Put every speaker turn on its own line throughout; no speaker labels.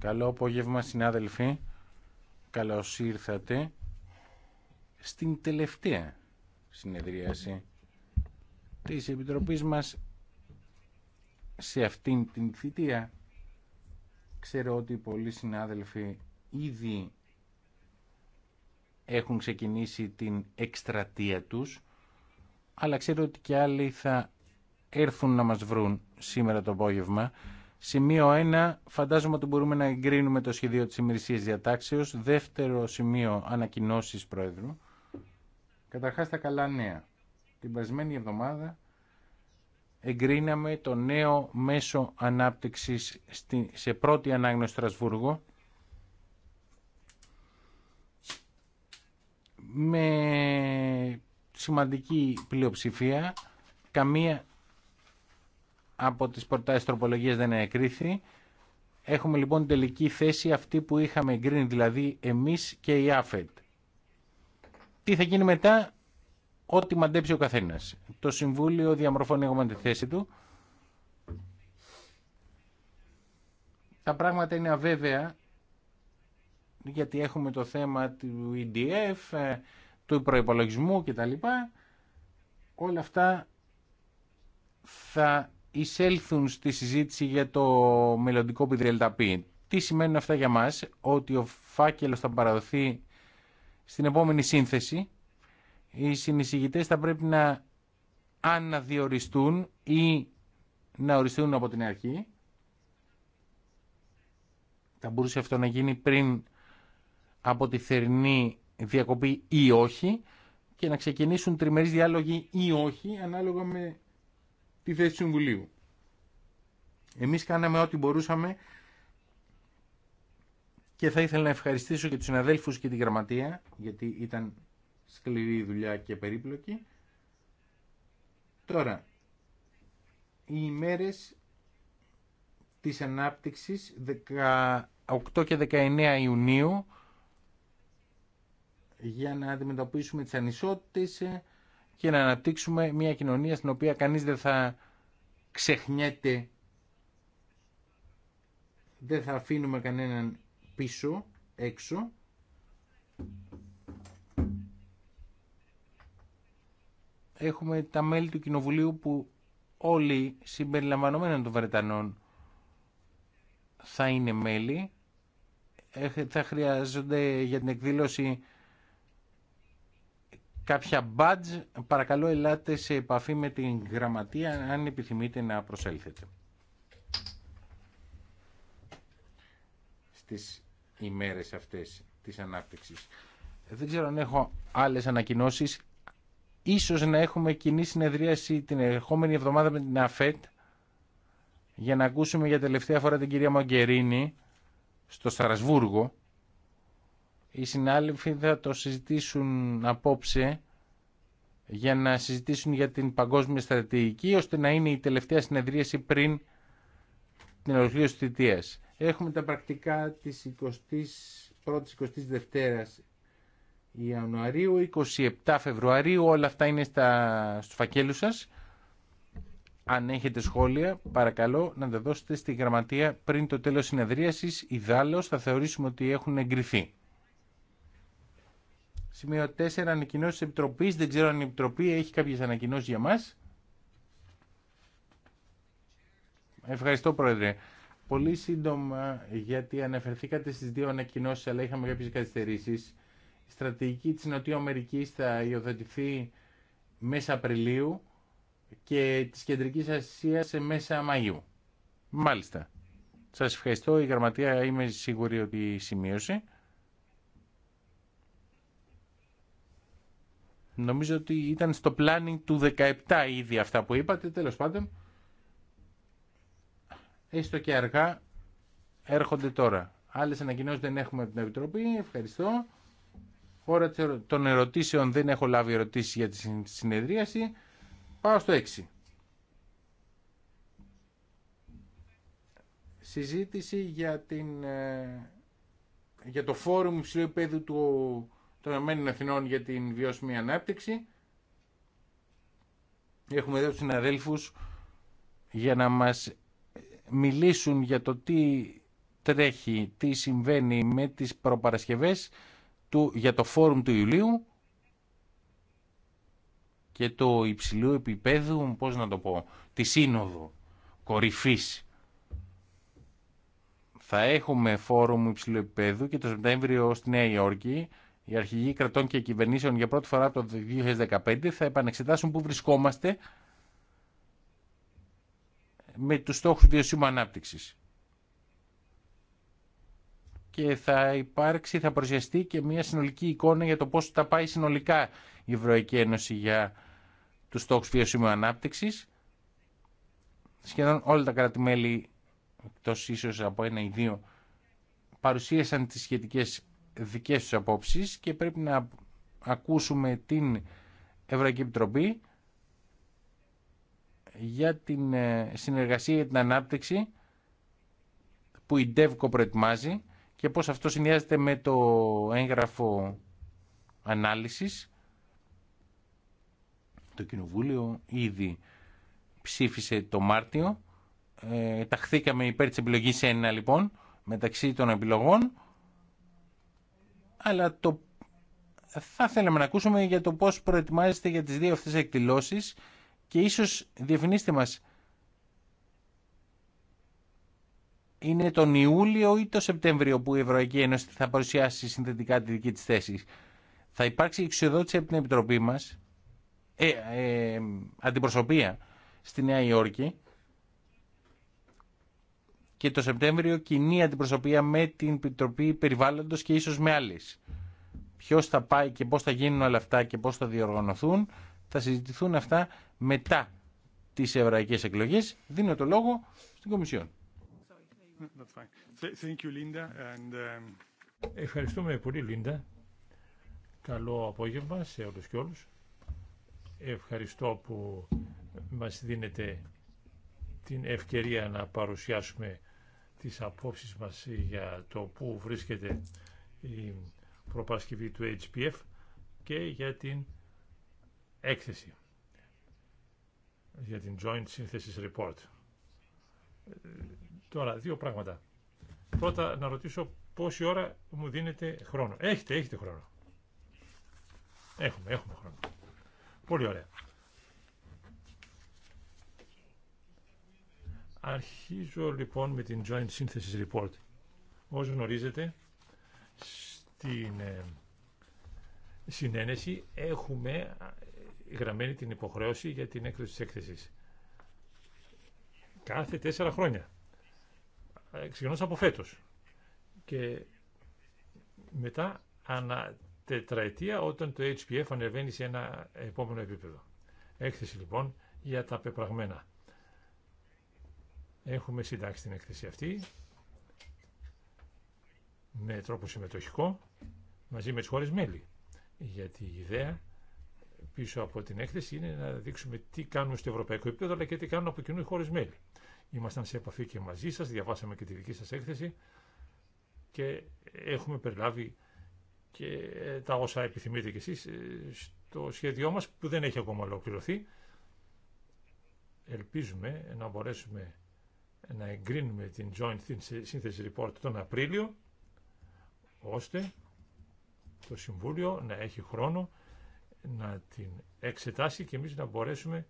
Καλό απόγευμα συνάδελφοι. Καλώς ήρθατε στην τελευταία συνεδρίαση της Επιτροπής μας σε αυτήν την θητεία. Ξέρω ότι πολλοί συνάδελφοι ήδη έχουν ξεκινήσει την εκστρατεία τους, αλλά ξέρω ότι και άλλοι θα έρθουν να μας βρουν σήμερα το απόγευμα. Σημείο 1. Φαντάζομαι ότι μπορούμε να εγκρίνουμε το σχεδίο της ημερησίας διατάξεως. Δεύτερο σημείο ανακοινώσεις Πρόεδρου. Καταρχάς τα καλά νέα. Την περασμένη εβδομάδα εγκρίναμε το νέο μέσο ανάπτυξης σε πρώτη ανάγνωση Στρασβούργο με σημαντική πλειοψηφία καμία από τις προτάσεις τροπολογίας δεν εκρίθη, Έχουμε λοιπόν τελική θέση αυτή που είχαμε εγκρίνει, δηλαδή εμείς και η ΑΦΕΤ. Τι θα γίνει μετά, ό,τι μαντέψει ο καθένας. Το Συμβούλιο διαμορφώνει εγώ τη θέση του. Τα πράγματα είναι αβέβαια, γιατί έχουμε το θέμα του EDF, ε, του προϋπολογισμού κτλ. Όλα αυτά θα εισέλθουν στη συζήτηση για το μελλοντικό πιδριελταπή. Τι σημαίνουν αυτά για μας, ότι ο φάκελος θα παραδοθεί στην επόμενη σύνθεση. Οι συνεισηγητές θα πρέπει να αναδιοριστούν ή να οριστούν από την αρχή. Θα μπορούσε αυτό να γίνει πριν από τη θερινή διακοπή ή όχι και να ξεκινήσουν τριμερείς διάλογοι ή όχι ανάλογα με τη θέση του Συμβουλίου. Εμείς κάναμε ό,τι μπορούσαμε και θα ήθελα να ευχαριστήσω και τους συναδέλφους και την γραμματεία γιατί ήταν σκληρή η δουλειά και περίπλοκη. Τώρα, οι ημέρες της ανάπτυξης 18 και 19 Ιουνίου για να αντιμετωπίσουμε τις ανισότητες και να αναπτύξουμε μια κοινωνία στην οποία κανείς δεν θα ξεχνιέται, δεν θα αφήνουμε κανέναν πίσω, έξω. Έχουμε τα μέλη του Κοινοβουλίου που όλοι συμπεριλαμβανομένων των Βρετανών θα είναι μέλη. Θα χρειάζονται για την εκδήλωση κάποια μπάτζ, παρακαλώ ελάτε σε επαφή με την γραμματεία αν επιθυμείτε να προσέλθετε. Στις ημέρες αυτές της ανάπτυξης. Δεν ξέρω αν έχω άλλες ανακοινώσεις. Ίσως να έχουμε κοινή συνεδρίαση την ερχόμενη εβδομάδα με την ΑΦΕΤ για να ακούσουμε για τελευταία φορά την κυρία Μαγκερίνη στο Στρασβούργο. Οι συνάλληφοι θα το συζητήσουν απόψε για να συζητήσουν για την παγκόσμια στρατηγική, ώστε να είναι η τελευταία συνεδρίαση πριν την ολοκλήρωση της Έχουμε τα πρακτικά της 21ης-22ης Ιανουαρίου, 27 Φεβρουαρίου, όλα αυτά είναι στα, στους φακέλους σας. Αν έχετε σχόλια, παρακαλώ να τα δώσετε στη γραμματεία πριν το τέλος συνεδρίασης. Ιδάλλως θα θεωρήσουμε ότι έχουν εγκριθεί. Σημείο 4. Ανακοινώσει τη Επιτροπή. Δεν ξέρω αν η Επιτροπή έχει κάποιε ανακοινώσει για μα. Ευχαριστώ, Πρόεδρε. Πολύ σύντομα, γιατί αναφερθήκατε στι δύο ανακοινώσει, αλλά είχαμε κάποιε καθυστερήσει. Η στρατηγική τη Νοτιού Αμερική θα υιοθετηθεί μέσα Απριλίου και τη κεντρική Ασία μέσα Μαΐου. Μάλιστα. Σας ευχαριστώ. Η γραμματεία είμαι σίγουρη ότι σημείωσε. Νομίζω ότι ήταν στο planning του 17 ήδη αυτά που είπατε, τέλος πάντων. Έστω και αργά έρχονται τώρα. Άλλες ανακοινώσεις δεν έχουμε από την Επιτροπή, ευχαριστώ. Ώρα των ερωτήσεων δεν έχω λάβει ερωτήσει για τη συνεδρίαση. Πάω στο 6. Συζήτηση για, την, ε, για το φόρουμ υψηλού επίπεδου του των Ηνωμένων Εθνών για την βιώσιμη ανάπτυξη. Έχουμε εδώ τους συναδέλφους για να μας μιλήσουν για το τι τρέχει, τι συμβαίνει με τις προπαρασκευές του, για το φόρουμ του Ιουλίου και το υψηλού επίπεδου, πώς να το πω, τη σύνοδο κορυφής. Θα έχουμε φόρουμ υψηλού επίπεδου και το Σεπτέμβριο στη Νέα Υόρκη οι αρχηγοί κρατών και κυβερνήσεων για πρώτη φορά το 2015 θα επανεξετάσουν πού βρισκόμαστε με τους στόχους βιωσίμου ανάπτυξης. Και θα υπάρξει, θα προσιαστεί και μια συνολική εικόνα για το πώς τα πάει συνολικά η Ευρωπαϊκή Ένωση για τους στόχους βιωσίμου ανάπτυξης. Σχεδόν όλα τα κράτη-μέλη, εκτός ίσως από ένα ή δύο, παρουσίασαν τις σχετικές δικές τους απόψεις και πρέπει να ακούσουμε την Ευρωπαϊκή Επιτροπή για την ε, συνεργασία για την ανάπτυξη που η ΔΕΒΚΟ προετοιμάζει και πώς αυτό συνδυάζεται με το έγγραφο ανάλυσης. Το Κοινοβούλιο ήδη ψήφισε το Μάρτιο. Ε, ταχθήκαμε υπέρ της επιλογής 1 λοιπόν μεταξύ των επιλογών αλλά θα θέλαμε να ακούσουμε για το πώς προετοιμάζεστε για τις δύο αυτές εκδηλώσεις και ίσως διευθυνίστε μας είναι τον Ιούλιο ή το Σεπτέμβριο που η Ευρωπαϊκή Ένωση θα παρουσιάσει συνθετικά τη δική της θέση. Θα υπάρξει εξοδότηση από την Επιτροπή μας, ε, ε αντιπροσωπεία στη Νέα Υόρκη και το Σεπτέμβριο κοινή αντιπροσωπεία με την Επιτροπή Περιβάλλοντος και ίσως με άλλες. Ποιο θα πάει και πώ θα γίνουν όλα αυτά και πώ θα διοργανωθούν, θα συζητηθούν αυτά μετά τι ευρωπαϊκέ εκλογέ, Δίνω το λόγο στην Κομισιόν.
Um, Ευχαριστούμε πολύ Λίντα. Καλό απόγευμα σε όλους και όλους. Ευχαριστώ που μας δίνετε την ευκαιρία να παρουσιάσουμε τις απόψεις μας για το πού βρίσκεται η προπαρασκευή του HPF και για την έκθεση, για την Joint Synthesis Report. Τώρα, δύο πράγματα. Πρώτα, να ρωτήσω πόση ώρα μου δίνετε χρόνο. Έχετε, έχετε χρόνο. Έχουμε, έχουμε χρόνο. Πολύ ωραία. Αρχίζω λοιπόν με την Joint Synthesis Report. Όσο γνωρίζετε, στην ε, συνένεση έχουμε ε, γραμμένη την υποχρέωση για την έκδοση της έκθεσης. Κάθε τέσσερα χρόνια. Ε, ξεκινώντας από φέτος. Και μετά ανά τετραετία όταν το HPF ανεβαίνει σε ένα επόμενο επίπεδο. Έκθεση λοιπόν για τα πεπραγμένα. Έχουμε συντάξει την έκθεση αυτή με τρόπο συμμετοχικό μαζί με τις χώρες μέλη. Γιατί η ιδέα πίσω από την έκθεση είναι να δείξουμε τι κάνουν στο ευρωπαϊκό επίπεδο αλλά και τι κάνουν από κοινού οι χώρες μέλη. Ήμασταν σε επαφή και μαζί σας, διαβάσαμε και τη δική σας έκθεση και έχουμε περιλάβει και ε, τα όσα επιθυμείτε κι εσείς ε, στο σχέδιό μας που δεν έχει ακόμα ολοκληρωθεί. Ελπίζουμε να μπορέσουμε να εγκρίνουμε την joint σύνθεση report τον Απρίλιο, ώστε το Συμβούλιο να έχει χρόνο να την εξετάσει και εμείς να μπορέσουμε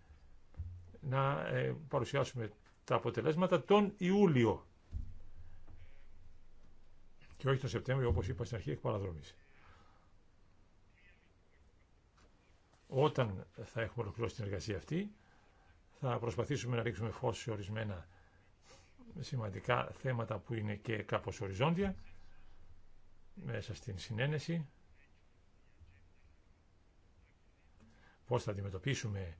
να ε, παρουσιάσουμε τα αποτελέσματα τον Ιούλιο και όχι τον Σεπτέμβριο όπως είπα στην αρχή εκ παραδρομής. Όταν θα έχουμε ολοκληρώσει την εργασία αυτή θα προσπαθήσουμε να ρίξουμε φως σε ορισμένα σημαντικά θέματα που είναι και κάπως οριζόντια μέσα στην συνένεση. Πώς θα αντιμετωπίσουμε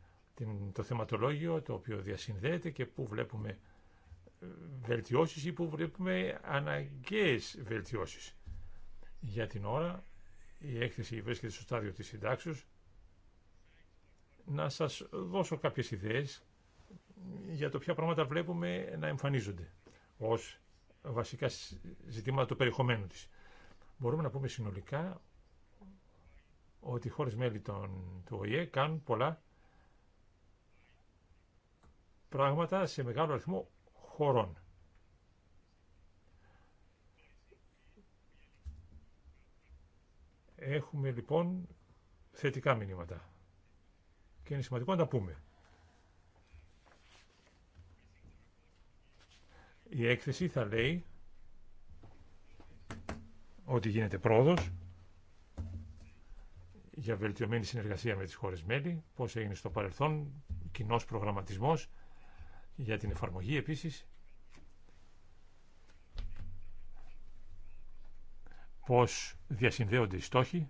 το θεματολόγιο το οποίο διασυνδέεται και πού βλέπουμε ε, βελτιώσεις ή πού βλέπουμε αναγκαίες βελτιώσεις. Για την ώρα η έκθεση βρίσκεται στο στάδιο της συντάξεως. Να σας δώσω κάποιες ιδέες για το ποια πράγματα βλέπουμε να εμφανίζονται ως βασικά ζητήματα του περιεχομένου της. Μπορούμε να πούμε συνολικά ότι οι χώρες μέλη των, του ΟΗΕ κάνουν πολλά πράγματα σε μεγάλο αριθμό χωρών. Έχουμε λοιπόν θετικά μηνύματα και είναι σημαντικό να τα πούμε. Η έκθεση θα λέει ότι γίνεται πρόοδος για βελτιωμένη συνεργασία με τις χώρες μέλη, πώς έγινε στο παρελθόν, κοινό προγραμματισμός για την εφαρμογή επίσης, πώς διασυνδέονται οι στόχοι,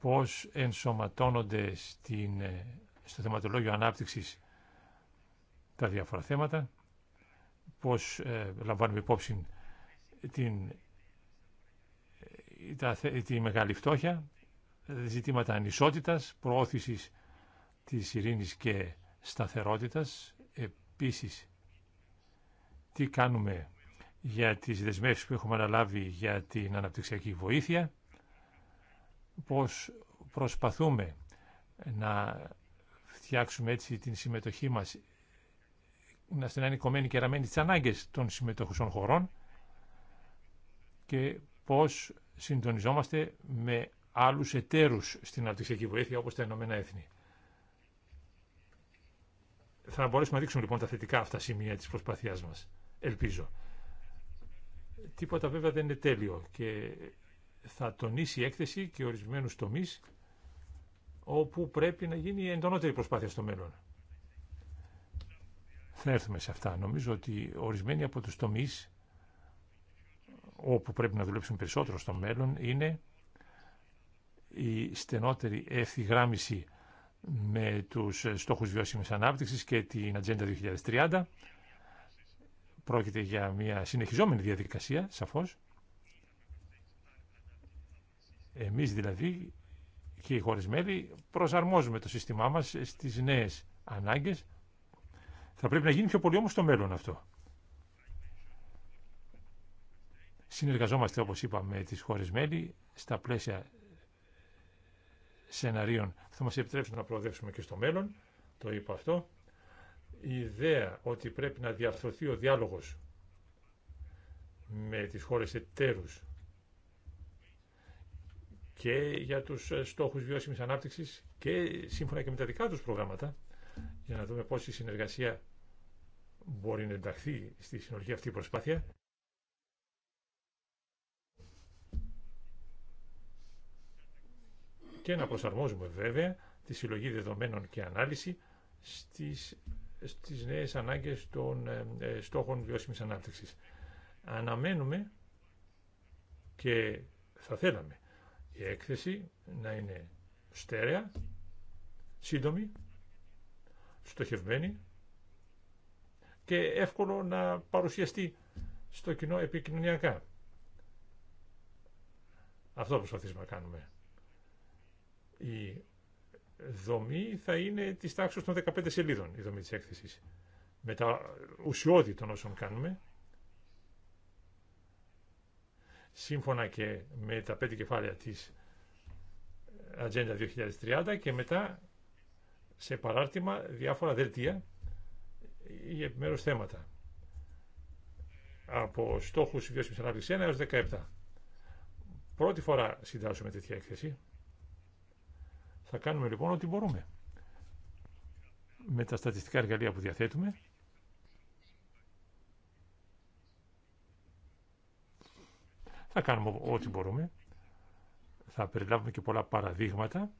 πώς ενσωματώνονται στην, στο θεματολόγιο ανάπτυξης τα διάφορα θέματα, πώς ε, λαμβάνουμε υπόψη την, ε, τα, τη μεγάλη φτώχεια, ζητήματα ανισότητας, προώθησης της ειρήνης και σταθερότητας, επίσης τι κάνουμε για τις δεσμεύσεις που έχουμε αναλάβει για την αναπτυξιακή βοήθεια, πώς προσπαθούμε να φτιάξουμε έτσι την συμμετοχή μας να είναι κομμένη και ραμμένη τις ανάγκες των συμμετοχουσών χωρών και πώς συντονιζόμαστε με άλλους εταίρου στην αναπτυξιακή βοήθεια όπω τα Ηνωμένα Έθνη. Θα μπορέσουμε να δείξουμε λοιπόν τα θετικά αυτά σημεία της προσπάθειάς μας, ελπίζω. Τίποτα βέβαια δεν είναι τέλειο και θα τονίσει η έκθεση και ορισμένους τομείς όπου πρέπει να γίνει η εντονότερη προσπάθεια στο μέλλον. Θα έρθουμε σε αυτά. Νομίζω ότι ορισμένοι από τους τομείς όπου πρέπει να δουλέψουμε περισσότερο στο μέλλον είναι η στενότερη ευθυγράμμιση με τους στόχους βιώσιμης ανάπτυξης και την Ατζέντα 2030. Πρόκειται για μια συνεχιζόμενη διαδικασία, σαφώς. Εμείς δηλαδή και οι χώρες μέλη προσαρμόζουμε το σύστημά μας στις νέες ανάγκες θα πρέπει να γίνει πιο πολύ όμω στο μέλλον αυτό. Συνεργαζόμαστε, όπως είπα, με τις χώρες μέλη στα πλαίσια σεναρίων θα μας επιτρέψουν να προοδεύσουμε και στο μέλλον. Το είπα αυτό. Η ιδέα ότι πρέπει να διαρθρωθεί ο διάλογος με τις χώρες εταίρους και για τους στόχους βιώσιμης ανάπτυξης και σύμφωνα και με τα δικά τους προγράμματα για να δούμε πώς η συνεργασία μπορεί να ενταχθεί στη συνολική αυτή προσπάθεια. Και να προσαρμόζουμε βέβαια τη συλλογή δεδομένων και ανάλυση στις, στις νέες ανάγκες των ε, ε, στόχων βιώσιμης ανάπτυξης. Αναμένουμε και θα θέλαμε η έκθεση να είναι στέρεα, σύντομη, στοχευμένη και εύκολο να παρουσιαστεί στο κοινό επικοινωνιακά. Αυτό προσπαθήσουμε να κάνουμε. Η δομή θα είναι τη τάξη των 15 σελίδων η δομή της έκθεσης. Με τα ουσιώδη των όσων κάνουμε, σύμφωνα και με τα πέντε κεφάλαια της Ατζέντα 2030 και μετά σε παράρτημα διάφορα δελτία ή επιμέρου θέματα. Από στόχους βιώσιμη ανάπτυξη 1 έως 17. Πρώτη φορά συντάσσουμε τέτοια έκθεση. Θα κάνουμε λοιπόν ό,τι μπορούμε. Με τα στατιστικά εργαλεία που διαθέτουμε, θα κάνουμε ό,τι μπορούμε. Θα περιλάβουμε και πολλά παραδείγματα.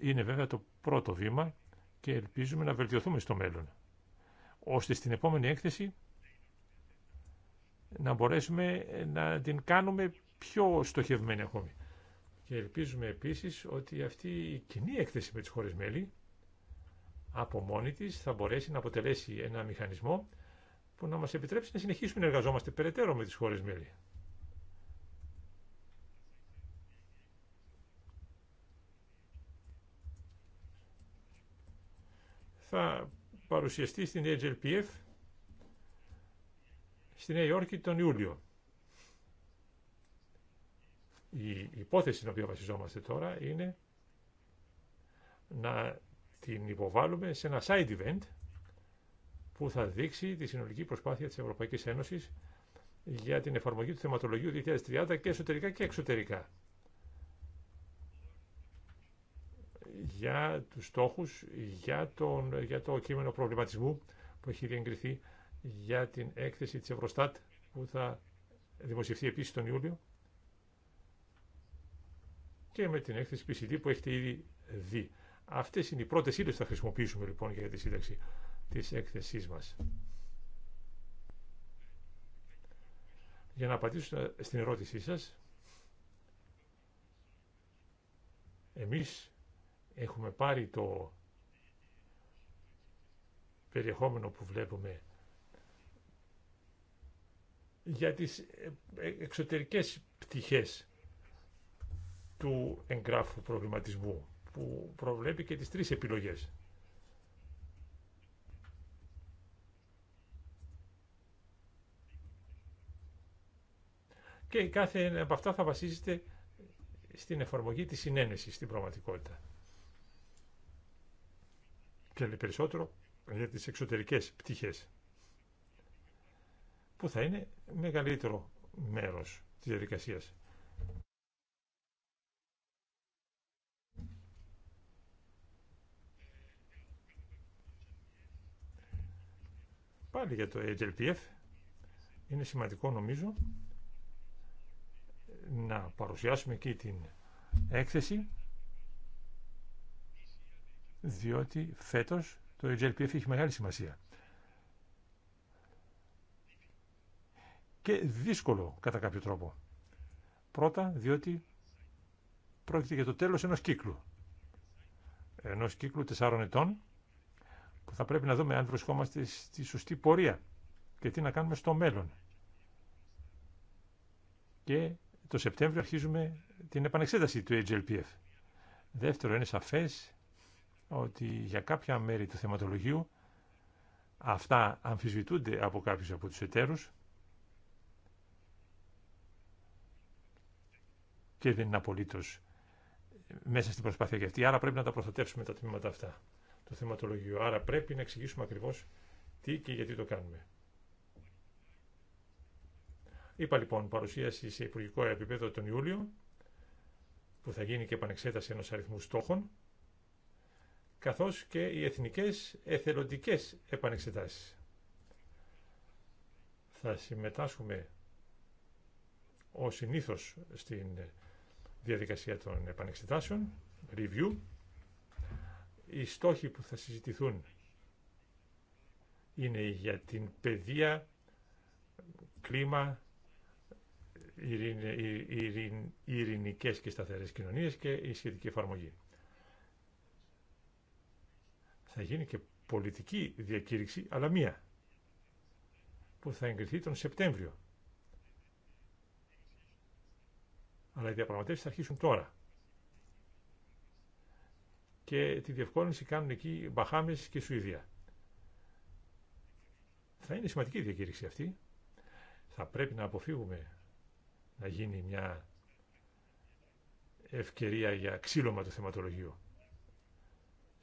Είναι βέβαια το πρώτο βήμα και ελπίζουμε να βελτιωθούμε στο μέλλον, ώστε στην επόμενη έκθεση να μπορέσουμε να την κάνουμε πιο στοχευμένη ακόμη. Και ελπίζουμε επίσης ότι αυτή η κοινή έκθεση με τις χώρες μέλη από μόνη της θα μπορέσει να αποτελέσει ένα μηχανισμό που να μας επιτρέψει να συνεχίσουμε να εργαζόμαστε περαιτέρω με τις χώρες μέλη. θα παρουσιαστεί στην HLPF στη Νέα Υόρκη τον Ιούλιο. Η υπόθεση στην οποία βασιζόμαστε τώρα είναι να την υποβάλουμε σε ένα side event που θα δείξει τη συνολική προσπάθεια της Ευρωπαϊκής Ένωσης για την εφαρμογή του θεματολογίου 2030 και εσωτερικά και εξωτερικά. για τους στόχους, για, τον, για το κείμενο προβληματισμού που έχει διεγκριθεί για την έκθεση της Ευρωστάτ που θα δημοσιευθεί επίσης τον Ιούλιο και με την έκθεση PCD που έχετε ήδη δει. Αυτές είναι οι πρώτες ύλες που θα χρησιμοποιήσουμε λοιπόν για τη σύνταξη της έκθεσής μας. Για να απαντήσω στην ερώτησή σας, εμείς Έχουμε πάρει το περιεχόμενο που βλέπουμε για τις εξωτερικές πτυχές του εγγράφου προβληματισμού που προβλέπει και τις τρεις επιλογές. Και κάθε από αυτά θα βασίζεται στην εφαρμογή της συνένεσης στην πραγματικότητα και περισσότερο για τις εξωτερικές πτυχές που θα είναι μεγαλύτερο μέρος της διαδικασίας. Πάλι για το HLPF είναι σημαντικό νομίζω να παρουσιάσουμε εκεί την έκθεση διότι φέτος το HLPF έχει μεγάλη σημασία. Και δύσκολο κατά κάποιο τρόπο. Πρώτα, διότι πρόκειται για το τέλος ενός κύκλου. Ενός κύκλου τεσσάρων ετών, που θα πρέπει να δούμε αν βρισκόμαστε στη σωστή πορεία και τι να κάνουμε στο μέλλον. Και το Σεπτέμβριο αρχίζουμε την επανεξέταση του HLPF. Δεύτερο, είναι σαφές ότι για κάποια μέρη του θεματολογίου αυτά αμφισβητούνται από κάποιους από τους εταίρους και δεν είναι απολύτω ε, μέσα στην προσπάθεια και αυτή. Άρα πρέπει να τα προστατεύσουμε τα τμήματα αυτά του θεματολογίου. Άρα πρέπει να εξηγήσουμε ακριβώς τι και γιατί το κάνουμε. Είπα λοιπόν παρουσίαση σε υπουργικό επίπεδο τον Ιούλιο, που θα γίνει και επανεξέταση ενός αριθμού στόχων, καθώς και οι εθνικές εθελοντικές επανεξετάσεις. Θα συμμετάσχουμε ως συνήθως στην διαδικασία των επανεξετάσεων, review. Οι στόχοι που θα συζητηθούν είναι για την παιδεία, κλίμα, ειρηνικές και σταθερές κοινωνίες και η σχετική εφαρμογή θα γίνει και πολιτική διακήρυξη, αλλά μία, που θα εγκριθεί τον Σεπτέμβριο. Αλλά οι διαπραγματεύσεις θα αρχίσουν τώρα. Και τη διευκόλυνση κάνουν εκεί Μπαχάμες και Σουηδία. Θα είναι σημαντική διακήρυξη αυτή. Θα πρέπει να αποφύγουμε να γίνει μια ευκαιρία για ξύλωμα του θεματολογίου.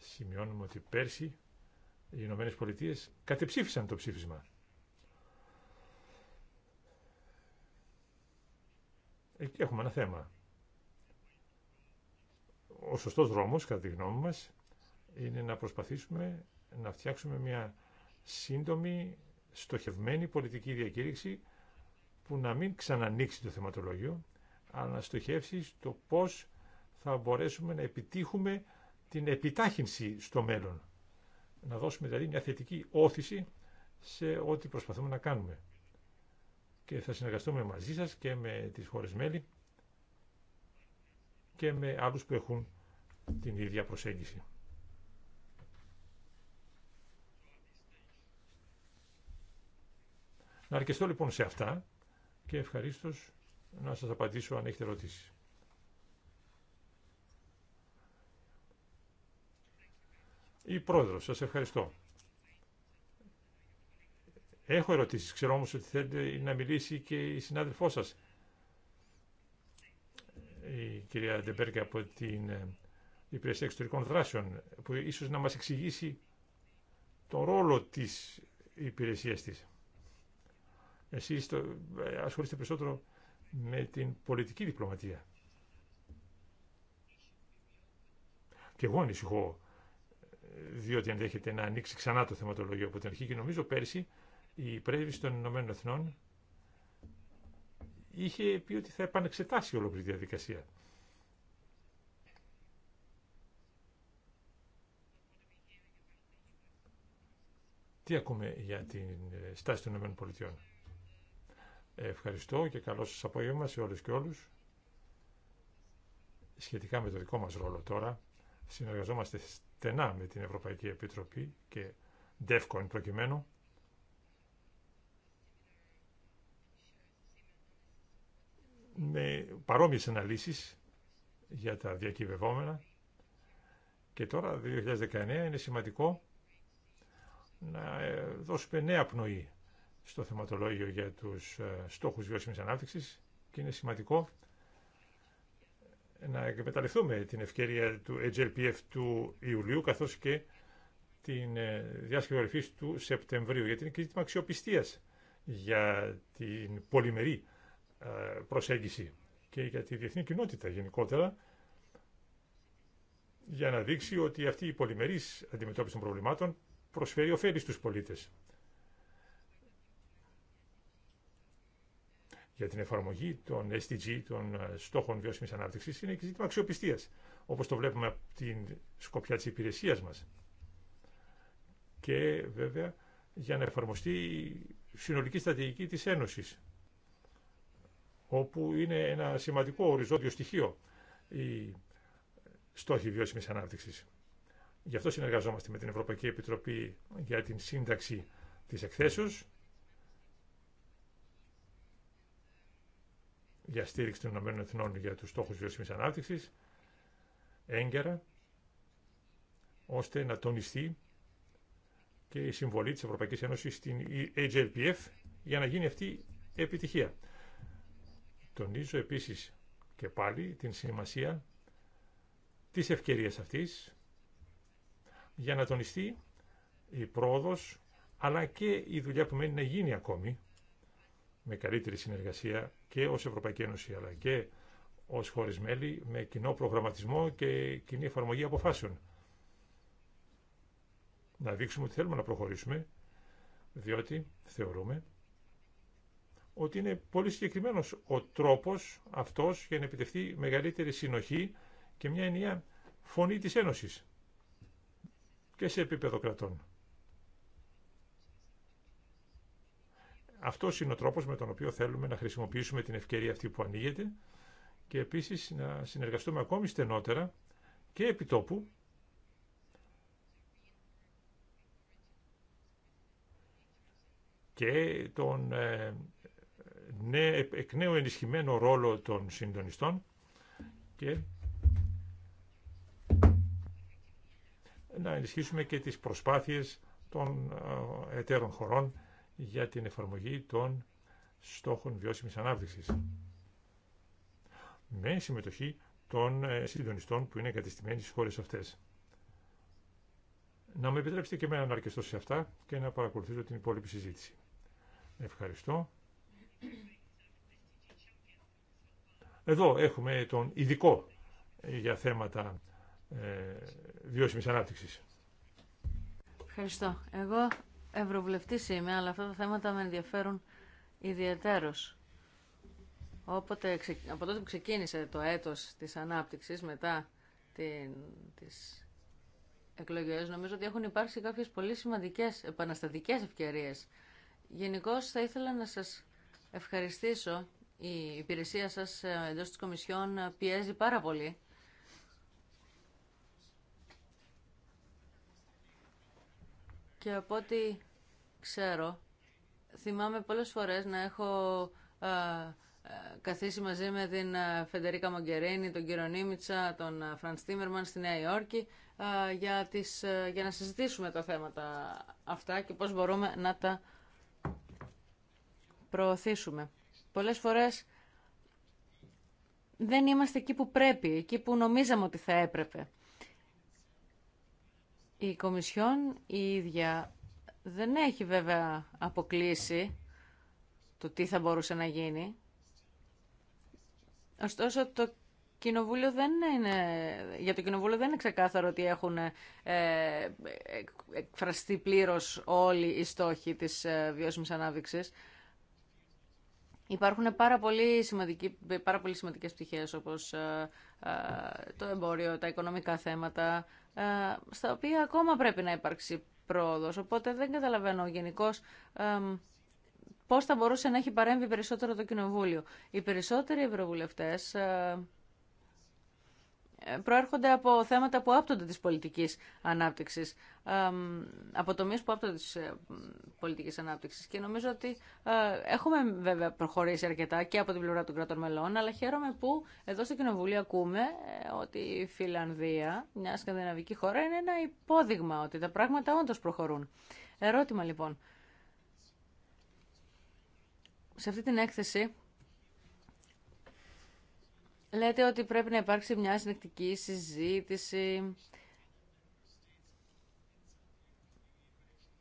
Σημειώνουμε ότι πέρσι οι Ηνωμένε Πολιτείε κατεψήφισαν το ψήφισμα. Εκεί έχουμε ένα θέμα. Ο σωστός δρόμος, κατά τη γνώμη μας, είναι να προσπαθήσουμε να φτιάξουμε μια σύντομη, στοχευμένη πολιτική διακήρυξη που να μην ξανανοίξει το θεματολόγιο, αλλά να στοχεύσει στο πώς θα μπορέσουμε να επιτύχουμε την επιτάχυνση στο μέλλον. Να δώσουμε δηλαδή μια θετική όθηση σε ό,τι προσπαθούμε να κάνουμε. Και θα συνεργαστούμε μαζί σας και με τις χώρες μέλη και με άλλους που έχουν την ίδια προσέγγιση. Να αρκεστώ λοιπόν σε αυτά και ευχαρίστως να σας απαντήσω αν έχετε ερωτήσεις. Η πρόεδρο. σα ευχαριστώ. Έχω ερωτήσει. ξέρω όμω ότι θέλετε να μιλήσει και η συνάδελφό σα, Η κυρία Ντεμπέργκα από την ε, Υπηρεσία Εξωτερικών Δράσεων, που ίσω να μας εξηγήσει τον ρόλο της υπηρεσία της. Εσείς ε, ασχολείστε περισσότερο με την πολιτική διπλωματία. Και εγώ ανησυχώ διότι ενδέχεται να ανοίξει ξανά το θεματολογίο από την αρχή και νομίζω πέρσι η Πρέσβηση των Ηνωμένων Εθνών είχε πει ότι θα επανεξετάσει ολόκληρη διαδικασία. Τι ακούμε για την ε, στάση των Ηνωμένων Πολιτειών. Ευχαριστώ και καλό σας απόγευμα σε όλους και όλους. Σχετικά με το δικό μας ρόλο τώρα, συνεργαζόμαστε στενά με την Ευρωπαϊκή Επιτροπή και DEFCON προκειμένου. με παρόμοιες αναλύσεις για τα διακυβευόμενα και τώρα 2019 είναι σημαντικό να ε, δώσουμε νέα πνοή στο θεματολόγιο για τους ε, στόχους βιώσιμης ανάπτυξης και είναι σημαντικό να εκμεταλλευτούμε την ευκαιρία του HLPF του Ιουλίου καθώς και την ε, διάσκεψη του Σεπτεμβρίου γιατί είναι και ζήτημα αξιοπιστία για την πολυμερή ε, προσέγγιση και για τη διεθνή κοινότητα γενικότερα για να δείξει ότι αυτή η πολυμερής αντιμετώπιση των προβλημάτων προσφέρει ωφέλη στους πολίτες. για την εφαρμογή των SDG, των ε, στόχων βιώσιμη ανάπτυξη, είναι και ζήτημα αξιοπιστία. Όπω το βλέπουμε από την σκοπιά τη υπηρεσία μα. Και βέβαια για να εφαρμοστεί η συνολική στρατηγική της Ένωσης, όπου είναι ένα σημαντικό οριζόντιο στοιχείο η στόχοι βιώσιμης ανάπτυξης. Γι' αυτό συνεργαζόμαστε με την Ευρωπαϊκή Επιτροπή για την σύνταξη της εκθέσεως για στήριξη των Ηνωμένων για τους στόχους βιώσιμης ανάπτυξης έγκαιρα ώστε να τονιστεί και η συμβολή της Ευρωπαϊκής Ένωσης στην HLPF για να γίνει αυτή επιτυχία. Τονίζω επίσης και πάλι την σημασία της ευκαιρίας αυτής για να τονιστεί η πρόοδος αλλά και η δουλειά που μένει να γίνει ακόμη με καλύτερη συνεργασία και ως Ευρωπαϊκή Ένωση αλλά και ως χώρες με κοινό προγραμματισμό και κοινή εφαρμογή αποφάσεων. Να δείξουμε ότι θέλουμε να προχωρήσουμε διότι θεωρούμε ότι είναι πολύ συγκεκριμένος ο τρόπος αυτός για να επιτευχθεί μεγαλύτερη συνοχή και μια ενιαία φωνή της Ένωσης και σε επίπεδο κρατών. Αυτό είναι ο τρόπο με τον οποίο θέλουμε να χρησιμοποιήσουμε την ευκαιρία αυτή που ανοίγεται και επίση να συνεργαστούμε ακόμη στενότερα και επί τόπου και τον ε, εκ νέου ενισχυμένο ρόλο των συντονιστών και να ενισχύσουμε και τις προσπάθειες των ε, εταίρων χωρών για την εφαρμογή των στόχων βιώσιμης ανάπτυξης με συμμετοχή των ε, συντονιστών που είναι εγκατεστημένοι στις χώρες αυτές. Να με επιτρέψετε και εμένα να αρκεστώ σε αυτά και να παρακολουθήσω την υπόλοιπη συζήτηση. Ευχαριστώ. Εδώ έχουμε τον ειδικό για θέματα ε, βιώσιμης ανάπτυξης.
Ευχαριστώ. Εγώ Ευρωβουλευτής είμαι, αλλά αυτά τα θέματα με ενδιαφέρουν ιδιαίτερως. Όποτε, από τότε που ξεκίνησε το έτος της ανάπτυξης μετά την, τις εκλογές, νομίζω ότι έχουν υπάρξει κάποιες πολύ σημαντικές επαναστατικές ευκαιρίες. Γενικώ θα ήθελα να σας ευχαριστήσω. Η υπηρεσία σας ε, εντός της Κομισιόν πιέζει πάρα πολύ Και από ό,τι ξέρω, θυμάμαι πολλές φορές να έχω ε, ε, καθίσει μαζί με την ε, Φεντερίκα Μογκερίνη, τον κύριο Νίμιτσα, τον Φραντ Τίμερμαν στη Νέα Υόρκη για, τις, για να συζητήσουμε τα θέματα αυτά και πώς μπορούμε να τα προωθήσουμε. Πολλές φορές δεν είμαστε εκεί που πρέπει, εκεί που νομίζαμε ότι θα έπρεπε. Η Κομισιόν η ίδια δεν έχει βέβαια αποκλείσει το τι θα μπορούσε να γίνει. Ωστόσο, το κοινοβούλιο δεν είναι, για το κοινοβούλιο δεν είναι ξεκάθαρο ότι έχουν ε, εκφραστεί πλήρως όλοι οι στόχοι της ε, βιώσιμης ανάπτυξης. Υπάρχουν πάρα πολύ, σημαντικοί, πάρα πολύ σημαντικές πτυχές όπως ε, ε, το εμπόριο, τα οικονομικά θέματα, ε, στα οποία ακόμα πρέπει να υπάρξει πρόοδος. Οπότε δεν καταλαβαίνω γενικώ πώς θα μπορούσε να έχει παρέμβει περισσότερο το Κοινοβούλιο. Οι περισσότεροι ευρωβουλευτές ε, προέρχονται από θέματα που άπτονται της πολιτικής ανάπτυξης, από τομείς που άπτονται της ε, πολιτικής ανάπτυξης. Και νομίζω ότι ε, έχουμε βέβαια προχωρήσει αρκετά και από την πλευρά των κρατών μελών, αλλά χαίρομαι που εδώ στο Κοινοβούλιο ακούμε ε, ότι η Φιλανδία, μια σκανδιναβική χώρα, είναι ένα υπόδειγμα ότι τα πράγματα όντως προχωρούν. Ερώτημα λοιπόν. Σε αυτή την έκθεση Λέτε ότι πρέπει να υπάρξει μια συνεκτική συζήτηση.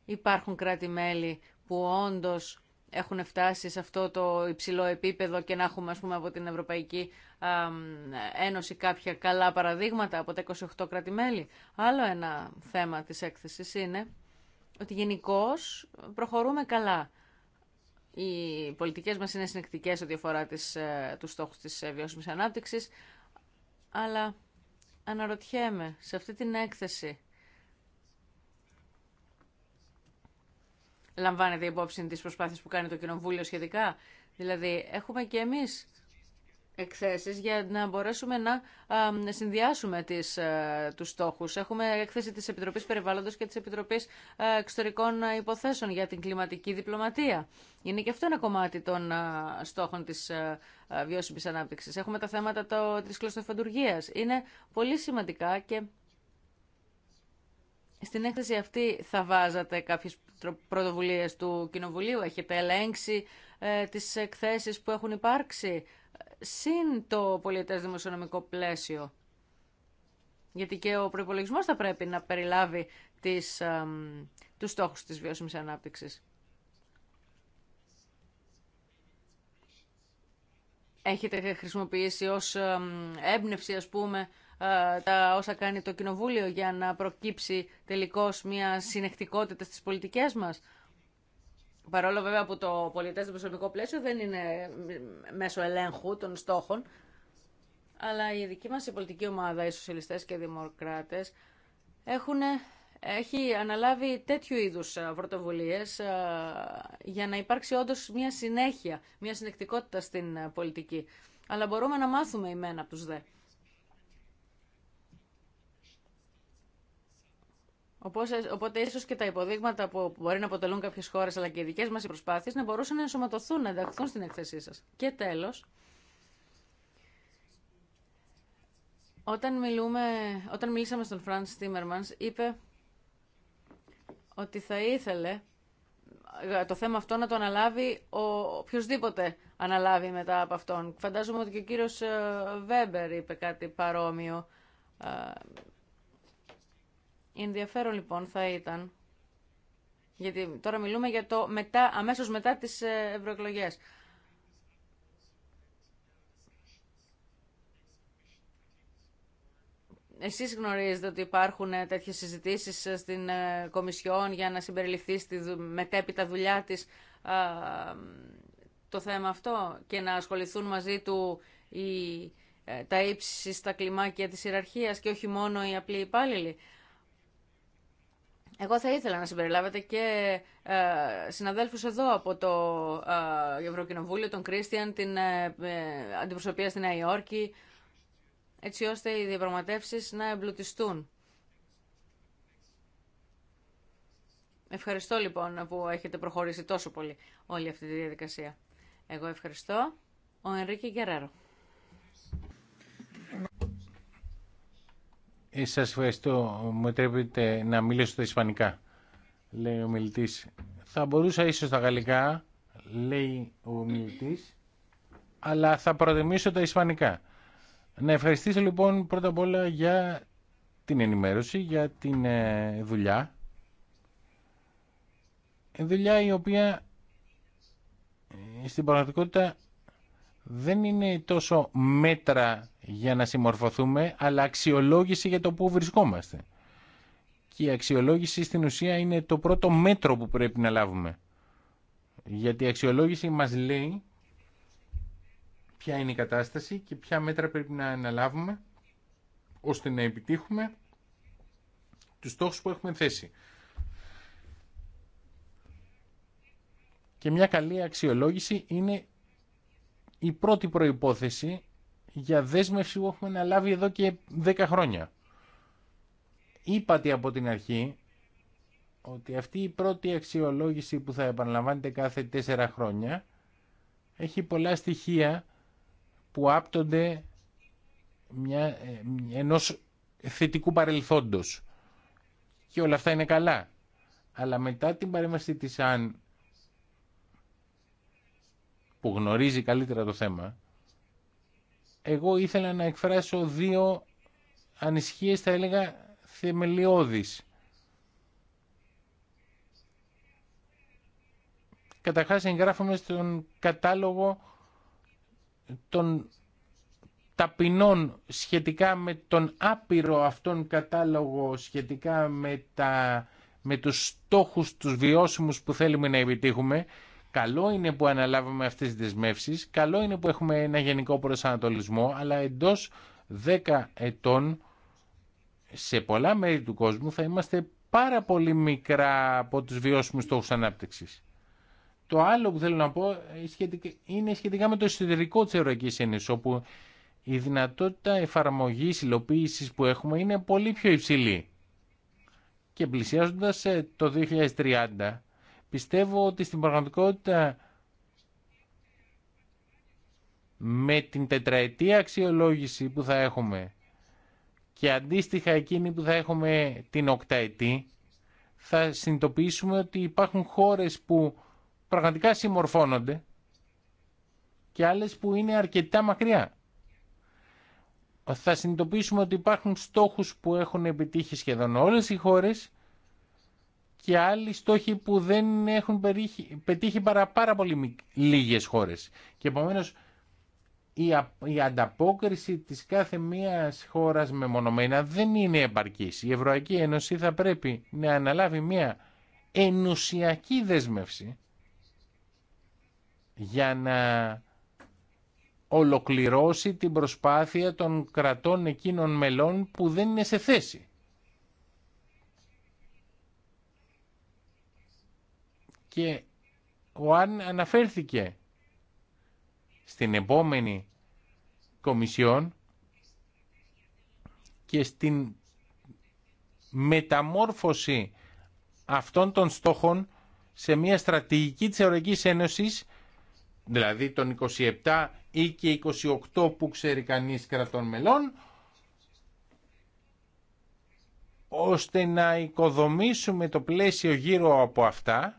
Υπάρχουν κράτη-μέλη που όντως έχουν φτάσει σε αυτό το υψηλό επίπεδο και να έχουμε ας πούμε, από την Ευρωπαϊκή Ένωση κάποια καλά παραδείγματα από τα 28 κράτη-μέλη. Άλλο ένα θέμα της έκθεσης είναι ότι γενικώ προχωρούμε καλά οι πολιτικές μας είναι συνεκτικές ό,τι αφορά ε, του στόχου τη της ε, βιώσιμης ανάπτυξης, αλλά αναρωτιέμαι σε αυτή την έκθεση λαμβάνεται υπόψη τις προσπάθειες που κάνει το Κοινοβούλιο σχετικά. Δηλαδή, έχουμε και εμείς εκθέσεις για να μπορέσουμε να συνδυάσουμε τις, ε, τους στόχους. Έχουμε έκθεση της Επιτροπής Περιβάλλοντος και της Επιτροπής ε, Εξωτερικών Υποθέσεων για την κλιματική διπλωματία. Είναι και αυτό ένα κομμάτι των ε, στόχων της βιώσιμης ανάπτυξης. Έχουμε τα θέματα το, της κλωστοφαντουργίας. Είναι πολύ σημαντικά και στην έκθεση αυτή θα βάζατε κάποιες πρωτοβουλίες του Κοινοβουλίου. Έχετε ελέγξει τις εκθέσεις που έχουν υπάρξει συν το πολιτές δημοσιονομικό πλαίσιο. Γιατί και ο προπολογισμό θα πρέπει να περιλάβει τις, τους στόχους της βιώσιμης ανάπτυξης. Έχετε χρησιμοποιήσει ως έμπνευση, ας πούμε, ε, τα όσα κάνει το Κοινοβούλιο για να προκύψει τελικώς μια συνεκτικότητα στις πολιτικές μας. Παρόλο βέβαια που το του προσωπικό πλαίσιο δεν είναι μέσω ελέγχου των στόχων, αλλά η δική μας η πολιτική ομάδα, οι σοσιαλιστές και οι δημοκράτες, έχουν, έχει αναλάβει τέτοιου είδους ε, πρωτοβουλίες ε, για να υπάρξει όντως μια συνέχεια, μια συνεκτικότητα στην ε, πολιτική. Αλλά μπορούμε να μάθουμε ημένα από τους ΔΕ. Οπότε, οπότε ίσω και τα υποδείγματα που μπορεί να αποτελούν κάποιε χώρε αλλά και οι δικέ μα προσπάθειε να μπορούσαν να ενσωματωθούν, να ενταχθούν στην έκθεσή σα. Και τέλο, όταν, μιλούμε, όταν μιλήσαμε στον Φραντ Τίμερμαν, είπε ότι θα ήθελε ε, το θέμα αυτό να το αναλάβει ο οποιοδήποτε αναλάβει μετά από αυτόν. Φαντάζομαι ότι και ο κύριος Βέμπερ είπε κάτι παρόμοιο ε, Ενδιαφέρον λοιπόν θα ήταν, γιατί τώρα μιλούμε για το μετά, αμέσως μετά τις ε, ευρωεκλογέ. Εσείς γνωρίζετε ότι υπάρχουν ε, τέτοιες συζητήσεις ε, στην Κομισιόν για να συμπεριληφθεί στη μετέπειτα δουλειά της το θέμα αυτό και να ασχοληθούν μαζί του οι, τα ύψη στα κλιμάκια της ιεραρχίας και όχι μόνο οι απλοί υπάλληλοι. Εγώ θα ήθελα να συμπεριλάβετε και ε, συναδέλφου εδώ από το ε, Ευρωκοινοβούλιο, τον Κρίστιαν, την ε, ε, αντιπροσωπεία στη Νέα Υόρκη, έτσι ώστε οι διαπραγματεύσει να εμπλουτιστούν. Ευχαριστώ λοιπόν που έχετε προχωρήσει τόσο πολύ όλη αυτή τη διαδικασία. Εγώ ευχαριστώ. Ο Ενρίκη Γκερέρο.
Ε, σα ευχαριστώ. Μου επιτρέπετε να μιλήσω στα ισπανικά, λέει ο μιλητής. Θα μπορούσα ίσως στα γαλλικά, λέει ο μιλητή, αλλά θα προτιμήσω τα ισπανικά. Να ευχαριστήσω λοιπόν πρώτα απ' όλα για την ενημέρωση, για την ε, δουλειά. Δουλειά η οποία ε, στην πραγματικότητα δεν είναι τόσο μέτρα για να συμμορφωθούμε, αλλά αξιολόγηση για το πού βρισκόμαστε. Και η αξιολόγηση στην ουσία είναι το πρώτο μέτρο που πρέπει να λάβουμε. Γιατί η αξιολόγηση μας λέει ποια είναι η κατάσταση και ποια μέτρα πρέπει να αναλάβουμε ώστε να επιτύχουμε τους στόχους που έχουμε θέσει. Και μια καλή αξιολόγηση είναι η πρώτη προϋπόθεση για δέσμευση που έχουμε να λάβει εδώ και 10 χρόνια. Είπατε από την αρχή ότι αυτή η πρώτη αξιολόγηση που θα επαναλαμβάνεται κάθε 4 χρόνια έχει πολλά στοιχεία που άπτονται μια, ε, ενός θετικού παρελθόντος. Και όλα αυτά είναι καλά. Αλλά μετά την παρέμβαση της ΑΝ που γνωρίζει καλύτερα το θέμα, εγώ ήθελα να εκφράσω δύο ανησυχίες, θα έλεγα, θεμελιώδεις. Καταρχάς εγγράφουμε στον κατάλογο των ταπεινών σχετικά με τον άπειρο αυτόν κατάλογο, σχετικά με, τα, με τους στόχους τους βιώσιμους που θέλουμε να επιτύχουμε Καλό είναι που αναλάβουμε αυτές τις δεσμεύσεις, καλό είναι που έχουμε ένα γενικό προσανατολισμό, αλλά εντός 10 ετών σε πολλά μέρη του κόσμου θα είμαστε πάρα πολύ μικρά από τους βιώσιμους στόχους ανάπτυξης. Το άλλο που θέλω να πω είναι σχετικά με το εσωτερικό της Ευρωπαϊκής Ένωσης, όπου η δυνατότητα εφαρμογής, υλοποίησης που έχουμε είναι πολύ πιο υψηλή. Και πλησιάζοντας ε, το 2030 Πιστεύω ότι στην πραγματικότητα με την τετραετία αξιολόγηση που θα έχουμε και αντίστοιχα εκείνη που θα έχουμε την οκταετή, θα συνειδητοποιήσουμε ότι υπάρχουν χώρες που πραγματικά συμμορφώνονται και άλλες που είναι αρκετά μακριά. Θα συνειδητοποιήσουμε ότι υπάρχουν στόχους που έχουν επιτύχει σχεδόν όλες οι χώρες και άλλοι στόχοι που δεν έχουν πετύχει παρά πάρα πολύ λίγες χώρες. Και επομένως η, ανταπόκριση της κάθε μίας χώρας μεμονωμένα δεν είναι επαρκής. Η Ευρωπαϊκή Ένωση θα πρέπει να αναλάβει μια ενουσιακή δέσμευση για να ολοκληρώσει την προσπάθεια των κρατών εκείνων μελών που δεν είναι σε θέση και ο Άρν αναφέρθηκε στην επόμενη Κομισιόν και στην μεταμόρφωση αυτών των στόχων σε μια στρατηγική της Ευρωπαϊκής Ένωσης, δηλαδή των 27 ή και 28 που ξέρει κανείς κρατών μελών, ώστε να οικοδομήσουμε το πλαίσιο γύρω από αυτά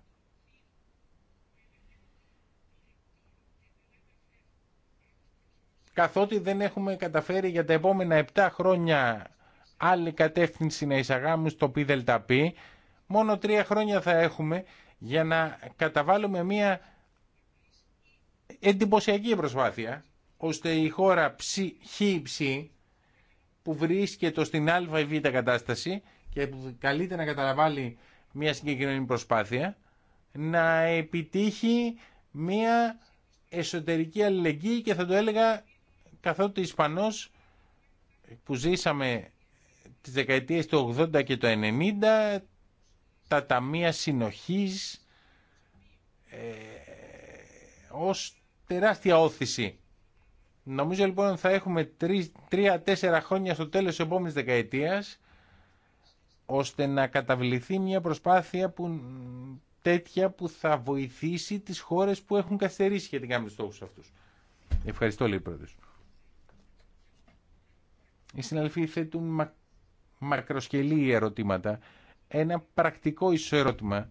καθότι δεν έχουμε καταφέρει για τα επόμενα 7 χρόνια άλλη κατεύθυνση να εισαγάμε στο ΠΔΠ, μόνο 3 χρόνια θα έχουμε για να καταβάλουμε μια εντυπωσιακή προσπάθεια, ώστε η χώρα χ που βρίσκεται στην α ή β κατάσταση και που καλείται να καταλαβάλει μια συγκεκριμένη προσπάθεια, να επιτύχει μια εσωτερική αλληλεγγύη και θα το έλεγα καθότι Ισπανός που ζήσαμε τις δεκαετίες του 80 και του 90 τα ταμεία συνοχής ε, ως τεράστια όθηση. Νομίζω λοιπόν θα έχουμε τρία-τέσσερα χρόνια στο τέλος της επόμενης δεκαετίας ώστε να καταβληθεί μια προσπάθεια που, τέτοια που θα βοηθήσει τις χώρες που έχουν καθυστερήσει σχετικά με τους στόχους αυτούς. Ευχαριστώ λέει οι συναλφοί θέτουν μα... μακροσκελή ερωτήματα. Ένα πρακτικό ισοερώτημα.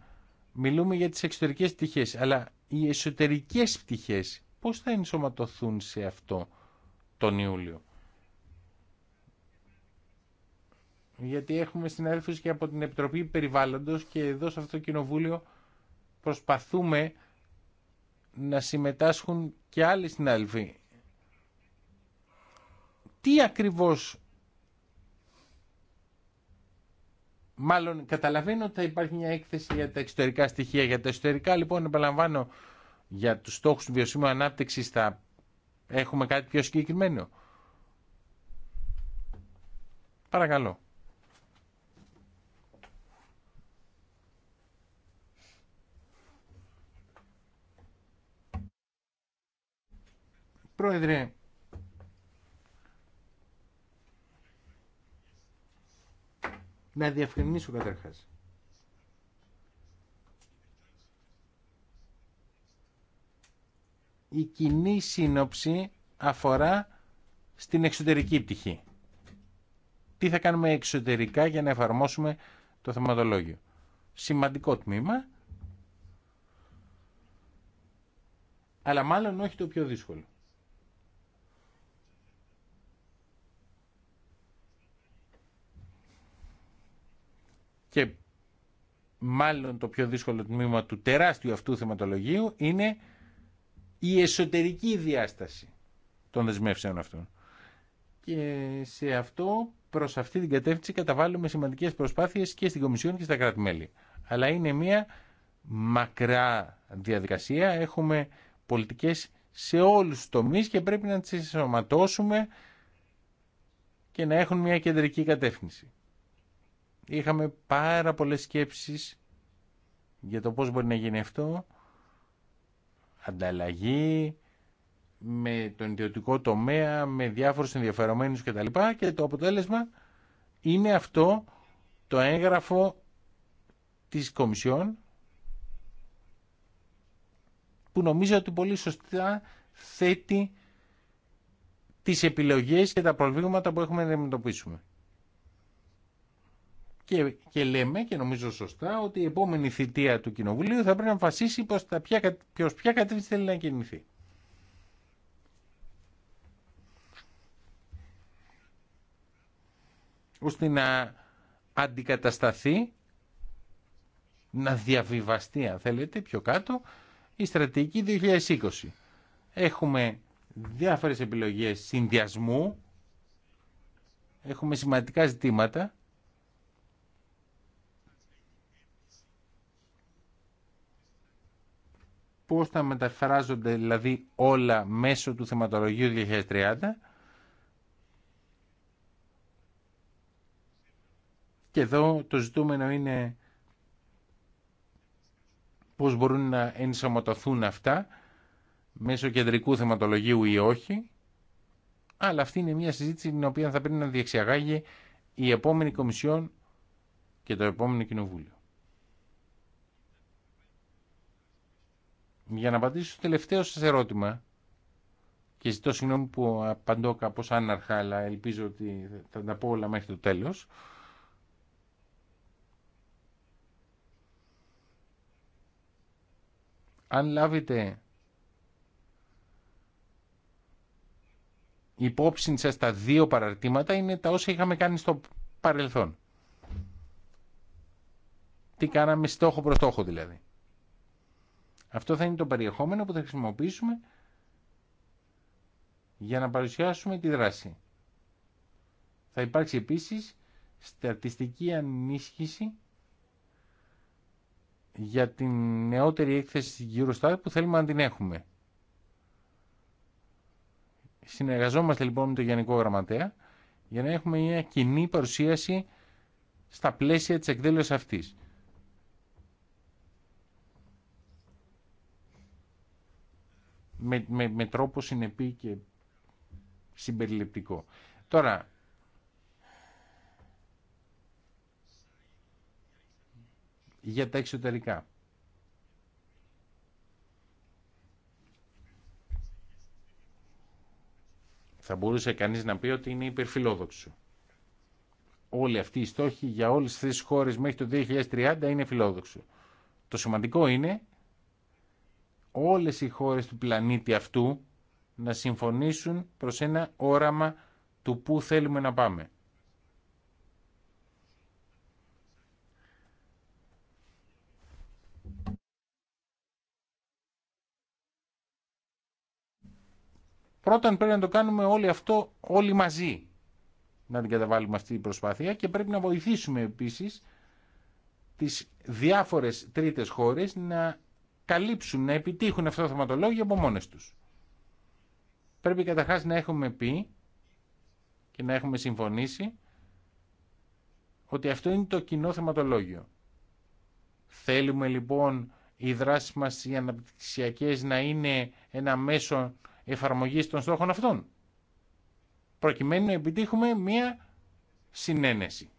Μιλούμε για τις εξωτερικές πτυχές, αλλά οι εσωτερικές πτυχές πώς θα ενσωματωθούν σε αυτό τον Ιούλιο. Γιατί έχουμε συνάδελφους και από την Επιτροπή Περιβάλλοντος και εδώ σε αυτό το κοινοβούλιο προσπαθούμε να συμμετάσχουν και άλλοι συνάδελφοι τι ακριβώς Μάλλον καταλαβαίνω ότι θα υπάρχει μια έκθεση για τα εξωτερικά στοιχεία. Για τα εξωτερικά λοιπόν επαναλαμβάνω για τους στόχους του βιωσίμου ανάπτυξης θα έχουμε κάτι πιο συγκεκριμένο. Παρακαλώ. Πρόεδρε, Να διευκρινίσω καταρχά. Η κοινή σύνοψη αφορά στην εξωτερική πτυχή. Τι θα κάνουμε εξωτερικά για να εφαρμόσουμε το θεματολόγιο. Σημαντικό τμήμα, αλλά μάλλον όχι το πιο δύσκολο. και μάλλον το πιο δύσκολο τμήμα του τεράστιου αυτού θεματολογίου είναι η εσωτερική διάσταση των δεσμεύσεων αυτών. Και σε αυτό, προς αυτή την κατεύθυνση καταβάλουμε σημαντικές προσπάθειες και στην Κομισιόν και στα κράτη-μέλη. Αλλά είναι μια μακρά διαδικασία, έχουμε πολιτικές σε όλους τους τομείς και πρέπει να τις ενσωματώσουμε και να έχουν μια κεντρική κατεύθυνση. Είχαμε πάρα πολλές σκέψεις για το πώς μπορεί να γίνει αυτό. Ανταλλαγή με τον ιδιωτικό τομέα, με διάφορους ενδιαφερομένους κτλ. Και το αποτέλεσμα είναι αυτό το έγγραφο της Κομισιόν που νομίζω ότι πολύ σωστά θέτει τις επιλογές και τα προβλήματα που έχουμε να αντιμετωπίσουμε και, λέμε και νομίζω σωστά ότι η επόμενη θητεία του Κοινοβουλίου θα πρέπει να αποφασίσει πως τα ποια, ποιος ποια κατεύθυνση θέλει να κινηθεί. ώστε να αντικατασταθεί, να διαβιβαστεί αν θέλετε πιο κάτω, η στρατηγική 2020. Έχουμε διάφορες επιλογές συνδυασμού, έχουμε σημαντικά ζητήματα πώς θα μεταφράζονται δηλαδή όλα μέσω του θεματολογίου 2030 και εδώ το ζητούμενο είναι πώς μπορούν να ενσωματωθούν αυτά μέσω κεντρικού θεματολογίου ή όχι αλλά αυτή είναι μια συζήτηση την οποία θα πρέπει να διεξιαγάγει η επόμενη Κομισιόν και το επόμενο Κοινοβούλιο. Για να απαντήσω στο τελευταίο σας ερώτημα και ζητώ συγγνώμη που απαντώ κάπως άναρχα αλλά ελπίζω ότι θα τα πω όλα μέχρι το τέλος αν λάβετε υπόψη σας τα δύο παραρτήματα είναι τα όσα είχαμε κάνει στο παρελθόν. Τι κάναμε στόχο προς στόχο δηλαδή. Αυτό θα είναι το περιεχόμενο που θα χρησιμοποιήσουμε για να παρουσιάσουμε τη δράση. Θα υπάρξει επίσης στατιστική ανίσχυση για την νεότερη έκθεση Eurostat που θέλουμε να την έχουμε. Συνεργαζόμαστε λοιπόν με το Γενικό Γραμματέα για να έχουμε μια κοινή παρουσίαση στα πλαίσια της εκδήλωσης αυτής. με, με, με τρόπο συνεπή και συμπεριληπτικό. Τώρα, για τα εξωτερικά. Θα μπορούσε κανείς να πει ότι είναι υπερφιλόδοξο. Όλοι αυτοί οι στόχοι για όλες τις χώρες μέχρι το 2030 είναι φιλόδοξο. Το σημαντικό είναι όλες οι χώρες του πλανήτη αυτού να συμφωνήσουν προς ένα όραμα του πού θέλουμε να πάμε. Πρώτα πρέπει να το κάνουμε όλοι αυτό όλοι μαζί. Να την καταβάλουμε αυτή η προσπάθεια και πρέπει να βοηθήσουμε επίσης τις διάφορες τρίτες χώρες να καλύψουν, να επιτύχουν αυτό το θεματολόγιο από μόνες τους. Πρέπει καταρχάς να έχουμε πει και να έχουμε συμφωνήσει ότι αυτό είναι το κοινό θεματολόγιο. Θέλουμε λοιπόν οι δράσει μας οι αναπτυξιακές να είναι ένα μέσο εφαρμογής των στόχων αυτών προκειμένου να επιτύχουμε μία συνένεση.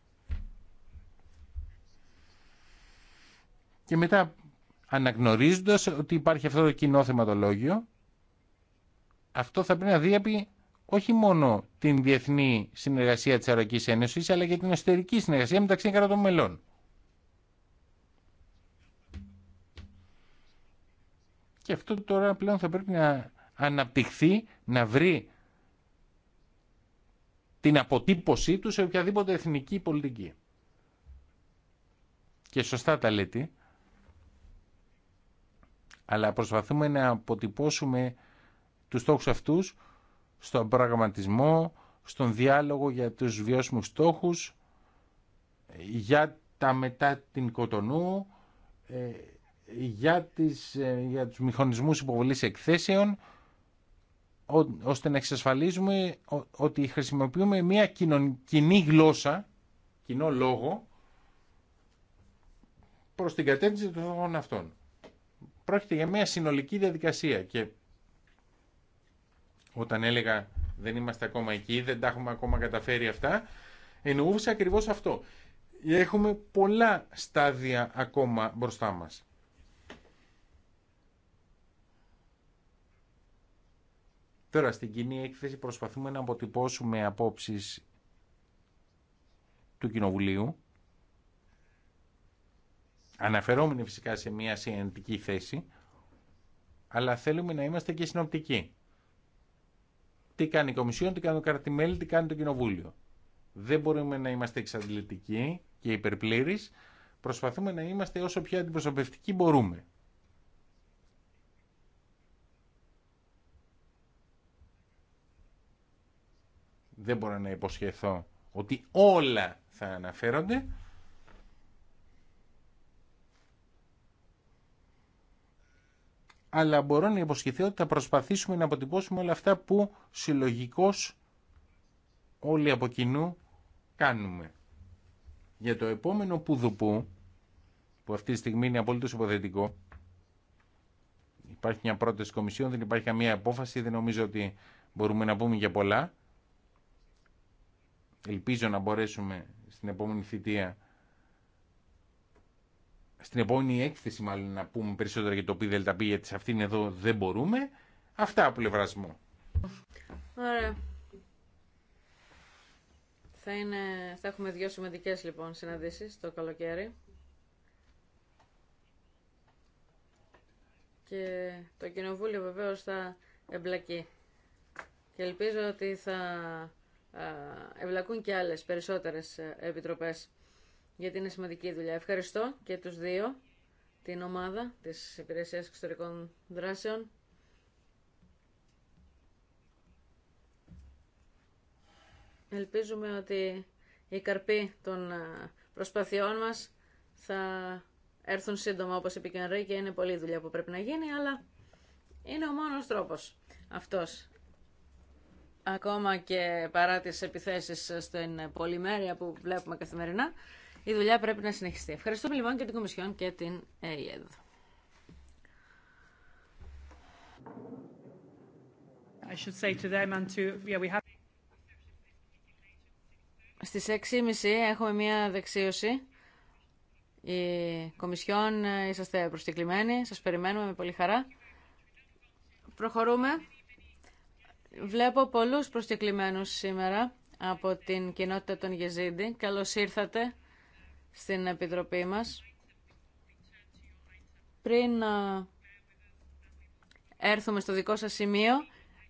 Και μετά αναγνωρίζοντας ότι υπάρχει αυτό το κοινό θεματολόγιο, αυτό θα πρέπει να διέπει όχι μόνο την διεθνή συνεργασία της Ευρωπαϊκής Ένωσης, αλλά και την εσωτερική συνεργασία μεταξύ κρατών μελών. Και αυτό τώρα πλέον θα πρέπει να αναπτυχθεί, να βρει την αποτύπωσή του σε οποιαδήποτε εθνική πολιτική. Και σωστά τα λέτε, αλλά προσπαθούμε να αποτυπώσουμε τους στόχους αυτούς στον πραγματισμό, στον διάλογο για τους βιώσιμους στόχους, για τα μετά την Κοτονού, ε, για, τις, ε, για τους μηχανισμούς υποβολής εκθέσεων, ώστε να εξασφαλίζουμε ότι χρησιμοποιούμε μια κοινή γλώσσα, κοινό λόγο, προς την κατεύθυνση των αυτών. Πρόκειται για μια συνολική διαδικασία και όταν έλεγα δεν είμαστε ακόμα εκεί, δεν τα έχουμε ακόμα καταφέρει αυτά, εννοούσε ακριβώς αυτό. Έχουμε πολλά στάδια ακόμα μπροστά μας. Τώρα στην κοινή έκθεση προσπαθούμε να αποτυπώσουμε απόψεις του Κοινοβουλίου αναφερόμενοι φυσικά σε μια συνεντική θέση, αλλά θέλουμε να είμαστε και συνοπτικοί. Τι κάνει η Κομισιόν, τι κάνει οι Καρατιμέλη, τι κάνει το Κοινοβούλιο. Δεν μπορούμε να είμαστε εξαντλητικοί και υπερπλήρεις. Προσπαθούμε να είμαστε όσο πιο αντιπροσωπευτικοί μπορούμε. Δεν μπορώ να υποσχεθώ ότι όλα θα αναφέρονται, αλλά μπορώ να υποσχεθώ ότι θα προσπαθήσουμε να αποτυπώσουμε όλα αυτά που συλλογικώ όλοι από κοινού κάνουμε. Για το επόμενο που πουδουπού, που αυτή τη στιγμή είναι απολύτως υποθετικό, υπάρχει μια πρόταση κομισιόν, δεν υπάρχει καμία απόφαση, δεν νομίζω ότι μπορούμε να πούμε για πολλά. Ελπίζω να μπορέσουμε στην επόμενη θητεία στην επόμενη έκθεση μάλλον να πούμε περισσότερα για το πι γιατί σε αυτήν εδώ δεν μπορούμε. Αυτά από πλευρά
Ωραία. Θα, είναι, θα έχουμε δύο σημαντικές λοιπόν συναντήσεις το καλοκαίρι. Και το Κοινοβούλιο βεβαίως θα εμπλακεί. Και ελπίζω ότι θα εμπλακούν και άλλες περισσότερες ε, επιτροπές γιατί είναι σημαντική η δουλειά. Ευχαριστώ και τους δύο, την ομάδα της Υπηρεσίας Εξωτερικών Δράσεων. Ελπίζουμε ότι οι καρποί των ε, προσπαθειών μας θα έρθουν σύντομα όπως είπε και ο και είναι πολλή δουλειά που πρέπει να γίνει αλλά είναι ο μόνος τρόπος αυτός. Ακόμα και παρά τις επιθέσεις στην πολυμέρεια που βλέπουμε καθημερινά η δουλειά πρέπει να συνεχιστεί. Ευχαριστούμε λοιπόν και την Κομισιόν και την ΕΕΔ. Στι 6.30 έχουμε μία δεξίωση. Η Κομισιόν ε, είσαστε προσκεκλημένοι. Σας περιμένουμε με πολύ χαρά. Προχωρούμε. Βλέπω πολλούς προσκεκλημένους σήμερα από την κοινότητα των Γεζίντι. Καλώς ήρθατε στην Επιτροπή μας. Πριν έρθουμε στο δικό σας σημείο,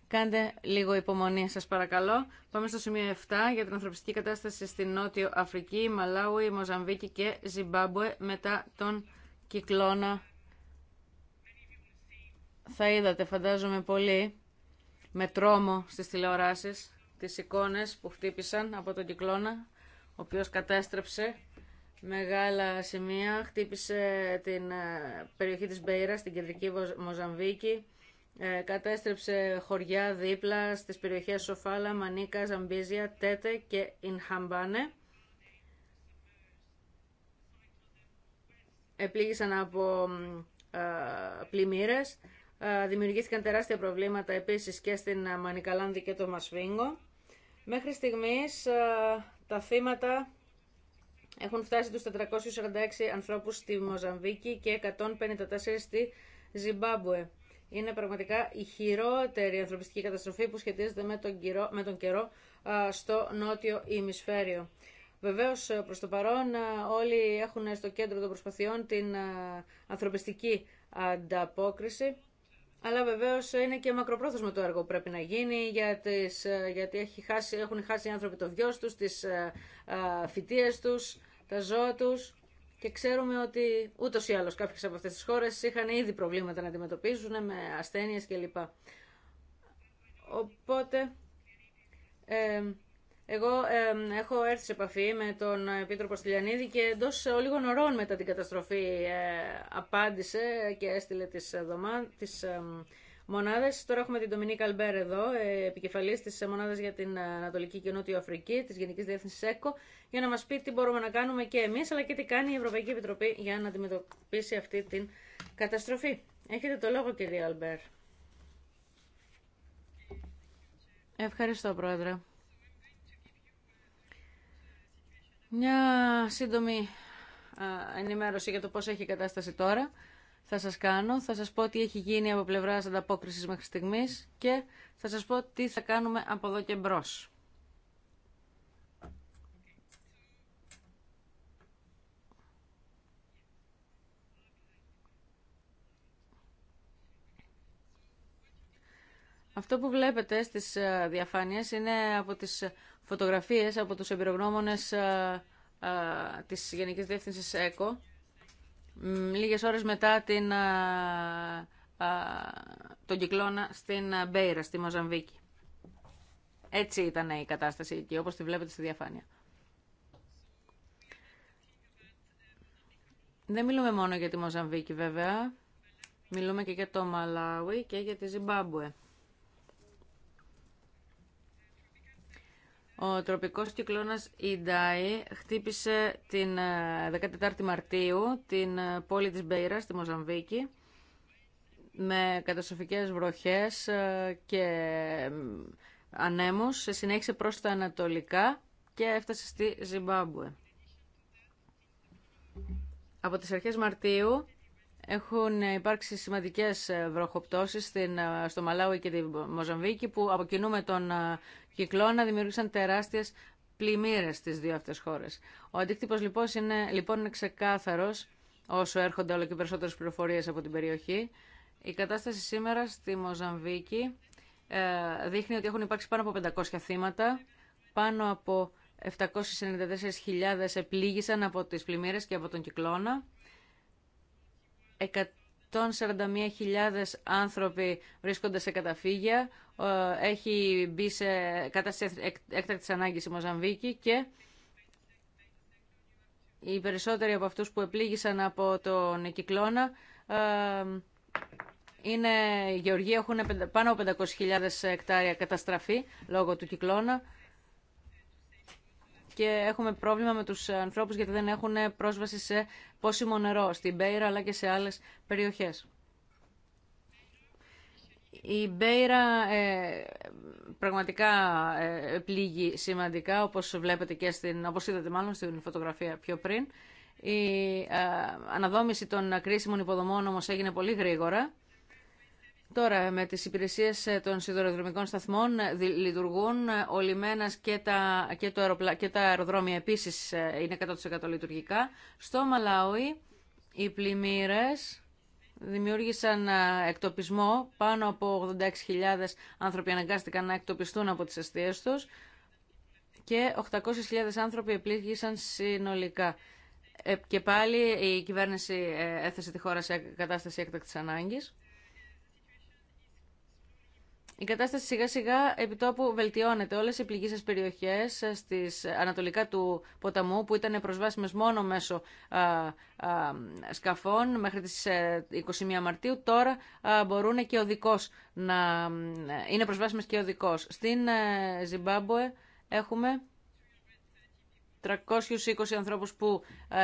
κάντε λίγο υπομονή σας παρακαλώ. Πάμε στο σημείο 7 για την ανθρωπιστική κατάσταση στην Νότιο Αφρική, Μαλάουι, Μοζαμβίκη και Ζιμπάμπουε μετά τον κυκλώνα. Θα είδατε φαντάζομαι πολύ με τρόμο στις τηλεοράσεις τις εικόνες που χτύπησαν από τον κυκλώνα, ο οποίος κατέστρεψε μεγάλα σημεία. Χτύπησε την ε, περιοχή της Μπέιρα, στην κεντρική Μοζαμβίκη. Ε, κατέστρεψε χωριά δίπλα στις περιοχές Σοφάλα, Μανίκα, Ζαμπίζια, Τέτε και Ινχαμπάνε. Επλήγησαν από ε, πλημμύρες. Δημιουργήθηκαν τεράστια προβλήματα επίσης και στην Μανικαλάνδη και το Μασφίγγο. Μέχρι στιγμής τα θύματα έχουν φτάσει τους 446 ανθρώπους στη Μοζαμβίκη και 154 στη Ζιμπάμπουε. Είναι πραγματικά η χειρότερη ανθρωπιστική καταστροφή που σχετίζεται με τον, καιρό, με τον στο νότιο ημισφαίριο. Βεβαίως, ε, προς το παρόν, ε, όλοι έχουν στο κέντρο των προσπαθειών την ε, ανθρωπιστική ανταπόκριση. Αλλά βεβαίω είναι και μακροπρόθεσμο το έργο που πρέπει να γίνει ε, γιατί χάσει, έχουν χάσει οι άνθρωποι το βιό του, τις ε, ε, φυτίες τους, τα ζώα τους και ξέρουμε ότι ούτω ή άλλω κάποιε από αυτέ τις χώρες είχαν ήδη προβλήματα να αντιμετωπίζουν με ασθένειες κλπ. Οπότε... Εγώ ε, έχω έρθει σε επαφή με τον Επίτροπο Στυλιανίδη και εντό λίγων ωρών μετά την καταστροφή ε, απάντησε και έστειλε τις, ε, δωμά, τις μονάδες. Τώρα έχουμε την Ντομινίκ Αλμπέρ εδώ, ε, επικεφαλής της μονάδας για την Ανατολική και Νότιο Αφρική, της Γενικής Διεύθυνσης ΕΚΟ, για να μας πει τι μπορούμε να κάνουμε και εμείς, αλλά και τι κάνει η Ευρωπαϊκή Επιτροπή για να αντιμετωπίσει αυτή την καταστροφή. Έχετε το λόγο κυρία Αλμπέρ. Ευχαριστώ Πρόεδρε. Μια σύντομη ενημέρωση για το πώς έχει η κατάσταση τώρα θα σας κάνω, θα σας πω τι έχει γίνει από πλευράς ανταπόκρισης μέχρι στιγμής και θα σας πω τι θα κάνουμε από εδώ και μπρος. Αυτό που βλέπετε στις ε, διαφάνειες είναι από τις φωτογραφίες από τους εμπειρογνώμονες ε, ε, της Γενικής Διεύθυνσης ΕΚΟ λίγες ώρες μετά την, τον κυκλώνα στην Μπέιρα, στη Μοζαμβίκη. Έτσι ήταν η κατάσταση εκεί, όπως τη βλέπετε στη διαφάνεια. Δεν μιλούμε μόνο για τη Μοζαμβίκη βέβαια, μιλούμε και για το Μαλάουι και για τη Ζιμπάμπουε. Ο τροπικός κυκλώνας Ιντάι χτύπησε την 14η ε, Μαρτίου την ε, πόλη της Μπέιρα στη Μοζαμβίκη με καταστροφικές βροχές ε, και ανέμους. Συνέχισε προς τα ανατολικά και έφτασε στη Ζιμπάμπουε. Από τις αρχές Μαρτίου έχουν υπάρξει σημαντικέ ε, βροχοπτώσει ε, στο Μαλάουι και τη Μοζαμβίκη που από κοινού με τον ε, κυκλώνα δημιούργησαν τεράστιες πλημμύρες στις δύο αυτές χώρες. Ο αντίκτυπο λοιπόν είναι, λοιπόν, είναι ξεκάθαρο όσο έρχονται όλο και περισσότερε πληροφορίε από την περιοχή. Η κατάσταση σήμερα στη Μοζαμβίκη δείχνει ότι έχουν υπάρξει πάνω από 500 θύματα, πάνω από 794.000 επλήγησαν από τις πλημμύρες και από τον κυκλώνα. 141.000 άνθρωποι βρίσκονται σε καταφύγια, ε, έχει μπει σε κατάσταση έκτακτης ανάγκης η Μοζαμβίκη και οι περισσότεροι από αυτούς που επλήγησαν από τον κυκλώνα ε, είναι γεωργοί, έχουν πάνω από 500.000 εκτάρια καταστραφή λόγω του κυκλώνα και έχουμε πρόβλημα με τους ανθρώπους γιατί δεν έχουν πρόσβαση σε πόσιμο νερό στην Μπέιρα αλλά και σε άλλες περιοχές. Η Μπέιρα ε, πραγματικά ε, πλήγει σημαντικά, όπως βλέπετε και στην, όπως είδατε μάλλον στην φωτογραφία πιο πριν. Η ε, αναδόμηση των κρίσιμων υποδομών όμως έγινε πολύ γρήγορα Τώρα με τις υπηρεσίες ε, των σιδηροδρομικών σταθμών ε, λειτουργούν ε, ο και τα, και, το αεροπλα... και τα αεροδρόμια επίσης είναι 100% λειτουργικά. Στο Μαλάουι οι πλημμύρες δημιούργησαν εκτοπισμό. Πάνω από 86.000 άνθρωποι αναγκάστηκαν να εκτοπιστούν από τις αστείες τους και 800.000 άνθρωποι επλήγησαν συνολικά. Και πάλι η κυβέρνηση έθεσε τη χώρα σε κατάσταση έκτακτης ανάγκης. Η κατάσταση σιγά σιγά επιτόπου βελτιώνεται. Όλες οι πληγήσει περιοχέ ε, στις ανατολικά του ποταμού που ήταν προσβάσιμες μόνο μέσω α, α, σκαφών μέχρι τι 21 ε, Μαρτίου τώρα α, μπορούν και να ε, είναι προσβάσιμες και οδικώ. Στην Ζιμπάμπουε έχουμε 320 ανθρώπους που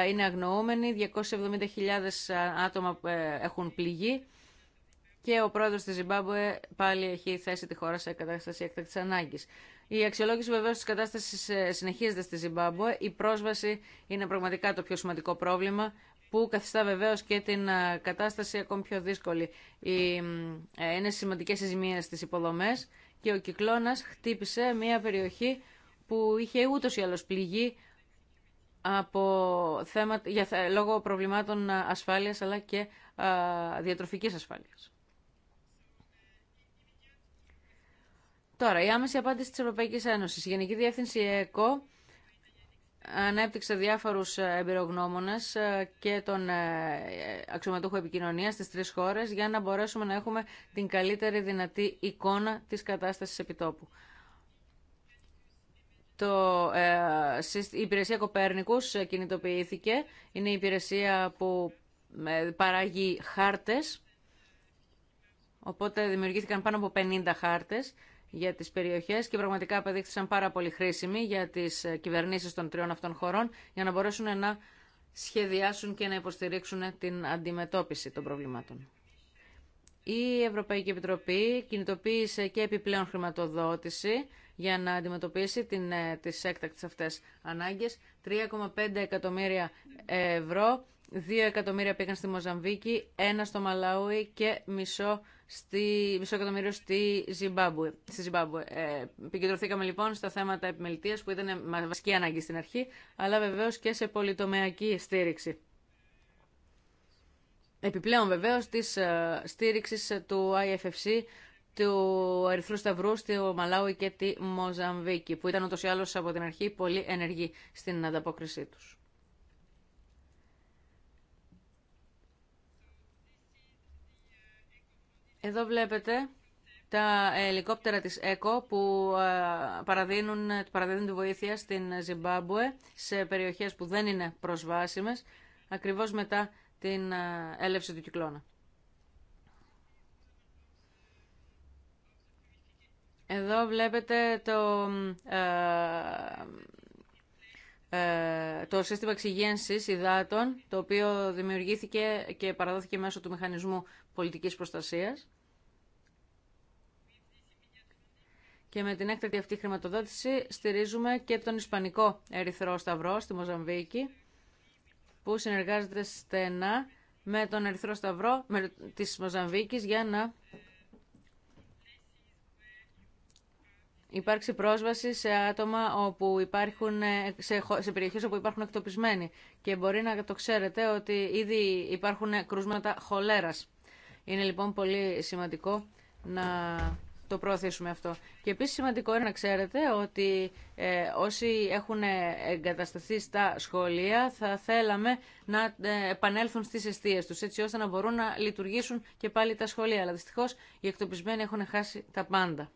είναι αγνοούμενοι, 270.000 άτομα έχουν πληγεί και ο πρόεδρος της Ζιμπάμπουε πάλι έχει θέσει τη χώρα σε κατάσταση έκτακτης ανάγκης. Η αξιολόγηση βεβαίω τη κατάσταση ε, συνεχίζεται στη Ζιμπάμπουε. Η πρόσβαση είναι πραγματικά το πιο σημαντικό πρόβλημα που καθιστά βεβαίω και την ε, κατάσταση ακόμη πιο δύσκολη. Ε, είναι σημαντικέ οι ζημίε στι υποδομέ και ο κυκλώνα χτύπησε μια περιοχή που είχε ούτω ή άλλω πληγεί από θέματα, για, λόγω προβλημάτων ασφάλειας αλλά και α, διατροφικής ασφάλειας. Τώρα, η άμεση απάντηση της Ευρωπαϊκής Ένωσης. Η Γενική Διεύθυνση ΕΚΟ ανέπτυξε διάφορους ε, εμπειρογνώμονες ε, και τον ε, αξιωματούχο επικοινωνίας στις τρεις χώρες για να μπορέσουμε να έχουμε την καλύτερη δυνατή εικόνα της κατάστασης επιτόπου. Το, η υπηρεσία Κοπέρνικους κινητοποιήθηκε. Είναι η υπηρεσία που παράγει χάρτες. Οπότε δημιουργήθηκαν πάνω από 50 χάρτες για τις περιοχές και πραγματικά απεδείχθησαν πάρα πολύ χρήσιμοι για τις ε, κυβερνήσεις των τριών αυτών χωρών για να μπορέσουν να σχεδιάσουν και να υποστηρίξουν την αντιμετώπιση των προβλημάτων. Η Ευρωπαϊκή Επιτροπή κινητοποίησε και επιπλέον χρηματοδότηση για να αντιμετωπίσει την, ε, τις έκτακτες αυτές ανάγκες. 3,5 εκατομμύρια ευρώ, 2 εκατομμύρια πήγαν στη Μοζαμβίκη, ένα στο Μαλαούι και μισό στη μισό εκατομμύριο στη Ζιμπάμπουε. Στη Ζιμπάμπουε. Ε, επικεντρωθήκαμε λοιπόν στα θέματα επιμελητία που ήταν βασική ανάγκη στην αρχή, αλλά βεβαίω και σε πολυτομεακή στήριξη. Επιπλέον βεβαίω τη ε, στήριξη του IFFC, του Ερυθρού Σταυρού στη Μαλάουι και τη Μοζαμβίκη, που ήταν ούτω ή άλλω από την αρχή πολύ ενεργοί στην ανταπόκρισή του. Εδώ βλέπετε τα ελικόπτερα της ΕΚΟ που ε, παραδίνουν, παραδίνουν τη βοήθεια στην Ζιμπάμπουε σε περιοχές που δεν είναι προσβάσιμες ακριβώς μετά την ε, έλευση του κυκλώνα. Εδώ βλέπετε το, ε, ε, το σύστημα εξυγένσης υδάτων, το οποίο δημιουργήθηκε και παραδόθηκε μέσω του Μηχανισμού Πολιτικής Προστασίας. Και με την έκτατη αυτή χρηματοδότηση στηρίζουμε και τον Ισπανικό Ερυθρό Σταυρό στη Μοζαμβίκη, που συνεργάζεται στενά με τον Ερυθρό Σταυρό με, της Μοζαμβίκης για να υπάρξει πρόσβαση σε άτομα όπου υπάρχουν, σε, σε περιοχές όπου υπάρχουν εκτοπισμένοι. Και μπορεί να το ξέρετε ότι ήδη υπάρχουν κρούσματα χολέρας. Είναι λοιπόν πολύ σημαντικό να το προωθήσουμε αυτό. Και επίσης σημαντικό είναι να ξέρετε ότι ε, όσοι έχουν εγκατασταθεί στα σχολεία θα θέλαμε να ε, επανέλθουν στις αιστείες τους, έτσι ώστε να μπορούν να λειτουργήσουν και πάλι τα σχολεία. Αλλά δυστυχώς οι εκτοπισμένοι έχουν χάσει τα πάντα.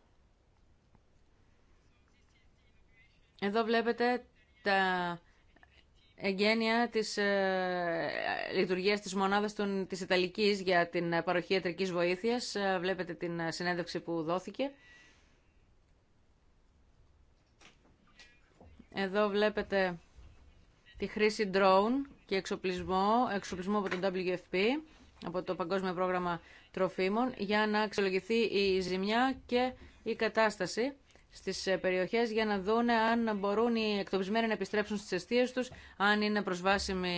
Εδώ βλέπετε τα εγγένεια της ε, λειτουργίας της μονάδας των, της Ιταλικής για την παροχή ιατρικής βοήθειας. Ε, βλέπετε την συνέντευξη που δόθηκε. Εδώ βλέπετε τη χρήση drone και εξοπλισμό, εξοπλισμό από τον WFP, από το Παγκόσμιο Πρόγραμμα Τροφίμων, για να αξιολογηθεί η ζημιά και η κατάσταση στις ε, περιοχές για να δούνε αν μπορούν οι εκτοπισμένοι να επιστρέψουν στις αιστείε τους, αν είναι προσβάσιμε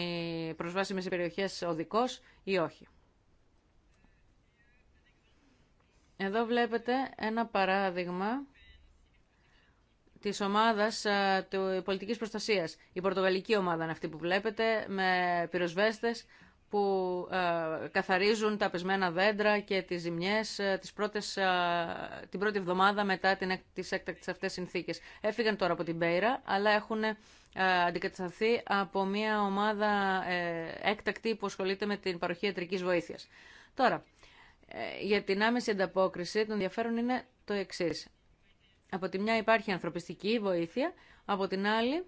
οι σε περιοχές οδικός ή όχι. Εδώ βλέπετε ε, Η πορτογαλική ομάδα είναι αυτή που βλέπετε, με πυροσβέστες που ε, καθαρίζουν τα πεσμένα δέντρα και τις ζημιές ε, τις πρώτες, ε, την πρώτη εβδομάδα μετά την, τις έκτακτες αυτές συνθήκες. Έφυγαν τώρα από την Πέιρα, αλλά έχουν αντικατασταθεί από μια ομάδα έκτακτη που ασχολείται με την παροχή ιατρικής βοήθειας. Τώρα, για την άμεση ανταπόκριση, το ενδιαφέρον είναι το εξή. Από τη μια υπάρχει ανθρωπιστική βοήθεια, από την άλλη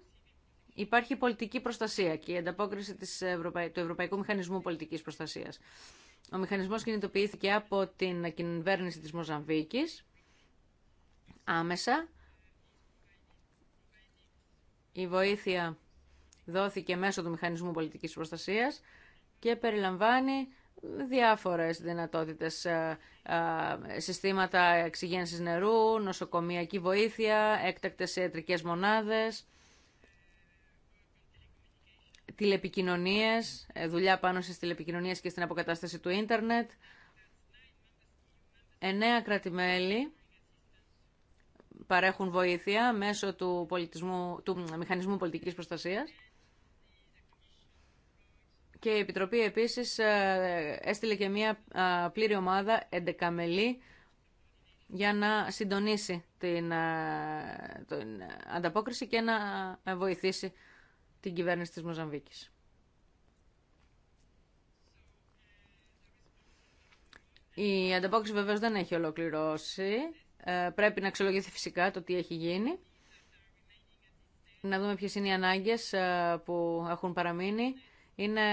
Υπάρχει πολιτική προστασία και η ανταπόκριση της Ευρωπαϊ... του Ευρωπαϊκού Μηχανισμού Πολιτικής Προστασίας. Ο μηχανισμός κινητοποιήθηκε από την κυβέρνηση της Μοζαμβίκης άμεσα. Η βοήθεια δόθηκε μέσω του Μηχανισμού Πολιτικής Προστασίας και περιλαμβάνει διάφορες δυνατότητες, ε, ε, συστήματα εξυγένσης νερού, νοσοκομιακή βοήθεια, έκτακτες ιατρικές μονάδες τηλεπικοινωνίες, ε, δουλειά πάνω στις τηλεπικοινωνίες και στην αποκατάσταση του ίντερνετ. Εννέα κρατημέλη παρέχουν βοήθεια μέσω του, πολιτισμού, του Μηχανισμού Πολιτικής Προστασίας. Και η Επιτροπή επίσης ε, έστειλε και μία πλήρη ομάδα μελή, για να συντονίσει την, ε, την ανταπόκριση και να βοηθήσει την κυβέρνηση της Μοζαμβίκης. Η ανταπόκριση βεβαίω δεν έχει ολοκληρώσει. Ε, πρέπει να αξιολογηθεί φυσικά το τι έχει γίνει. Να δούμε ποιες είναι οι ανάγκες ε, που έχουν παραμείνει. Είναι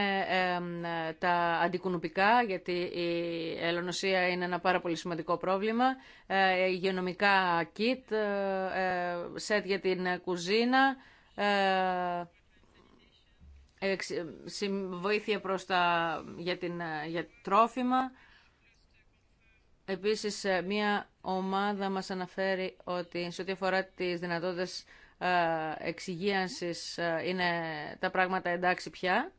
τα αντικουνουπικά, γιατί η ελονοσία είναι ένα πάρα πολύ σημαντικό πρόβλημα. Ε, υγειονομικά κιτ, σετ για την κουζίνα ε, βοήθεια προς τα, για, την, ε, για τρόφιμα. Επίσης, ε, μια ομάδα μας αναφέρει ότι σε ό,τι αφορά τις δυνατότητες εξυγίανσης είναι τα πράγματα εντάξει πια.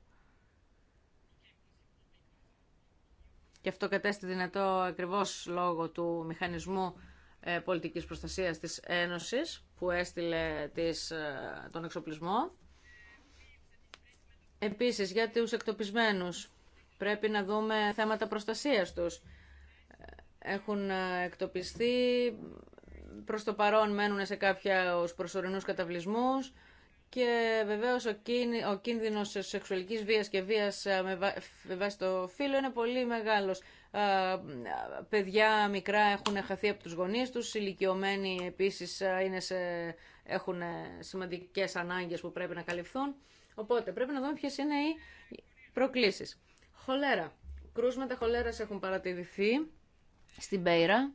Και αυτό κατέστη δυνατό ακριβώς λόγω του μηχανισμού πολιτικής προστασίας της Ένωσης που έστειλε τον εξοπλισμό. Επίσης, για τους εκτοπισμένους πρέπει να δούμε θέματα προστασίας τους. Έχουν ε, εκτοπιστεί, προς το παρόν μένουν σε κάποια ως προσωρινούς καταβλισμούς και βεβαίως ο, κίνη, ο κίνδυνος σεξουαλικής βίας και βίας ε, με, το φύλλο είναι πολύ μεγάλος. Ε, παιδιά μικρά έχουν χαθεί από τους γονείς τους, ηλικιωμένοι επίσης είναι έχουν σημαντικές ανάγκες που πρέπει να καλυφθούν. Οπότε πρέπει να δούμε ποιε είναι οι προκλήσεις. Χολέρα. Κρούσματα χολέρας έχουν παρατηρηθεί στην Πέιρα,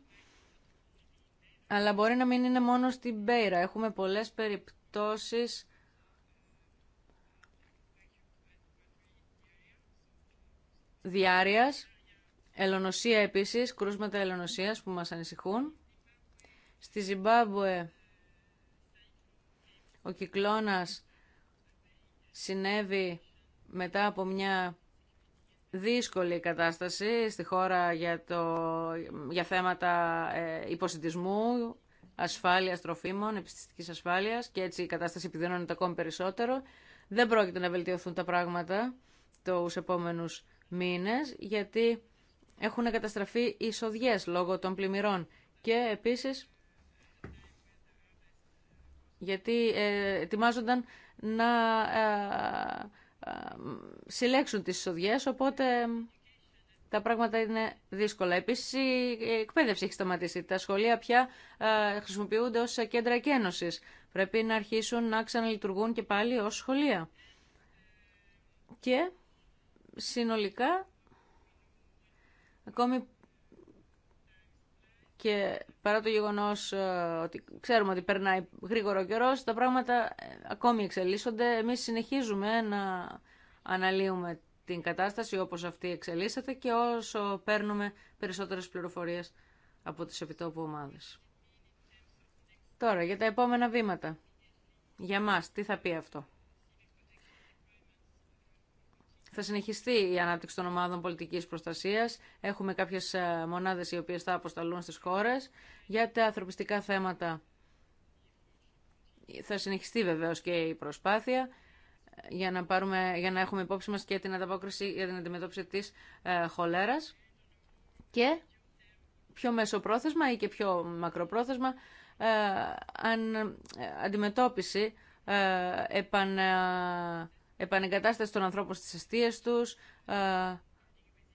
αλλά μπορεί να μην είναι μόνο στην Πέιρα. Έχουμε πολλές περιπτώσεις διάρειας, ελονοσία επίσης, κρούσματα ελονοσίας που μας ανησυχούν. Στη Ζιμπάμπουε ο κυκλώνας συνέβη μετά από μια δύσκολη κατάσταση στη χώρα για, το, για θέματα ε, υποσυντισμού, ασφάλειας τροφίμων, επιστηστικής ασφάλειας και έτσι η κατάσταση επιδεινώνεται ακόμη περισσότερο. Δεν πρόκειται να βελτιωθούν τα πράγματα τους επόμενους μήνες γιατί έχουν καταστραφεί οι εισοδιές λόγω των πλημμυρών και επίσης γιατί ε, ετοιμάζονταν να ε, ε, συλλέξουν τις σοδιές, οπότε τα πράγματα είναι δύσκολα. Επίσης η εκπαίδευση έχει σταματήσει. Τα σχολεία πια χρησιμοποιούνται ως κέντρα εκένωσης. Πρέπει να αρχίσουν να ξαναλειτουργούν και πάλι ως σχολεία. Και συνολικά ακόμη και παρά το γεγονός ε, ότι ξέρουμε ότι περνάει γρήγορο καιρό, τα πράγματα ε, ακόμη εξελίσσονται. Εμείς συνεχίζουμε να αναλύουμε την κατάσταση όπως αυτή εξελίσσεται και όσο παίρνουμε περισσότερες πληροφορίες από τις επιτόπου ομάδες. Τώρα, για τα επόμενα βήματα. Για μας, τι θα πει αυτό. Θα συνεχιστεί η ανάπτυξη των ομάδων πολιτική προστασία. Έχουμε κάποιε μονάδε οι οποίε θα αποσταλούν στι χώρε. Για τα ανθρωπιστικά θέματα θα συνεχιστεί βεβαίω και η προσπάθεια ε, για να, πάρουμε, για να έχουμε υπόψη μα και την ανταπόκριση για την αντιμετώπιση τη ε, χολέρας και πιο μεσοπρόθεσμα ή και πιο μακροπρόθεσμα ε, αν, ε, αντιμετώπιση ε, επανα επανεγκατάσταση των ανθρώπων στις αιστείες τους, ε,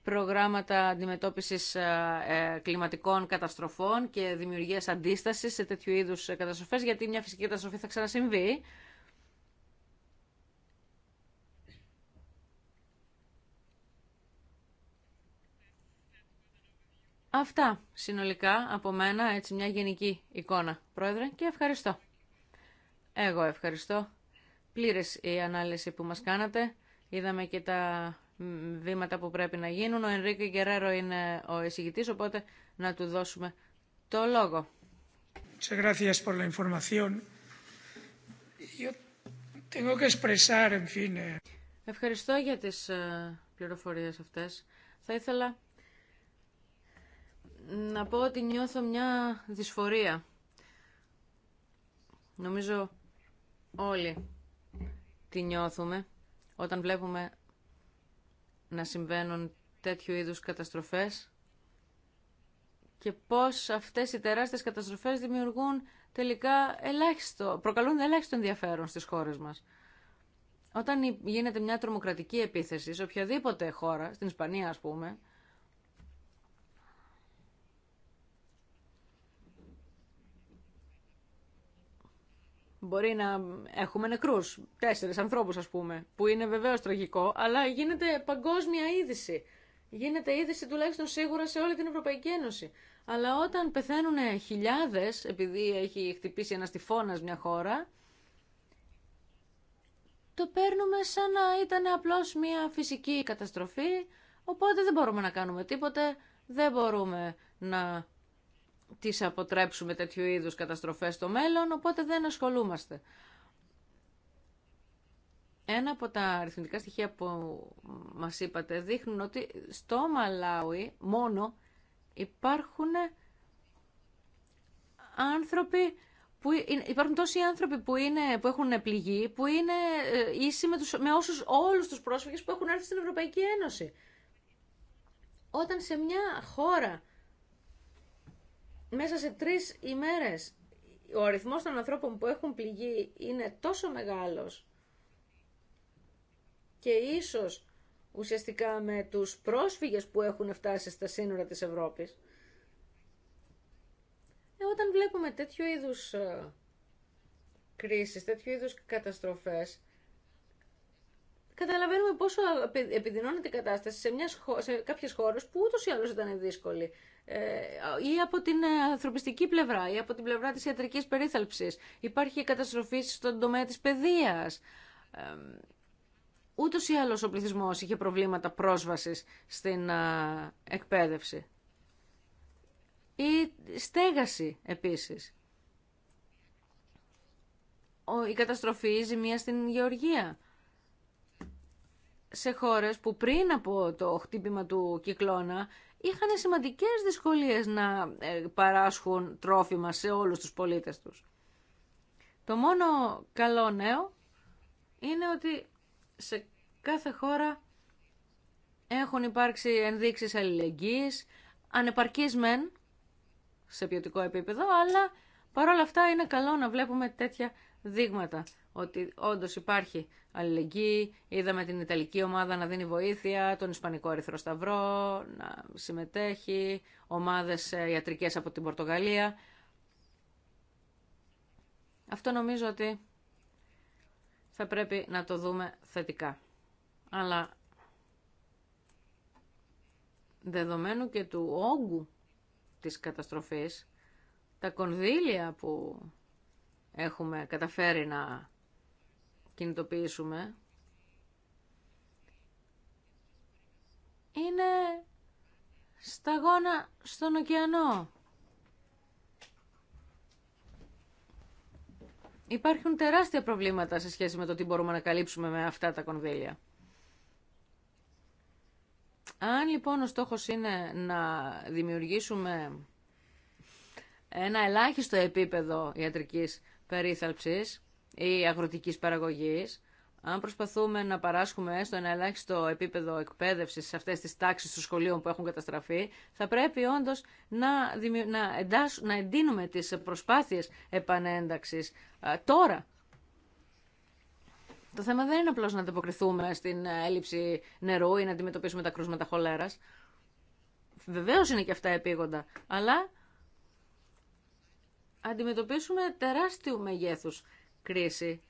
προγράμματα αντιμετώπισης ε, ε, κλιματικών καταστροφών και δημιουργίας αντίστασης σε τέτοιου είδους καταστροφές, γιατί μια φυσική καταστροφή θα ξανασυμβεί. Αυτά συνολικά από μένα, έτσι μια γενική εικόνα, Πρόεδρε, και ευχαριστώ. Εγώ ευχαριστώ πλήρες η ανάλυση που μας κάνατε. Είδαμε και τα βήματα που πρέπει να γίνουν. Ο Ενρίκη Γκερέρο είναι ο εισηγητής, οπότε να του δώσουμε το λόγο. Σε eh, Ευχαριστώ για τις ε, πληροφορίες αυτές. Θα ήθελα να πω ότι νιώθω μια δυσφορία. Νομίζω όλοι τι νιώθουμε όταν βλέπουμε να συμβαίνουν τέτοιου είδους καταστροφές και πώς αυτές οι τεράστιες καταστροφές δημιουργούν τελικά ελάχιστο, προκαλούν ελάχιστο ενδιαφέρον στις χώρες μας. Όταν γίνεται μια τρομοκρατική επίθεση σε οποιαδήποτε χώρα, στην Ισπανία ας πούμε, Μπορεί να έχουμε νεκρού. τέσσερι ανθρώπου, ας πούμε, που είναι βεβαίω τραγικό, αλλά γίνεται παγκόσμια είδηση. Γίνεται είδηση τουλάχιστον σίγουρα σε όλη την Ευρωπαϊκή Ένωση. Αλλά όταν πεθαίνουν χιλιάδε επειδή έχει χτυπήσει ένας τυφώνας μια χώρα, το παίρνουμε σαν να ήταν απλώς μια φυσική καταστροφή, οπότε δεν μπορούμε να κάνουμε τίποτε, δεν μπορούμε να τις αποτρέψουμε τέτοιου είδους καταστροφές στο μέλλον, οπότε δεν ασχολούμαστε. Ένα από τα αριθμητικά στοιχεία που μας είπατε δείχνουν ότι στο Μαλάουι μόνο υπάρχουν άνθρωποι που ε, υπάρχουν τόσοι άνθρωποι που, είναι, που έχουν πληγεί, που είναι ε, ίσοι με, τους, με όσους όλους τους πρόσφυγες που έχουν έρθει στην Ευρωπαϊκή Ένωση. Όταν σε μια χώρα μέσα σε τρεις ημέρες ο αριθμός των ανθρώπων που έχουν πληγεί είναι τόσο μεγάλος και ίσως ουσιαστικά με τους πρόσφυγες που έχουν φτάσει στα σύνορα της Ευρώπης. Ε, όταν βλέπουμε τέτοιου είδους ε, κρίσεις, τέτοιου είδους καταστροφές, καταλαβαίνουμε πόσο επιδεινώνεται η κατάσταση σε, μια, σε κάποιες χώρες που ούτως ή άλλως ήταν δύσκολη. Ε, ή από την ε, ανθρωπιστική πλευρά ή από την πλευρά της ιατρικής περίθαλψης. Υπάρχει καταστροφή στον τομέα της παιδείας. Ούτως ή άλλως ο πληθυσμός είχε προβλήματα πρόσβασης στην ε, εκπαίδευση. Ή στέγαση επίσης. Η καταστροφή, η ζημία στην γεωργία σε χώρες που πριν από το χτύπημα του κυκλώνα είχαν σημαντικές δυσκολίες να ε, παράσχουν τρόφιμα σε όλους τους πολίτες τους. Το μόνο καλό νέο είναι ότι σε κάθε χώρα έχουν υπάρξει ενδείξεις αλληλεγγύης, ανεπαρκείς μεν σε ποιοτικό επίπεδο, αλλά παρόλα αυτά είναι καλό να βλέπουμε τέτοια δείγματα ότι όντω υπάρχει αλληλεγγύη. Είδαμε την Ιταλική ομάδα να δίνει βοήθεια, τον Ισπανικό Ερυθρό Σταυρό να συμμετέχει, ομάδες ε, ιατρικές από την Πορτογαλία. Αυτό νομίζω ότι θα πρέπει να το δούμε θετικά. Αλλά δεδομένου και του όγκου της καταστροφής, τα κονδύλια που έχουμε καταφέρει να κινητοποιήσουμε είναι σταγόνα στον ωκεανό. Υπάρχουν τεράστια προβλήματα σε σχέση με το τι μπορούμε να καλύψουμε με αυτά τα κονδύλια. Αν λοιπόν ο στόχος είναι να δημιουργήσουμε ένα ελάχιστο επίπεδο ιατρικής περίθαλψης, ή αγροτικής παραγωγής, αν προσπαθούμε να παράσχουμε στο ένα ελάχιστο επίπεδο εκπαίδευση σε αυτέ τι τάξει των σχολείων που έχουν καταστραφεί, θα πρέπει όντω να, να, να εντείνουμε τι προσπάθειε επανένταξη τώρα. Το θέμα δεν είναι απλώ να ανταποκριθούμε στην έλλειψη νερού ή να αντιμετωπίσουμε τα κρούσματα χολέρα. Βεβαίω είναι και αυτά επίγοντα, αλλά αντιμετωπίσουμε τεράστιου μεγέθους κρίση.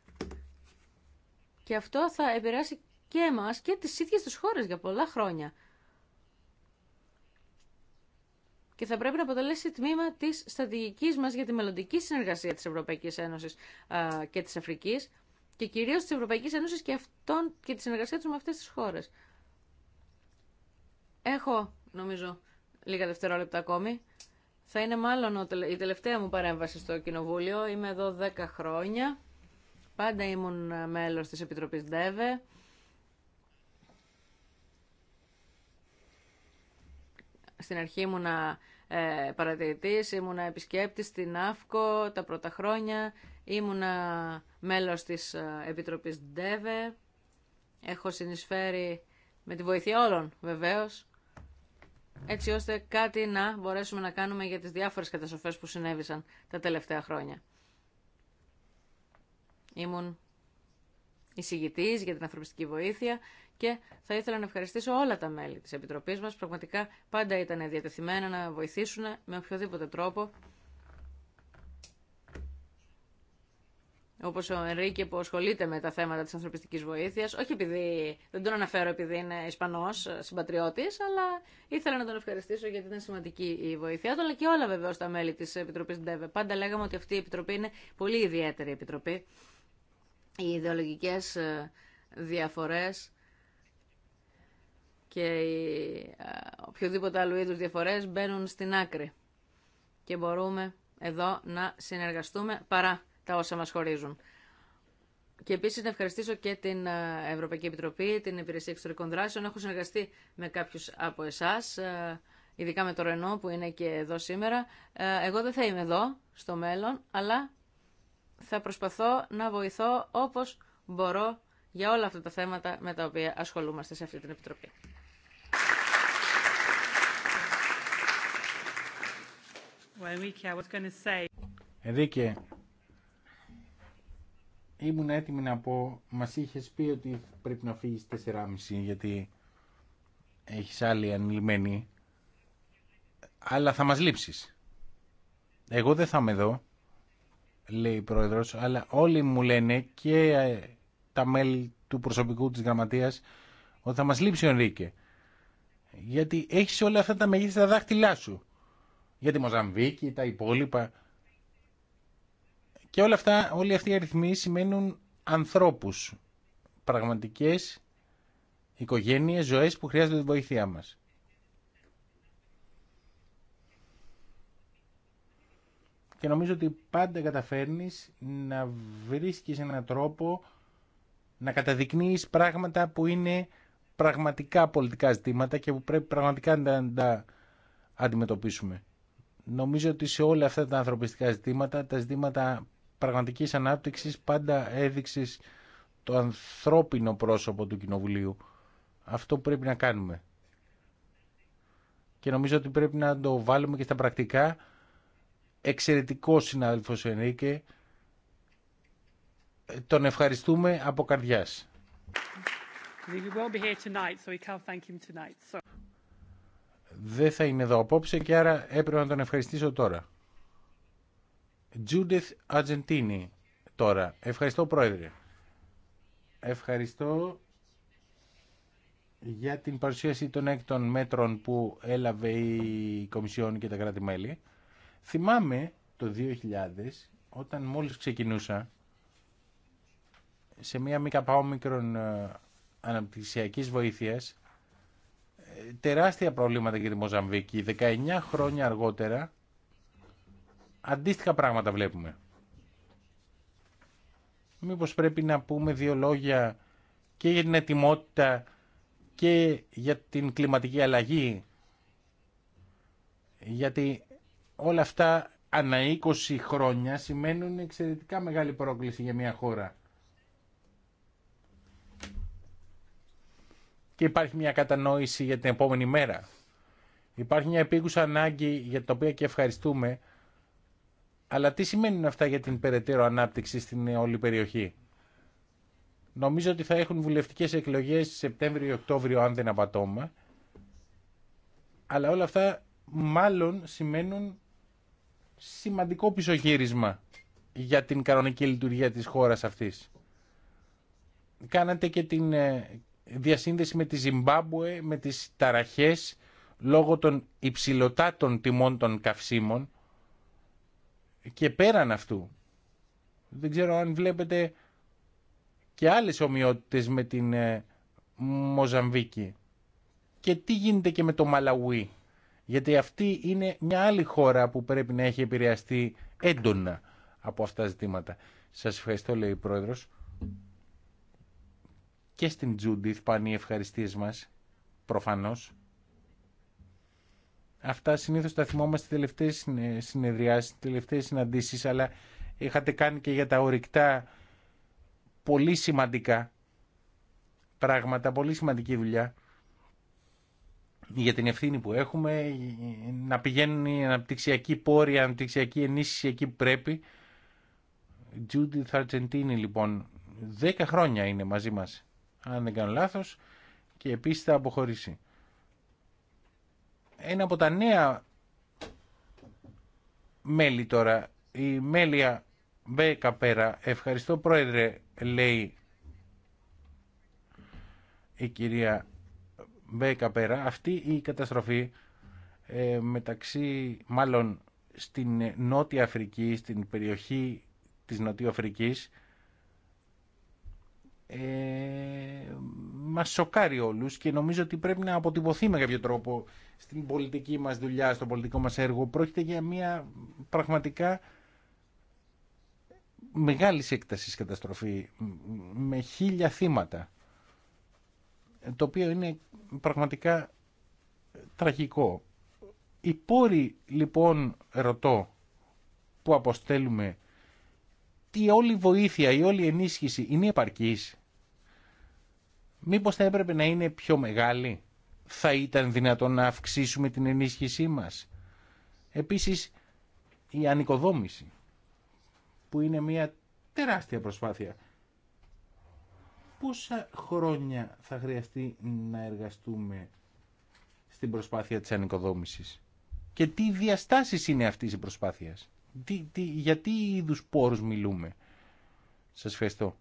Και αυτό θα επηρεάσει και εμάς και τις ίδιες τις χώρες για πολλά χρόνια. Και θα πρέπει να αποτελέσει τμήμα της στρατηγικής μας για τη μελλοντική συνεργασία της Ευρωπαϊκής Ένωσης και της Αφρικής και κυρίως της Ευρωπαϊκής Ένωσης και, αυτών, και τη συνεργασία τους με αυτές τις χώρες. Έχω, νομίζω, λίγα δευτερόλεπτα ακόμη. Θα είναι μάλλον η τελευταία μου παρέμβαση στο Κοινοβούλιο. Είμαι εδώ 10 χρόνια. Πάντα ήμουν μέλος της Επιτροπής ΔΕΒΕ. Στην αρχή ήμουνα ε, παρατηρητής, ήμουνα επισκέπτης στην ΑΦΚΟ τα πρώτα χρόνια, ήμουνα μέλος της ε, Επιτροπής ΔΕΒΕ. Έχω συνεισφέρει με τη βοήθεια όλων βεβαίως, έτσι ώστε κάτι να μπορέσουμε να κάνουμε για τις διάφορες καταστροφές που συνέβησαν τα τελευταία χρόνια. Ήμουν εισηγητή για την ανθρωπιστική βοήθεια και θα ήθελα να ευχαριστήσω όλα τα μέλη τη Επιτροπή μα. Πραγματικά πάντα ήταν διατεθειμένα να βοηθήσουν με οποιοδήποτε τρόπο. Όπω ο Ενρίκε που ασχολείται με τα θέματα τη ανθρωπιστική βοήθεια, όχι επειδή δεν τον αναφέρω επειδή είναι Ισπανό συμπατριώτη, αλλά ήθελα να τον ευχαριστήσω γιατί ήταν σημαντική η βοήθειά του, αλλά και όλα βεβαίω τα μέλη τη Επιτροπή ΝΤΕΒΕ. Πάντα λέγαμε ότι αυτή η Επιτροπή είναι πολύ ιδιαίτερη Επιτροπή οι ιδεολογικές ε, διαφορές και οι ε, οποιοδήποτε άλλου είδους διαφορές μπαίνουν στην άκρη και μπορούμε εδώ να συνεργαστούμε παρά τα όσα μας χωρίζουν. Και επίσης να ευχαριστήσω και την ε, Ευρωπαϊκή Επιτροπή, την Υπηρεσία Εξωτερικών Δράσεων. Έχω συνεργαστεί με κάποιους από εσάς, ειδικά με το Ρενό που είναι και εδώ σήμερα. Εγώ δεν θα είμαι εδώ στο μέλλον, αλλά θα προσπαθώ να βοηθώ όπως μπορώ για όλα αυτά τα θέματα με τα οποία ασχολούμαστε σε αυτή την Επιτροπή.
Ενδίκε, ήμουν έτοιμη να πω, μας είχες πει ότι πρέπει να φύγεις 4.30 γιατί έχεις άλλη ανηλυμένη, αλλά θα μας λείψεις. Εγώ δεν θα είμαι εδώ λέει η πρόεδρος, αλλά όλοι μου λένε και ε, τα μέλη του προσωπικού της γραμματείας ότι θα μας λείψει ο Ενρίκε. Γιατί έχεις όλα αυτά τα μεγίστα δάχτυλά σου. Για τη Μοζαμβίκη, τα υπόλοιπα. Και όλα αυτά, όλοι αυτοί οι αριθμοί σημαίνουν ανθρώπους, πραγματικές οικογένειες, ζωές που χρειάζονται τη βοήθειά μας. και νομίζω ότι πάντα καταφέρνεις να βρίσκεις έναν τρόπο να καταδεικνύεις πράγματα που είναι πραγματικά πολιτικά ζητήματα και που πρέπει πραγματικά να τα αντιμετωπίσουμε. Νομίζω ότι σε όλα αυτά τα ανθρωπιστικά ζητήματα, τα ζητήματα πραγματικής ανάπτυξης πάντα έδειξε... το ανθρώπινο πρόσωπο του Κοινοβουλίου. Αυτό πρέπει να κάνουμε. Και νομίζω ότι πρέπει να το βάλουμε και στα πρακτικά Εξαιρετικό συνάδελφος ο Ενρίκε. Τον ευχαριστούμε από καρδιάς. Δεν θα είναι εδώ απόψε και άρα έπρεπε να τον ευχαριστήσω τώρα. Τζούντεθ Αργεντίνη τώρα. Ευχαριστώ πρόεδρε. Ευχαριστώ για την παρουσίαση των έκτων μέτρων που έλαβε η Κομισιόν και τα κράτη-μέλη. Θυμάμαι το 2000, όταν μόλις ξεκινούσα, σε μια μη μικρων ε, αναπτυξιακής βοήθειας, ε, τεράστια προβλήματα για τη Μοζαμβίκη. 19 χρόνια αργότερα, αντίστοιχα πράγματα βλέπουμε. Μήπως πρέπει να πούμε δύο λόγια και για την ετοιμότητα και για την κλιματική αλλαγή. Γιατί όλα αυτά ανά 20 χρόνια σημαίνουν εξαιρετικά μεγάλη πρόκληση για μια χώρα. Και υπάρχει μια κατανόηση για την επόμενη μέρα. Υπάρχει μια επίγουσα ανάγκη για την οποία και ευχαριστούμε. Αλλά τι σημαίνουν αυτά για την περαιτέρω ανάπτυξη στην όλη περιοχή. Νομίζω ότι θα έχουν βουλευτικές εκλογές Σεπτέμβριο-Οκτώβριο αν δεν απατώμα. Αλλά όλα αυτά μάλλον σημαίνουν σημαντικό πισωγύρισμα για την κανονική λειτουργία της χώρας αυτής. Κάνατε και την ε, διασύνδεση με τη Ζιμπάμπουε, με τις ταραχές λόγω των υψηλωτάτων τιμών των καυσίμων και πέραν αυτού. Δεν ξέρω αν βλέπετε και άλλες ομοιότητες με την ε, Μοζαμβίκη. Και τι γίνεται και με το Μαλαουί γιατί αυτή είναι μια άλλη χώρα που πρέπει να έχει επηρεαστεί έντονα από αυτά τα ζητήματα. Σας ευχαριστώ λέει ο Πρόεδρος και στην Τζούντιθ πάνε οι ευχαριστίες μας, προφανώς. Αυτά συνήθως τα θυμόμαστε στις τελευταίες συνεδριάσεις, στις τελευταίες συναντήσεις, αλλά είχατε κάνει και για τα ορυκτά πολύ σημαντικά πράγματα, πολύ σημαντική δουλειά για την ευθύνη που έχουμε, να πηγαίνουν οι αναπτυξιακοί πόροι, η αναπτυξιακή ενίσχυση εκεί που πρέπει. Τζούντιθ Argentini λοιπόν, 10 χρόνια είναι μαζί μας, αν δεν κάνω λάθος, και επίσης θα αποχωρήσει. Ένα από τα νέα μέλη τώρα, η Μέλια Μπέκα πέρα, ευχαριστώ πρόεδρε, λέει η κυρία Μπέκα πέρα, αυτή η καταστροφή ε, μεταξύ, μάλλον στην ε, Νότια Αφρική, στην περιοχή της Νότια ε, μας σοκάρει όλους και νομίζω ότι πρέπει να αποτυπωθεί με κάποιο τρόπο στην πολιτική μας δουλειά, στο πολιτικό μας έργο. Πρόκειται για μια πραγματικά μεγάλη έκταση καταστροφή με χίλια θύματα το οποίο είναι πραγματικά τραγικό. Οι πόροι λοιπόν ρωτώ που αποστέλουμε τι όλη βοήθεια, η όλη ενίσχυση είναι επαρκής. Μήπως θα έπρεπε να είναι πιο μεγάλη. Θα ήταν δυνατόν να αυξήσουμε την ενίσχυσή μας. Επίσης η ανοικοδόμηση που είναι μια τεράστια προσπάθεια πόσα χρόνια θα χρειαστεί να εργαστούμε στην προσπάθεια της ανοικοδόμησης και τι διαστάσεις είναι αυτής η προσπάθειας. Τι, τι, για τι είδους πόρους μιλούμε. Σας ευχαριστώ.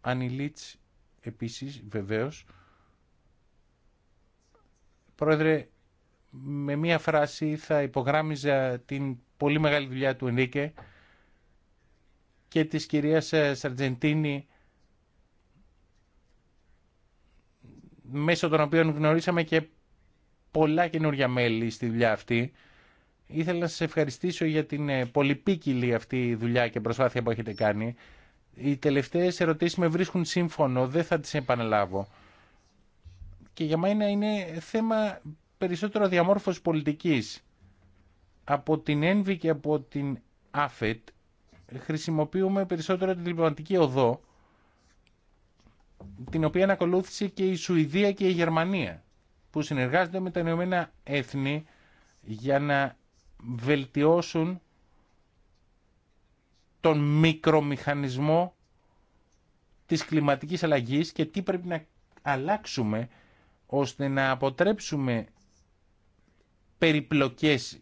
Ανιλίτς επίσης βεβαίως. Πρόεδρε, με μία φράση θα υπογράμμιζα την πολύ μεγάλη δουλειά του Ενίκε και της κυρίας ε, Σαρτζεντίνη μέσω των οποίων γνωρίσαμε και πολλά καινούργια μέλη στη δουλειά αυτή. Ήθελα να σας ευχαριστήσω για την ε, πολυπίκυλη αυτή δουλειά και προσπάθεια που έχετε κάνει. Οι τελευταίες ερωτήσεις με βρίσκουν σύμφωνο, δεν θα τις επαναλάβω. Και για μένα είναι θέμα περισσότερο διαμόρφωση πολιτικής. Από την ΕΝΒΙ και από την ΑΦΕΤ χρησιμοποιούμε περισσότερο την διπλωματική οδό την οποία ακολούθησε και η Σουηδία και η Γερμανία, που συνεργάζονται με τα Ηνωμένα Έθνη για να βελτιώσουν τον μικρομηχανισμό της κλιματικής αλλαγής και τι πρέπει να αλλάξουμε ώστε να αποτρέψουμε περιπλοκές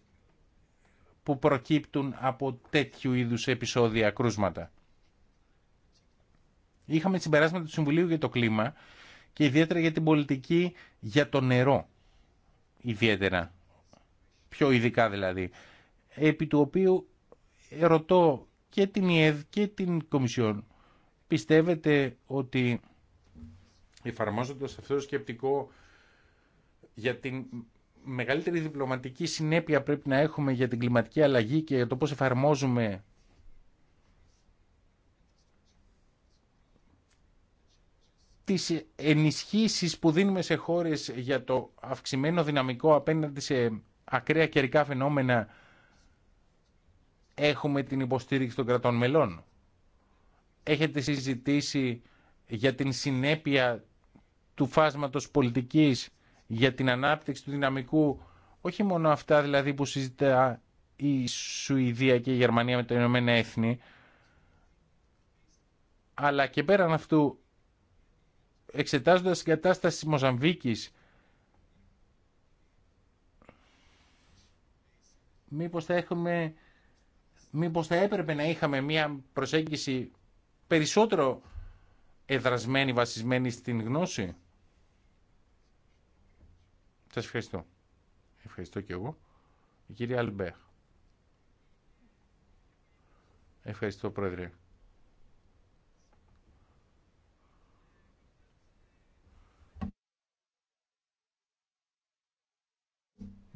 που προκύπτουν από τέτοιου είδους επεισόδια κρούσματα. Είχαμε συμπεράσματα του Συμβουλίου για το κλίμα και ιδιαίτερα για την πολιτική για το νερό. Ιδιαίτερα. Πιο ειδικά δηλαδή. Επί του οποίου ρωτώ και την ΙΕΔ και την Κομισιόν. Πιστεύετε ότι εφαρμόζοντας αυτό το σκεπτικό για την μεγαλύτερη διπλωματική συνέπεια πρέπει να έχουμε για την κλιματική αλλαγή και για το πώς εφαρμόζουμε τις ενισχύσεις που δίνουμε σε χώρες για το αυξημένο δυναμικό απέναντι σε ακραία καιρικά φαινόμενα έχουμε την υποστήριξη των κρατών μελών. Έχετε συζητήσει για την συνέπεια του φάσματος πολιτικής, για την ανάπτυξη του δυναμικού, όχι μόνο αυτά δηλαδή που συζητά η Σουηδία και η Γερμανία με το Ηνωμένα Έθνη, αλλά και πέραν αυτού εξετάζοντας την κατάσταση της Μοζαμβίκης μήπως θα, έχουμε, μήπως θα έπρεπε να είχαμε μια προσέγγιση περισσότερο εδρασμένη, βασισμένη στην γνώση. Σας ευχαριστώ. Ευχαριστώ και εγώ. Η κυρία Αλμπέρ. Ευχαριστώ, Πρόεδρε.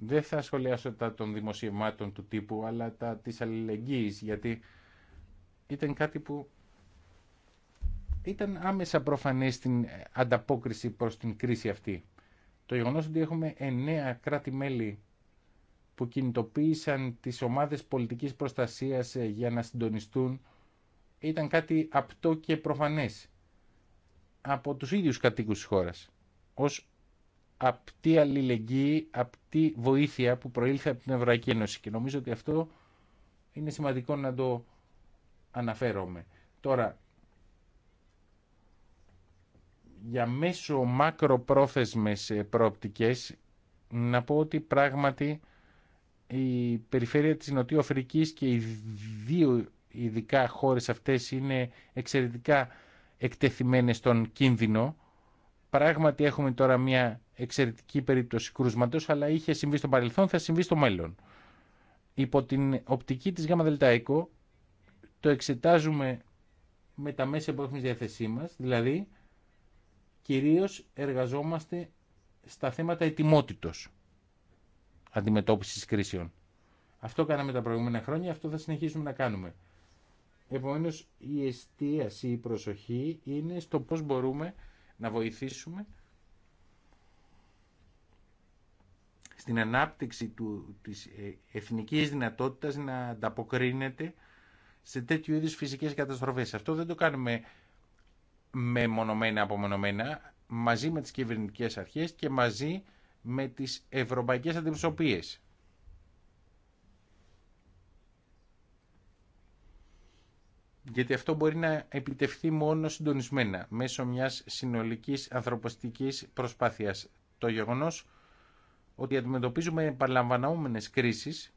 Δεν θα σχολιάσω τα των δημοσιευμάτων του τύπου, αλλά τα της αλληλεγγύης, γιατί ήταν κάτι που ήταν άμεσα προφανές στην ανταπόκριση προς την κρίση αυτή. Το γεγονός ότι έχουμε εννέα κράτη-μέλη που κινητοποίησαν τις ομάδες πολιτικής προστασίας ε, για να συντονιστούν ήταν κάτι απτό και προφανές από τους ίδιους κατοίκους της χώρας. Ως απτή αλληλεγγύη, απτή βοήθεια που προήλθε από την Ευρωπαϊκή Ένωση. Και νομίζω ότι αυτό είναι σημαντικό να το αναφέρομαι. Τώρα, για μέσο μακροπρόθεσμες ε, προοπτικές, να πω ότι πράγματι η περιφέρεια της Αφρικής και οι δύο ειδικά χώρες αυτές είναι εξαιρετικά εκτεθειμένες στον κίνδυνο Πράγματι έχουμε τώρα μια εξαιρετική περίπτωση κρούσματος, αλλά είχε συμβεί στο παρελθόν, θα συμβεί στο μέλλον. Υπό την οπτική της ΓΔΕΚΟ το εξετάζουμε με τα μέσα που έχουμε διάθεσή μας, δηλαδή κυρίως εργαζόμαστε στα θέματα ετοιμότητος αντιμετώπισης κρίσεων. Αυτό κάναμε τα προηγούμενα χρόνια, αυτό θα συνεχίσουμε να κάνουμε. Επομένως, η εστίαση, η προσοχή είναι στο πώς μπορούμε να βοηθήσουμε στην ανάπτυξη του, της ε, εθνικής δυνατότητας να ανταποκρίνεται σε τέτοιου είδους φυσικές καταστροφές. Αυτό δεν το κάνουμε με μονομένα απομονωμένα, μαζί με τις κυβερνητικές αρχές και μαζί με τις ευρωπαϊκές αντιπροσωπείες. γιατί αυτό μπορεί να επιτευχθεί μόνο συντονισμένα μέσω μιας συνολικής ανθρωποστικής προσπάθειας. Το γεγονός ότι αντιμετωπίζουμε επαναλαμβανόμενες κρίσεις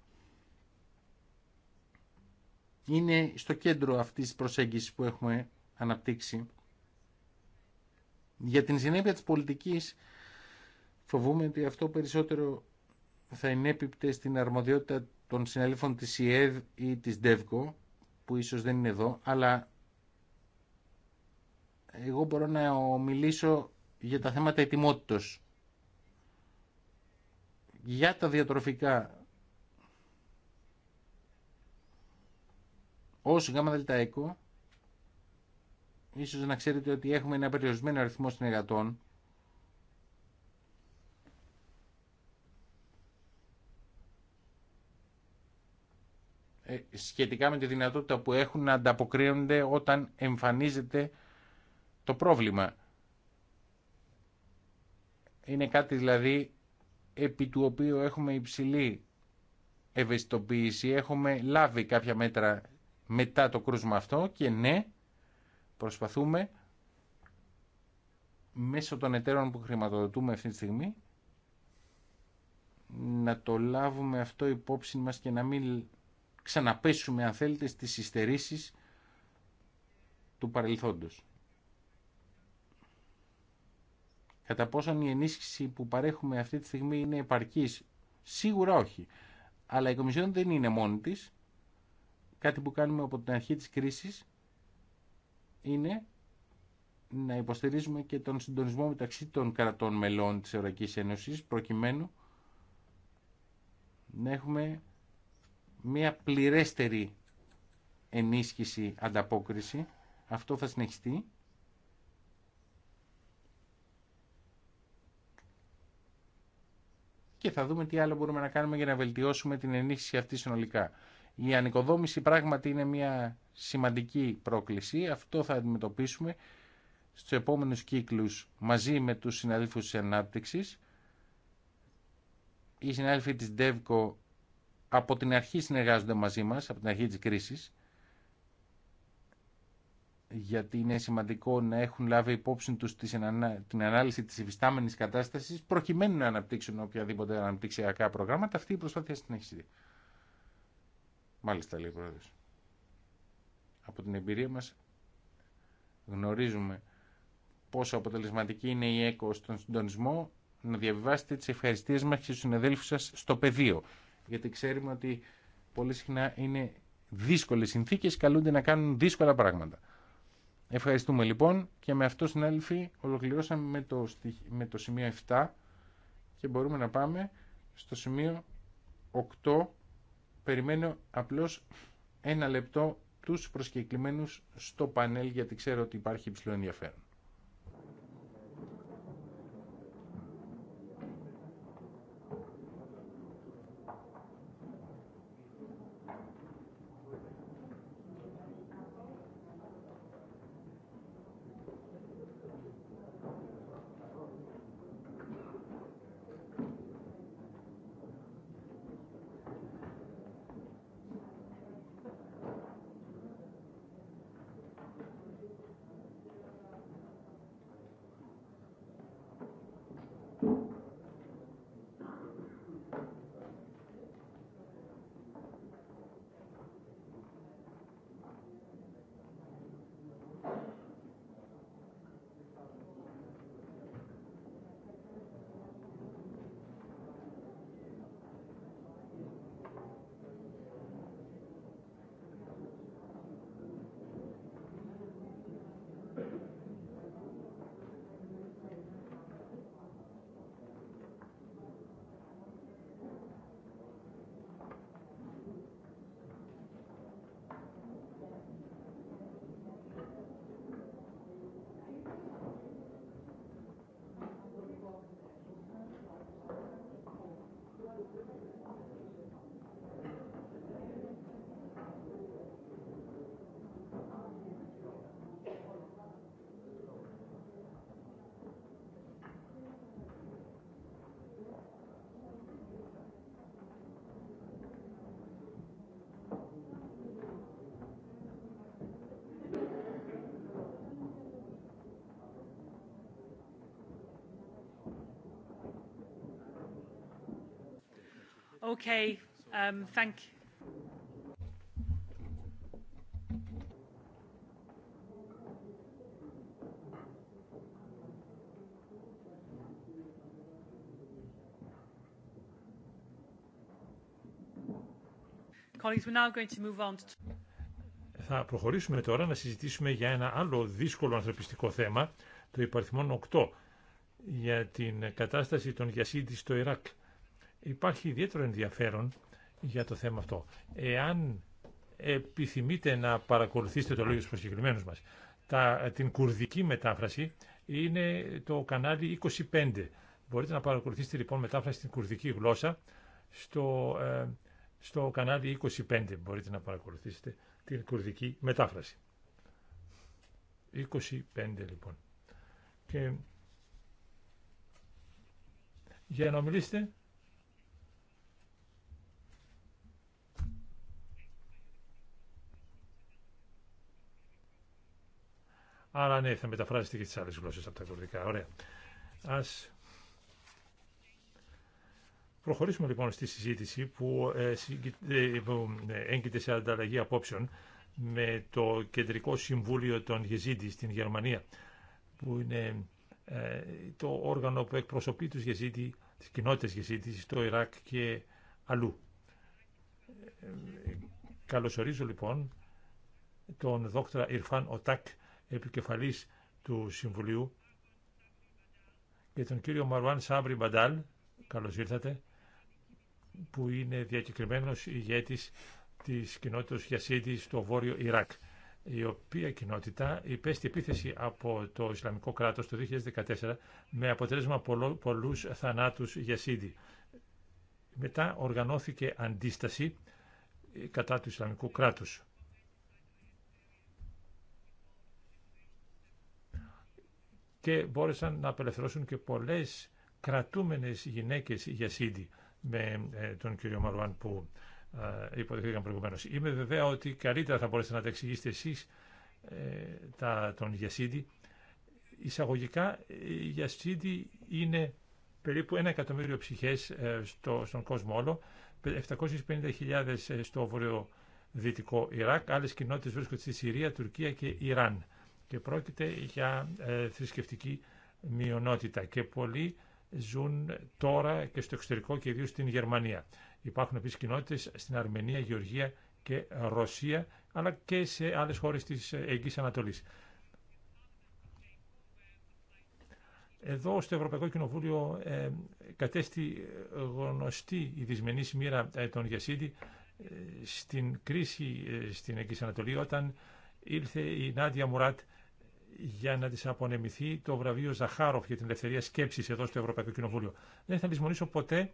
είναι στο κέντρο αυτής της προσέγγισης που έχουμε αναπτύξει. Για την συνέπεια της πολιτικής φοβούμε ότι αυτό περισσότερο θα ενέπιπτε στην αρμοδιότητα των συναλήφων της ΙΕΔ ή της ΔΕΒΚΟ που ίσως δεν είναι εδώ, αλλά εγώ μπορώ να μιλήσω για τα θέματα ετοιμότητος. Για τα διατροφικά, όσο γάμα δελτα ίσως να ξέρετε ότι έχουμε ένα περιορισμένο αριθμό συνεργατών Ε, σχετικά με τη δυνατότητα που έχουν να ανταποκρίνονται όταν εμφανίζεται το πρόβλημα. Είναι κάτι δηλαδή επί του οποίου έχουμε υψηλή ευαισθητοποίηση, έχουμε λάβει κάποια μέτρα μετά το κρούσμα αυτό και ναι, προσπαθούμε μέσω των εταίρων που χρηματοδοτούμε αυτή τη στιγμή να το λάβουμε αυτό υπόψη μας και να μην ξαναπέσουμε αν θέλετε στις ιστερήσεις του παρελθόντος. Κατά πόσον η ενίσχυση που παρέχουμε αυτή τη στιγμή είναι επαρκής, σίγουρα όχι. Αλλά η Κομισιόν δεν είναι μόνη της. Κάτι που κάνουμε από την αρχή της κρίσης είναι να υποστηρίζουμε και τον συντονισμό μεταξύ των κρατών μελών της Ευρωπαϊκής Ένωσης προκειμένου να έχουμε μια πληρέστερη ενίσχυση, ανταπόκριση. Αυτό θα συνεχιστεί. Και θα δούμε τι άλλο μπορούμε να κάνουμε για να βελτιώσουμε την ενίσχυση αυτή συνολικά. Η ανοικοδόμηση πράγματι είναι μια σημαντική πρόκληση. Αυτό θα αντιμετωπίσουμε στους επόμενους κύκλους μαζί με τους συναδέλφους της ανάπτυξης. Οι συνάδελφοι της Devco από την αρχή συνεργάζονται μαζί μας, από την αρχή της κρίσης, γιατί είναι σημαντικό να έχουν λάβει υπόψη τους την ανάλυση της υφιστάμενης κατάστασης προκειμένου να αναπτύξουν οποιαδήποτε αναπτυξιακά προγράμματα. Αυτή η προσπάθεια συνεχίζεται. Μάλιστα, λέει ο Πρόεδρος. Από την εμπειρία μας γνωρίζουμε πόσο αποτελεσματική είναι η ΕΚΟ στον συντονισμό να διαβιβάσετε τις ευχαριστίες μας και στους συνεδέλφους σας στο πεδίο γιατί ξέρουμε ότι πολύ συχνά είναι δύσκολες συνθήκες, καλούνται να κάνουν δύσκολα πράγματα. Ευχαριστούμε λοιπόν και με αυτό συνάδελφοι ολοκληρώσαμε με το, με το σημείο 7 και μπορούμε να πάμε στο σημείο 8. Περιμένω απλώς ένα λεπτό τους προσκεκλημένους στο πανέλ γιατί ξέρω ότι υπάρχει υψηλό ενδιαφέρον.
Okay, um, thank
Θα προχωρήσουμε τώρα να συζητήσουμε για ένα άλλο δύσκολο ανθρωπιστικό θέμα, το υπαριθμόν 8, για την κατάσταση των Γιασίδη στο Ιράκ. Υπάρχει ιδιαίτερο ενδιαφέρον για το θέμα αυτό. Εάν επιθυμείτε να παρακολουθήσετε το λόγιο στους μας, τα, την κουρδική μετάφραση είναι το κανάλι 25. Μπορείτε να παρακολουθήσετε λοιπόν μετάφραση στην κουρδική γλώσσα στο, ε, στο κανάλι 25. Μπορείτε να παρακολουθήσετε την κουρδική μετάφραση. 25 λοιπόν. Και για να μιλήσετε Άρα, ναι, θα μεταφράσετε και τις άλλες γλώσσες από τα κουρδικά. Ωραία. Ας προχωρήσουμε λοιπόν στη συζήτηση που ε, ε, ε, έγκυται σε ανταλλαγή απόψεων με το Κεντρικό Συμβούλιο των Γεζίντι στην Γερμανία, που είναι το όργανο που εκπροσωπεί τους Γεζίντι, τις κοινότητες Γεζίντι στο Ιράκ και αλλού. Καλωσορίζω λοιπόν τον Δόκτρα Ιρφάν Οτάκ, επικεφαλής του Συμβουλίου και τον κύριο Μαρουάν Σάμπρι Μπαντάλ, καλώς ήρθατε, που είναι διακεκριμένος ηγέτης της κοινότητας Γιασίδη στο βόρειο Ιράκ, η οποία κοινότητα υπέστη επίθεση από το Ισλαμικό κράτος το 2014 με αποτέλεσμα πολλούς θανάτους Γιασίδη. Μετά οργανώθηκε αντίσταση κατά του Ισλαμικού κράτους. και μπόρεσαν να απελευθερώσουν και πολλές κρατούμενες γυναίκες για σύντη με ε, τον κύριο Μαρουάν που ε, υποδεχθήκαν προηγουμένω. Είμαι βέβαια ότι καλύτερα θα μπορέσετε να τα εξηγήσετε εσεί ε, τα, τον Γιασίδη. Εισαγωγικά, η Γιασίδη είναι περίπου ένα εκατομμύριο ψυχέ στο, στον κόσμο όλο, 750.000 στο βορειοδυτικό Ιράκ, άλλε κοινότητε βρίσκονται στη Συρία, Τουρκία και Ιράν και πρόκειται για ε, θρησκευτική μειονότητα και πολλοί ζουν τώρα και στο εξωτερικό και ιδίως στην Γερμανία. Υπάρχουν επίσης κοινότητες στην Αρμενία, Γεωργία και Ρωσία αλλά και σε άλλες χώρες της Αιγής Ανατολής. Εδώ στο Ευρωπαϊκό Κοινοβούλιο ε, κατέστη γνωστή η δυσμενής μοίρα ε, των Γιασίδη στην κρίση στην Αιγής Ανατολή όταν ήλθε η Νάντια Μουράτ για να τη απονεμηθεί το βραβείο Ζαχάροφ για την ελευθερία σκέψη εδώ στο Ευρωπαϊκό Κοινοβούλιο. Δεν θα λησμονήσω ποτέ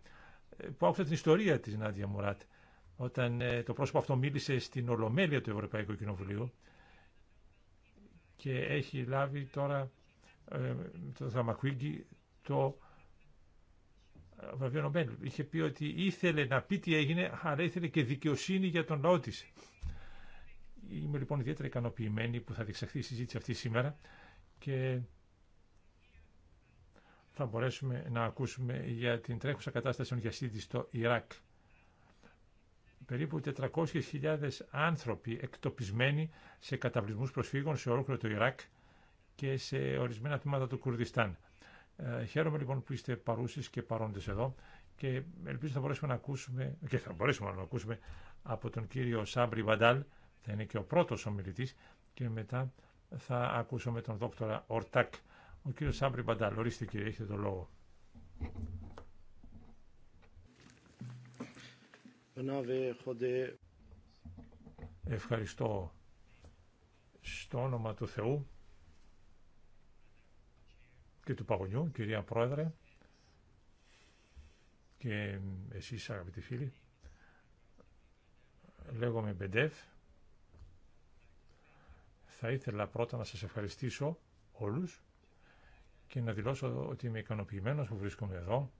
ε, που άκουσα την ιστορία της Νάντια Μουράτ όταν ε, το πρόσωπο αυτό μίλησε στην Ολομέλεια του Ευρωπαϊκού Κοινοβουλίου και έχει λάβει τώρα ε, το Δαμακουίγκι το βραβείο Νομπέλ. Είχε πει ότι ήθελε να πει τι έγινε, αλλά ήθελε και δικαιοσύνη για τον λαό τη. Είμαι λοιπόν ιδιαίτερα ικανοποιημένη που θα διεξαχθεί η συζήτηση αυτή σήμερα και θα μπορέσουμε να ακούσουμε για την τρέχουσα κατάσταση των Γιασίδη στο Ιράκ. Περίπου 400.000 άνθρωποι εκτοπισμένοι σε καταβλισμούς προσφύγων σε ολόκληρο το Ιράκ και σε ορισμένα τμήματα του Κουρδιστάν. Ε, χαίρομαι λοιπόν που είστε παρούσες και παρόντες εδώ και ελπίζω θα μπορέσουμε να ακούσουμε και θα μπορέσουμε να ακούσουμε από τον κύριο Σάμπρι Βαντάλ θα είναι και ο πρώτος ομιλητής και μετά θα ακούσουμε τον Δόκτωρα Ορτάκ. Ο κύριος Σάμπρη Μπαντάλ, ορίστε κύριε, έχετε το λόγο. Ευχαριστώ στο όνομα του Θεού και του Παγωνιού, κυρία Πρόεδρε και εσείς αγαπητοί φίλοι. Λέγομαι Μπεντεύ, θα ήθελα πρώτα να σας ευχαριστήσω όλους και να δηλώσω ότι είμαι ικανοποιημένο που βρίσκομαι εδώ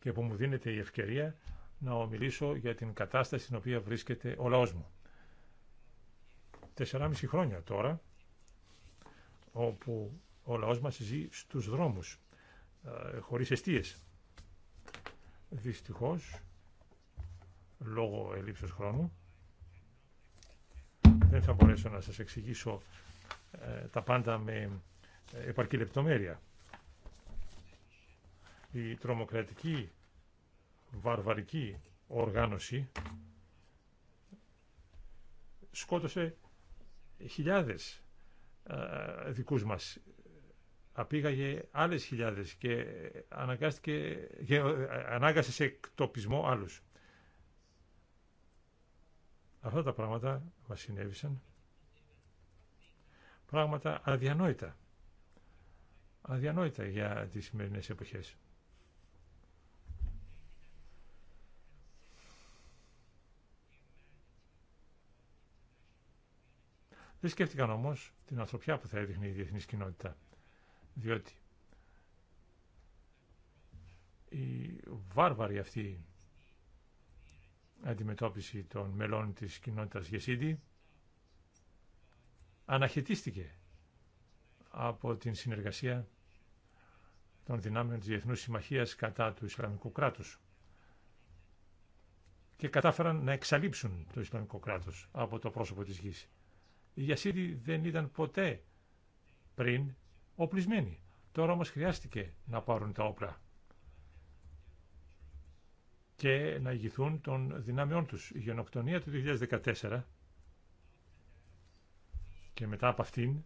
και που μου δίνεται η ευκαιρία να ομιλήσω για την κατάσταση στην οποία βρίσκεται ο λαός μου. Τεσσεράμιση χρόνια τώρα, όπου ο λαός μας ζει στους δρόμους, ε, χωρίς αιστείες. Δυστυχώς, λόγω ελλείψεως χρόνου, δεν θα μπορέσω να σας εξηγήσω ε, τα πάντα με ε, επαρκή λεπτομέρεια. Η τρομοκρατική βαρβαρική οργάνωση σκότωσε χιλιάδες ε, δικούς μας. Απήγαγε άλλες χιλιάδες και ανάγκασε σε εκτοπισμό άλλους. Αυτά τα πράγματα μα συνέβησαν. Πράγματα αδιανόητα. Αδιανόητα για τις σημερινές εποχές. Δεν σκέφτηκαν όμως την ανθρωπιά που θα έδειχνε η διεθνής κοινότητα. Διότι οι βάρβαροι αυτοί αντιμετώπιση των μελών της κοινότητας Γεσίδη αναχαιτίστηκε από την συνεργασία των δυνάμεων της Διεθνούς Συμμαχίας κατά του Ισλαμικού κράτους και κατάφεραν να εξαλείψουν το Ισλαμικό κράτος από το πρόσωπο της γης. Οι Γιασίδη δεν ήταν ποτέ πριν οπλισμένοι. Τώρα όμως χρειάστηκε να πάρουν τα όπλα και να ηγηθούν των δυνάμεών τους. Η γενοκτονία του 2014 και μετά από αυτήν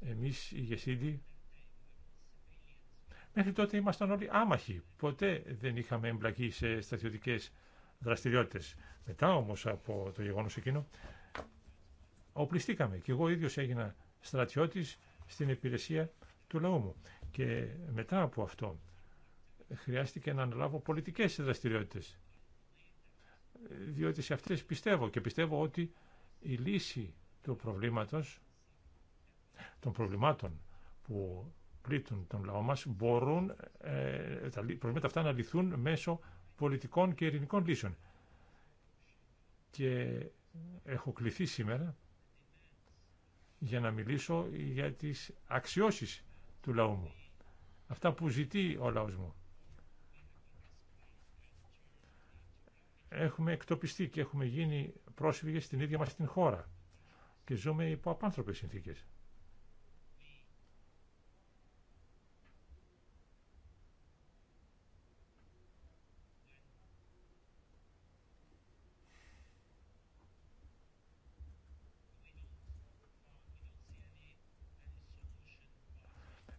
εμείς οι Γεσίδη μέχρι τότε ήμασταν όλοι άμαχοι. Ποτέ δεν είχαμε εμπλακεί σε στρατιωτικές δραστηριότητες. Μετά όμως από το γεγονός εκείνο οπλιστήκαμε και εγώ ίδιος έγινα στρατιώτης στην υπηρεσία του λαού μου. Και μετά από αυτό χρειάστηκε να αναλάβω πολιτικές δραστηριότητες. Διότι σε αυτές πιστεύω και πιστεύω ότι η λύση του προβλήματος, των προβλημάτων που πλήττουν τον λαό μας, μπορούν ε, τα προβλήματα αυτά να λυθούν μέσω πολιτικών και ειρηνικών λύσεων. Και έχω κληθεί σήμερα για να μιλήσω για τις αξιώσεις του λαού μου. Αυτά που ζητεί ο λαός μου. έχουμε εκτοπιστεί και έχουμε γίνει πρόσφυγες στην ίδια μας την χώρα και ζούμε υπό απάνθρωπες συνθήκες.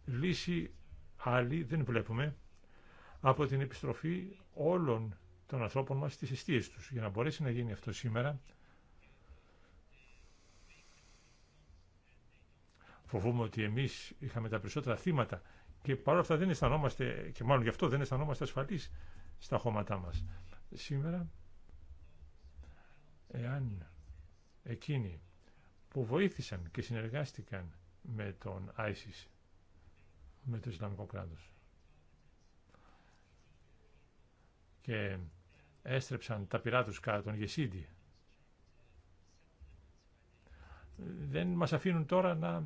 Λύση άλλη δεν βλέπουμε από την επιστροφή όλων των ανθρώπων μας στις αιστείες τους. Για να μπορέσει να γίνει αυτό σήμερα, φοβούμαι ότι εμείς είχαμε τα περισσότερα θύματα και παρόλα αυτά δεν αισθανόμαστε, και μάλλον γι' αυτό δεν αισθανόμαστε ασφαλείς στα χώματά μας. Σήμερα, εάν εκείνοι που βοήθησαν και συνεργάστηκαν με τον ISIS, με το Ισλαμικό κράτος, και έστρεψαν τα πυρά τους κατά τον Γεσίδη. Δεν μας αφήνουν τώρα να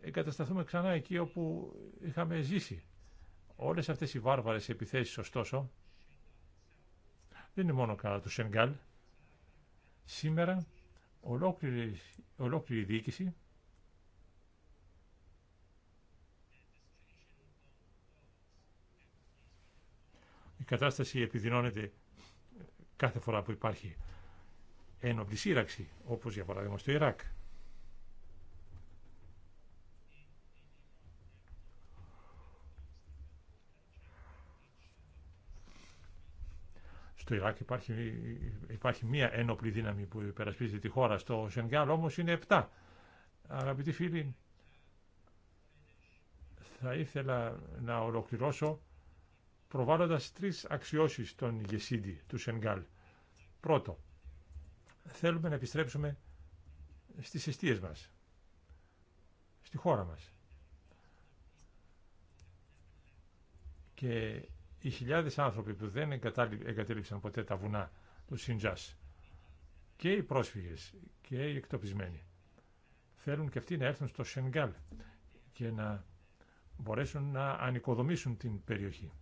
εγκατασταθούμε ξανά εκεί όπου είχαμε ζήσει. Όλες αυτές οι βάρβαρες επιθέσεις ωστόσο δεν είναι μόνο κατά του Σενγκάλ. Σήμερα ολόκληρη, ολόκληρη διοίκηση η κατάσταση επιδεινώνεται κάθε φορά που υπάρχει ένοπλη σύραξη, όπως για παράδειγμα στο Ιράκ. Στο Ιράκ υπάρχει, υπάρχει μία ένοπλη δύναμη που υπερασπίζεται τη χώρα. Στο Σενγκάλ όμως είναι 7. Αγαπητοί φίλοι, θα ήθελα να ολοκληρώσω προβάλλοντας τρεις αξιώσεις των Γεσίδη του Σενγκάλ. Πρώτο, θέλουμε να επιστρέψουμε στις αιστείες μας, στη χώρα μας. Και οι χιλιάδες άνθρωποι που δεν εγκατέλειψαν ποτέ τα βουνά του Σιντζάς και οι πρόσφυγες και οι εκτοπισμένοι θέλουν και αυτοί να έρθουν στο Σενγκάλ και να μπορέσουν να ανοικοδομήσουν την περιοχή.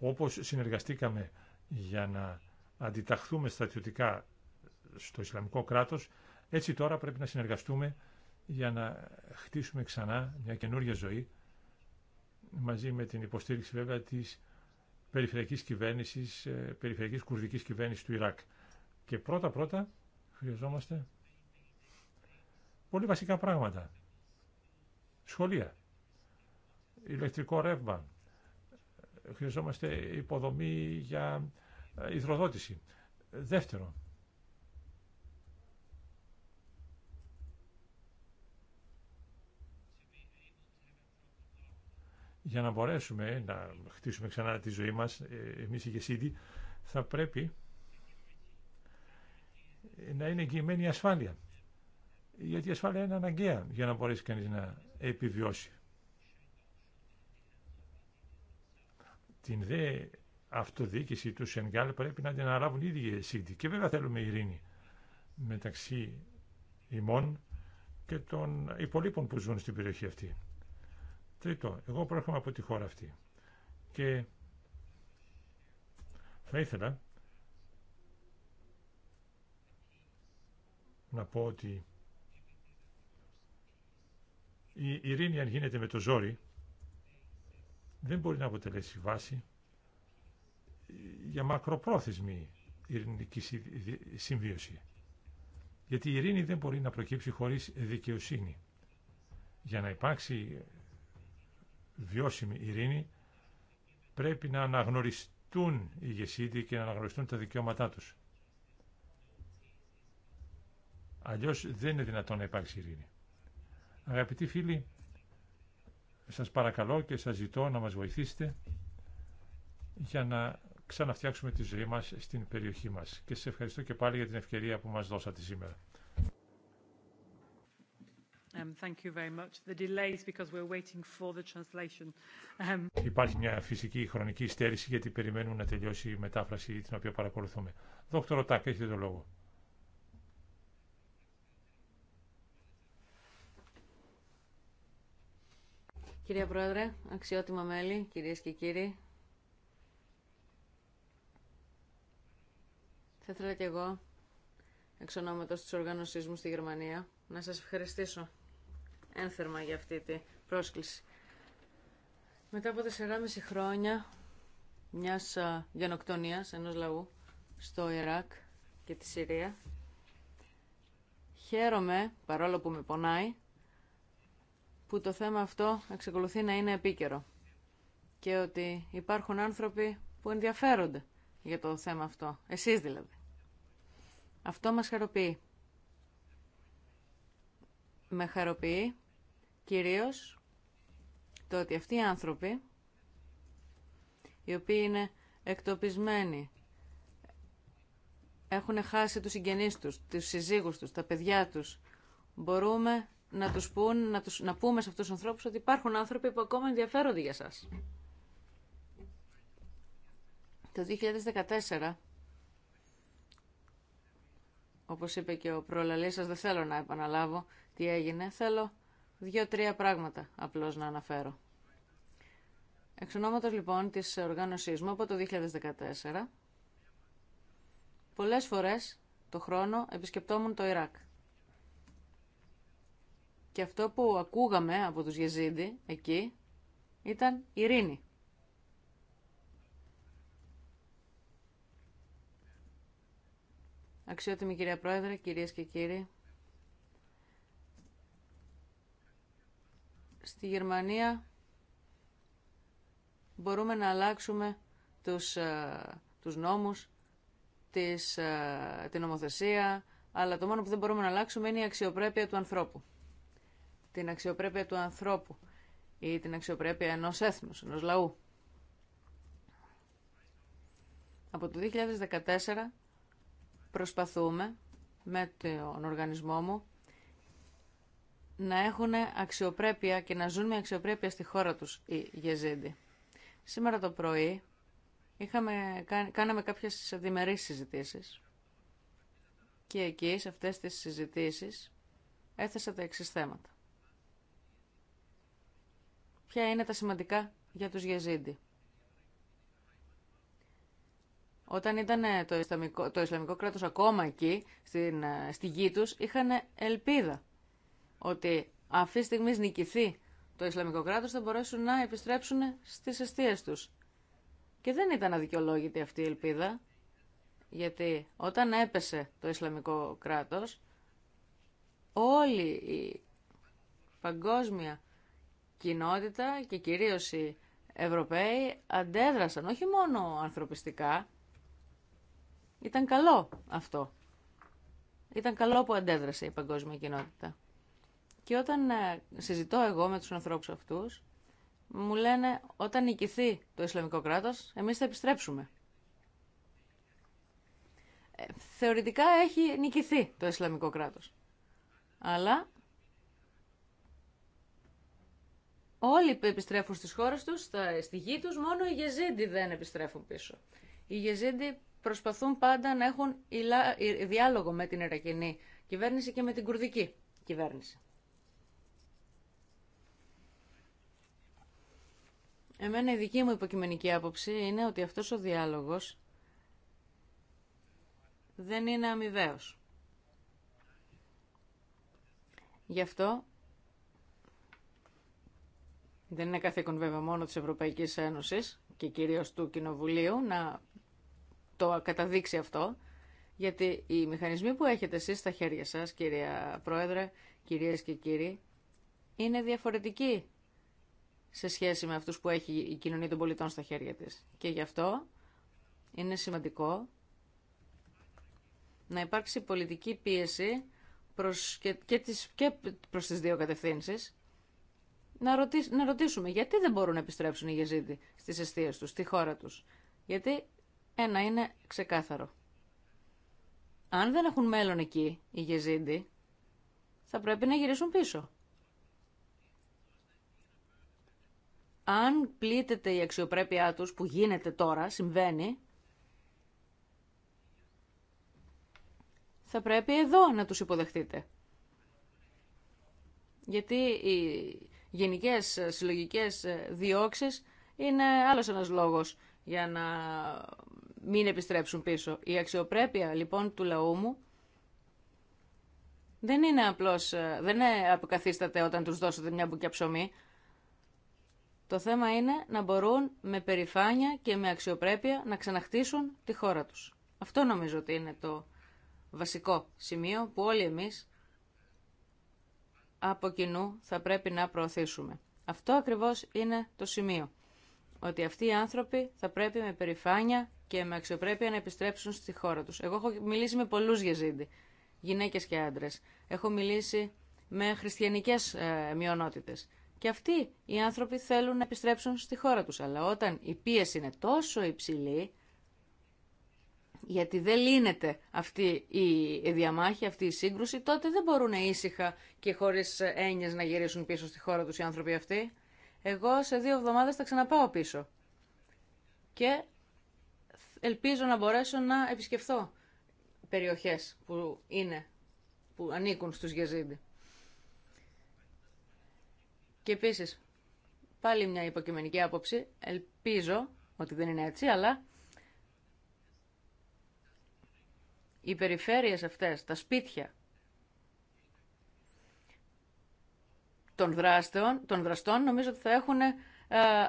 Όπως συνεργαστήκαμε για να αντιταχθούμε στρατιωτικά στο Ισλαμικό κράτος, έτσι τώρα πρέπει να συνεργαστούμε για να χτίσουμε ξανά μια καινούργια ζωή, μαζί με την υποστήριξη βέβαια της περιφερειακής κυβέρνησης, ε, περιφερειακής κουρδικής κυβέρνησης του Ιράκ. Και πρώτα-πρώτα χρειαζόμαστε πολύ βασικά πράγματα. Σχολεία, ηλεκτρικό ρεύμα, χρειαζόμαστε υποδομή για ε, υδροδότηση. Δεύτερο, για να μπορέσουμε να χτίσουμε ξανά τη ζωή μας, ε, εμείς οι Γεσίδη, θα πρέπει να είναι εγγυημένη η ασφάλεια. Γιατί η ασφάλεια είναι αναγκαία για να μπορέσει κανείς να επιβιώσει. Την δε αυτοδιοίκηση του Σενγκάλ πρέπει να την αναλάβουν οι ίδιοι ΣΥΝΤΗ Και βέβαια θέλουμε ειρήνη μεταξύ ημών και των υπολείπων που ζουν στην περιοχή αυτή. Τρίτο, εγώ προέρχομαι από τη χώρα αυτή και θα ήθελα να πω ότι η ειρήνη αν γίνεται με το ζόρι δεν μπορεί να αποτελέσει βάση ε, για μακροπρόθεσμη ειρηνική συμβίωση. Γιατί η ειρήνη δεν μπορεί να προκύψει χωρίς δικαιοσύνη. Για να υπάρξει ε, βιώσιμη ειρήνη πρέπει να αναγνωριστούν οι γεσίδιοι και να αναγνωριστούν τα δικαιώματά τους. Αλλιώς δεν είναι δυνατόν να υπάρξει ειρήνη. Αγαπητοί φίλοι, σας παρακαλώ και σας ζητώ να μας βοηθήσετε για να ξαναφτιάξουμε τη ζωή μας στην περιοχή μας. Και σας ευχαριστώ και πάλι για την ευκαιρία που μας δώσατε σήμερα. Υπάρχει μια φυσική χρονική στέρηση γιατί περιμένουμε να τελειώσει η μετάφραση την οποία παρακολουθούμε. Δόκτωρο Τάκ, έχετε το λόγο.
Κυρία Πρόεδρε, αξιότιμα μέλη, κυρίες και κύριοι, θα ήθελα και εγώ, εξ ονόματος της οργανωσής μου στη Γερμανία, να σας ευχαριστήσω ένθερμα για αυτή τη πρόσκληση. Μετά από 4,5 χρόνια μιας γενοκτονίας ενός λαού στο Ιράκ και τη Συρία, χαίρομαι, παρόλο που με πονάει, που το θέμα αυτό εξεκολουθεί να είναι επίκαιρο και ότι υπάρχουν άνθρωποι που ενδιαφέρονται για το θέμα αυτό, εσείς δηλαδή. Αυτό μας χαροποιεί. Με χαροποιεί κυρίως το ότι αυτοί οι άνθρωποι, οι οποίοι είναι εκτοπισμένοι, έχουν χάσει τους συγγενείς τους, τους συζύγους τους, τα παιδιά τους, μπορούμε να τους πούν, να, να πούμε σε αυτούς τους ανθρώπους ότι υπάρχουν άνθρωποι που ακόμα ενδιαφέρονται για σας. Το 2014, όπως είπε και ο προλαλής σας, δεν θέλω να επαναλάβω τι έγινε, θέλω δύο-τρία πράγματα απλώς να αναφέρω. Εξ ονόματος λοιπόν της οργάνωσής μου από το 2014, πολλές φορές το χρόνο επισκεπτόμουν το Ιράκ. Και αυτό που ακούγαμε από τους Γεζίντι εκεί ήταν ειρήνη. Αξιότιμη κυρία Πρόεδρε, κυρίες και κύριοι, στη Γερμανία μπορούμε να αλλάξουμε τους, ε, τους νόμους, της, ε, την νομοθεσία, αλλά το μόνο που δεν μπορούμε να αλλάξουμε είναι η αξιοπρέπεια του ανθρώπου την αξιοπρέπεια του ανθρώπου ή την αξιοπρέπεια ενός έθνους, ενός λαού. Από το 2014 προσπαθούμε με τον οργανισμό μου να έχουν αξιοπρέπεια και να ζουν με αξιοπρέπεια στη χώρα τους οι Γεζίντι. Σήμερα το πρωί είχαμε, κάναμε κάποιες διμερείς συζητήσεις και εκεί σε αυτές τις συζητήσεις έθεσα τα εξής θέματα ποια είναι τα σημαντικά για τους Γεζίντι. Όταν ήταν ε, το Ισλαμικό, το κράτος ακόμα εκεί, στην, ε, στη γη τους, είχαν ελπίδα ότι αυτή τη στιγμή νικηθεί το Ισλαμικό κράτος θα μπορέσουν να επιστρέψουν στις αιστείες τους. Και δεν ήταν αδικαιολόγητη αυτή η ελπίδα, γιατί όταν έπεσε το Ισλαμικό κράτος, όλη η παγκόσμια κοινότητα και κυρίως οι Ευρωπαίοι αντέδρασαν όχι μόνο ανθρωπιστικά, ήταν καλό αυτό. Ήταν καλό που αντέδρασε η παγκόσμια κοινότητα. Και όταν ε, συζητώ εγώ με τους ανθρώπους αυτούς, μου λένε όταν νικηθεί το Ισλαμικό κράτος, εμείς θα επιστρέψουμε. Ε, θεωρητικά έχει νικηθεί το Ισλαμικό κράτος. Αλλά Όλοι επιστρέφουν στις χώρες τους, στη γη τους, μόνο οι γεζίντι δεν επιστρέφουν πίσω. Οι γεζίντι προσπαθούν πάντα να έχουν ε, διάλογο με την Ιρακινή κυβέρνηση και με την κουρδική κυβέρνηση. Εμένα η δική μου υποκειμενική άποψη είναι ότι αυτός ο διάλογος δεν είναι αμοιβαίος. Γι' αυτό δεν είναι καθήκον βέβαια μόνο της Ευρωπαϊκής Ένωσης και κυρίως του Κοινοβουλίου να το καταδείξει αυτό, γιατί οι μηχανισμοί που έχετε εσείς στα χέρια σας, κυρία Πρόεδρε, κυρίες και κύριοι, είναι διαφορετικοί σε σχέση με αυτούς που έχει η κοινωνία των πολιτών στα χέρια της. Και γι' αυτό είναι σημαντικό να υπάρξει πολιτική πίεση προς και, και, τις, προς τις δύο κατευθύνσεις να, ρωτήσουμε, γιατί δεν μπορούν να επιστρέψουν οι Γεζίδοι στις αιστείες τους, στη χώρα τους. Γιατί ένα είναι ξεκάθαρο. Αν δεν έχουν μέλλον εκεί οι Γεζίδοι, θα πρέπει να γυρίσουν πίσω. Αν πλήττεται η αξιοπρέπειά τους, που γίνεται τώρα, συμβαίνει, θα πρέπει εδώ να τους υποδεχτείτε. Γιατί η γενικές ε, συλλογικές ε, διώξεις είναι άλλος ένας λόγος για να μην επιστρέψουν πίσω. Η αξιοπρέπεια λοιπόν του λαού μου δεν είναι απλώς, ε, δεν αποκαθίσταται όταν τους δώσετε μια μπουκιά ψωμί. Το θέμα είναι να μπορούν με περηφάνεια και με αξιοπρέπεια να ξαναχτίσουν τη χώρα τους. Αυτό νομίζω ότι είναι το βασικό σημείο που όλοι εμείς από κοινού θα πρέπει να προωθήσουμε. Αυτό ακριβώς είναι το σημείο. Ότι αυτοί οι άνθρωποι θα πρέπει με περηφάνεια και με αξιοπρέπεια να επιστρέψουν στη χώρα τους. Εγώ έχω μιλήσει με πολλούς γεζίντι, γυναίκες και άντρες. Έχω μιλήσει με χριστιανικές ε, μειονότητες. Και αυτοί οι άνθρωποι θέλουν να επιστρέψουν στη χώρα τους. Αλλά όταν η πίεση είναι τόσο υψηλή, γιατί δεν λύνεται αυτή η διαμάχη, αυτή η σύγκρουση, τότε δεν μπορούν ήσυχα και χωρίς έννοιες να γυρίσουν πίσω στη χώρα τους οι άνθρωποι αυτοί. Εγώ σε δύο εβδομάδες θα ξαναπάω πίσω. Και ελπίζω να μπορέσω να επισκεφθώ περιοχές που είναι, που ανήκουν στους Γεζίντι. Και επίση, πάλι μια υποκειμενική άποψη, ελπίζω ότι δεν είναι έτσι, αλλά οι περιφέρειες αυτές, τα σπίτια των, δράστων, των δραστών νομίζω ότι θα έχουν ε,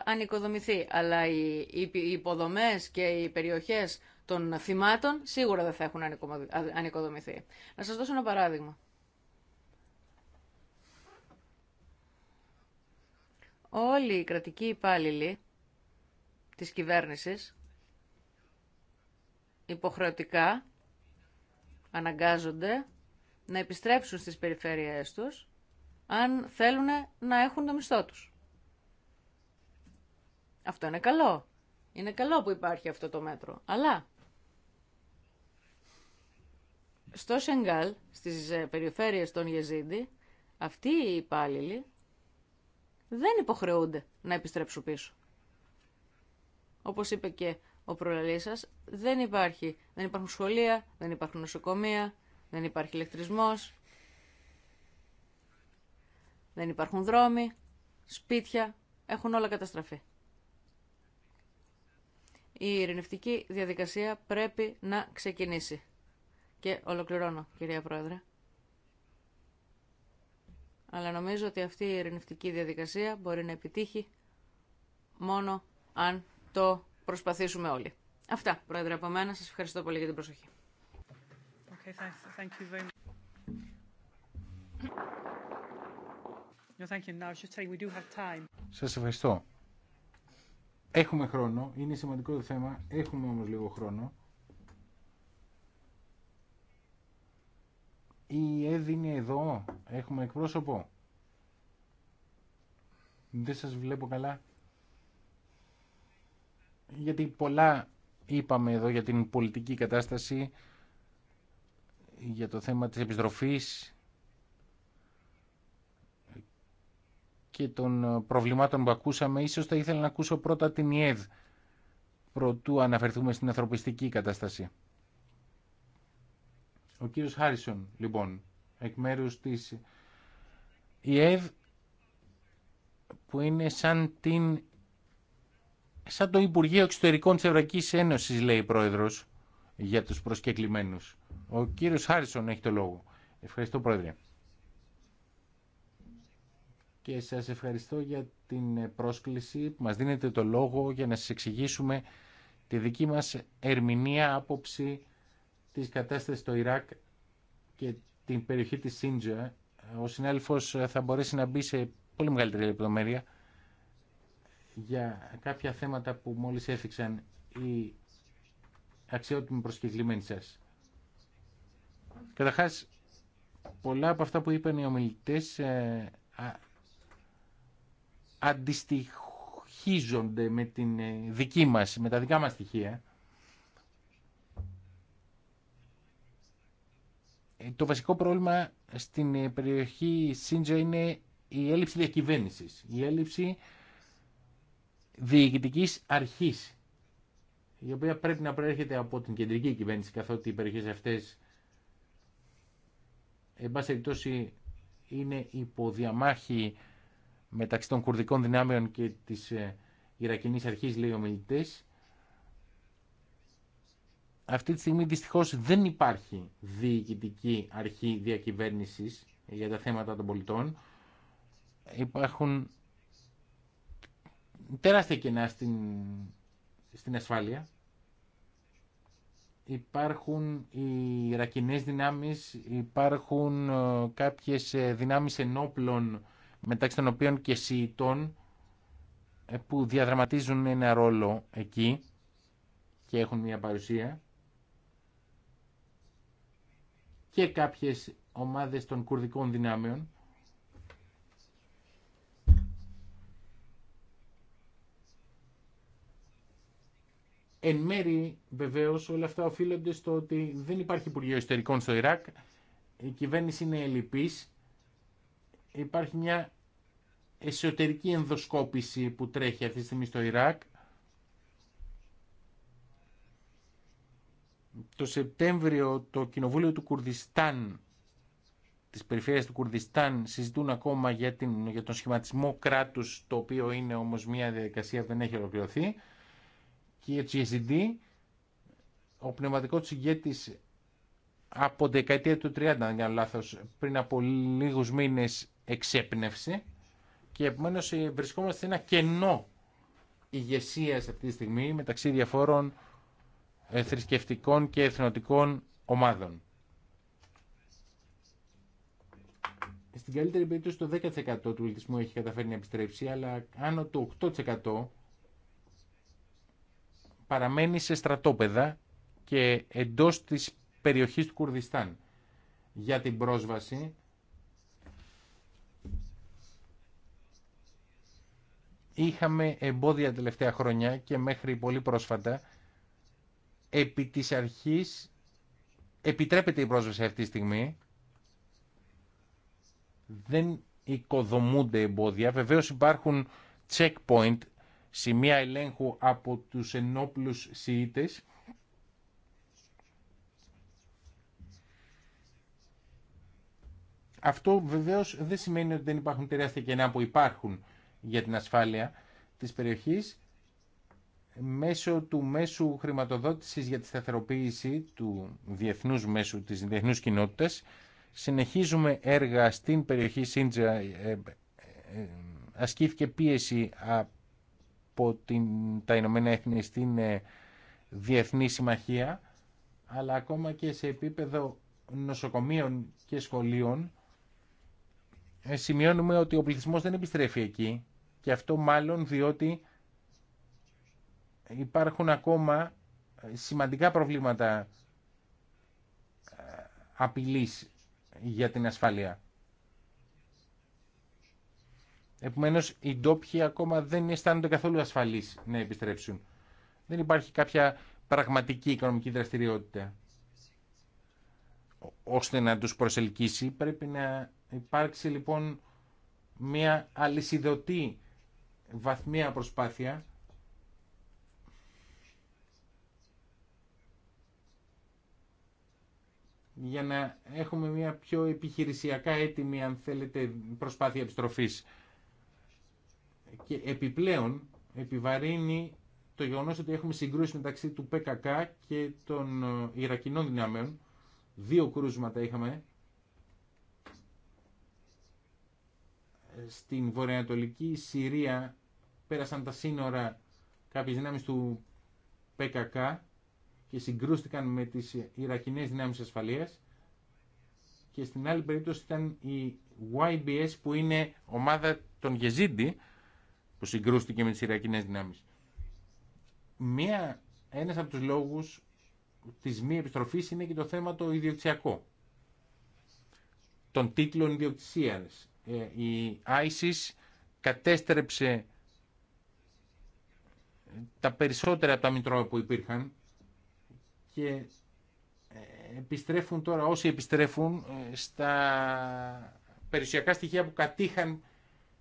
ανοικοδομηθεί. Αλλά οι, οι υποδομές και οι περιοχές των θυμάτων σίγουρα δεν θα έχουν ανοικοδομηθεί. Να σας δώσω ένα παράδειγμα. Όλοι οι κρατικοί υπάλληλοι της κυβέρνησης υποχρεωτικά αναγκάζονται να επιστρέψουν στις περιφέρειές τους αν θέλουν να έχουν το μισθό τους. Αυτό είναι καλό. Είναι καλό που υπάρχει αυτό το μέτρο. Αλλά στο Σενγκάλ, στις ε, περιφέρειες των Γεζίντι, αυτοί οι υπάλληλοι δεν υποχρεούνται να επιστρέψουν πίσω. Όπως είπε και ο προλαλή σα, δεν υπάρχει. Δεν υπάρχουν σχολεία, δεν υπάρχουν νοσοκομεία, δεν υπάρχει ηλεκτρισμός, δεν υπάρχουν δρόμοι, σπίτια, έχουν όλα καταστραφεί. Η ειρηνευτική διαδικασία πρέπει να ξεκινήσει. Και ολοκληρώνω, κυρία Πρόεδρε. Αλλά νομίζω ότι αυτή η ειρηνευτική διαδικασία μπορεί να επιτύχει μόνο αν το προσπαθήσουμε όλοι. Αυτά, Πρόεδρε, από μένα. Σας ευχαριστώ πολύ για την προσοχή.
Okay,
Σας ευχαριστώ. Έχουμε χρόνο, είναι σημαντικό το θέμα, έχουμε όμως λίγο χρόνο. Η ΕΔ είναι εδώ, έχουμε εκπρόσωπο. Δεν σας βλέπω καλά γιατί πολλά είπαμε εδώ για την πολιτική κατάσταση, για το θέμα της επιστροφής και των προβλημάτων που ακούσαμε. Ίσως θα ήθελα να ακούσω πρώτα την ΙΕΔ, προτού αναφερθούμε στην ανθρωπιστική κατάσταση. Ο κύριος Χάρισον, λοιπόν, εκ μέρους της ΙΕΔ, που είναι σαν την σαν το Υπουργείο Εξωτερικών της Ευρωπαϊκής Ένωσης, λέει η Πρόεδρος, για τους προσκεκλημένους. Ο κύριος Χάρισον έχει το λόγο. Ευχαριστώ, Πρόεδρε. Και σας ευχαριστώ για την πρόσκληση που μας δίνετε το λόγο για να σας εξηγήσουμε τη δική μας ερμηνεία άποψη της κατάστασης στο Ιράκ και την περιοχή της Σίντζα. Ο συνάλφος θα μπορέσει να μπει σε πολύ μεγαλύτερη λεπτομέρεια για κάποια θέματα που μόλις έφυξαν οι αξιότιμοι προσκεκλημένοι σας. Καταρχάς, πολλά από αυτά που είπαν οι ομιλητές ε, α, αντιστοιχίζονται με την ε, δική μας, με τα δικά μας στοιχεία. Ε, το βασικό πρόβλημα στην περιοχή Σίντζα είναι η έλλειψη διακυβέρνησης, η έλλειψη διοικητική αρχή, η οποία πρέπει να προέρχεται από την κεντρική κυβέρνηση καθότι οι περιοχέ αυτέ. εν πάση περιπτώσει είναι υποδιαμάχη μεταξύ των κουρδικών δυνάμεων και της ε, Ιρακινής αρχής λέει ο μιλητή. αυτή τη στιγμή δυστυχώς δεν υπάρχει διοικητική αρχή διακυβέρνησης για τα θέματα των πολιτών υπάρχουν τεράστια κενά στην, στην ασφάλεια. Υπάρχουν οι Ρακινές δυνάμεις, υπάρχουν ε, κάποιες ε, δυνάμεις ενόπλων μεταξύ των οποίων και Σιητών ε, που διαδραματίζουν ένα ρόλο εκεί και έχουν μια παρουσία και κάποιες ομάδες των κουρδικών δυνάμεων Εν μέρη βεβαίως όλα αυτά οφείλονται στο ότι δεν υπάρχει Υπουργείο Ιστορικών στο Ιράκ, η κυβέρνηση είναι ελλειπή. υπάρχει μια εσωτερική ενδοσκόπηση που τρέχει αυτή τη στιγμή στο Ιράκ. Το Σεπτέμβριο το Κοινοβούλιο του Κουρδιστάν, της περιφέρειας του Κουρδιστάν, συζητούν ακόμα για, για τον σχηματισμό κράτους, το οποίο είναι όμως μια διαδικασία που δεν έχει ολοκληρωθεί. Και η Τσιεζιντή, ο πνευματικό του ηγέτη από δεκαετία του 30, αν κάνω λάθος, πριν από λίγους μήνες εξέπνευσε και επομένω ε, βρισκόμαστε σε ένα κενό ηγεσία αυτή τη στιγμή μεταξύ διαφόρων ε, θρησκευτικών και εθνοτικών ομάδων. Στην καλύτερη περίπτωση το 10% του πληθυσμού έχει καταφέρει να επιστρέψει, αλλά άνω του 8% παραμένει σε στρατόπεδα και εντός της περιοχής του Κουρδιστάν για την πρόσβαση είχαμε εμπόδια τελευταία χρόνια και μέχρι πολύ πρόσφατα επί της αρχής επιτρέπεται η πρόσβαση αυτή τη στιγμή δεν οικοδομούνται εμπόδια βεβαίως υπάρχουν checkpoint σημεία ελέγχου από τους ενόπλους Σιήτες. Αυτό βεβαίως δεν σημαίνει ότι δεν υπάρχουν τεράστια κενά που υπάρχουν για την ασφάλεια της περιοχής μέσω του μέσου χρηματοδότησης για τη σταθεροποίηση του διεθνούς μέσου της διεθνούς κοινότητας συνεχίζουμε έργα στην περιοχή Σύντζα ε, ε, ε, ασκήθηκε πίεση από την, τα Ηνωμένα Έθνη στην ε, Διεθνή Συμμαχία, αλλά ακόμα και σε επίπεδο νοσοκομείων και σχολείων, ε, σημειώνουμε ότι ο πληθυσμός δεν επιστρέφει εκεί και αυτό μάλλον διότι υπάρχουν ακόμα ε, σημαντικά προβλήματα απειλής για την ασφάλεια. Επομένως, οι ντόπιοι ακόμα δεν αισθάνονται καθόλου ασφαλεί να επιστρέψουν. Δεν υπάρχει κάποια πραγματική οικονομική δραστηριότητα. Ώστε να τους προσελκύσει πρέπει να υπάρξει λοιπόν μια αλυσιδωτή βαθμία προσπάθεια για να έχουμε μια πιο επιχειρησιακά έτοιμη, αν θέλετε, προσπάθεια επιστροφής και επιπλέον επιβαρύνει το γεγονός ότι έχουμε συγκρούσει μεταξύ του ΠΚΚ και των ε, Ιρακινών δυνάμεων. Δύο κρούσματα είχαμε ε, στην βορειοανατολική Συρία πέρασαν τα σύνορα κάποιες δυνάμεις του ΠΚΚ και συγκρούστηκαν με τις Ιρακινές δυνάμεις ασφαλείας και στην άλλη περίπτωση ήταν η YBS που είναι ομάδα των Γεζίντι που συγκρούστηκε με τις Συριακινές δυνάμεις. Μία, ένας από τους λόγους της μη επιστροφής είναι και το θέμα το ιδιοκτησιακό. Των τίτλων ιδιοκτησία. Ε, η ISIS κατέστρεψε τα περισσότερα από τα μητρώα που υπήρχαν και ε, επιστρέφουν τώρα όσοι επιστρέφουν ε, στα περιουσιακά στοιχεία που κατήχαν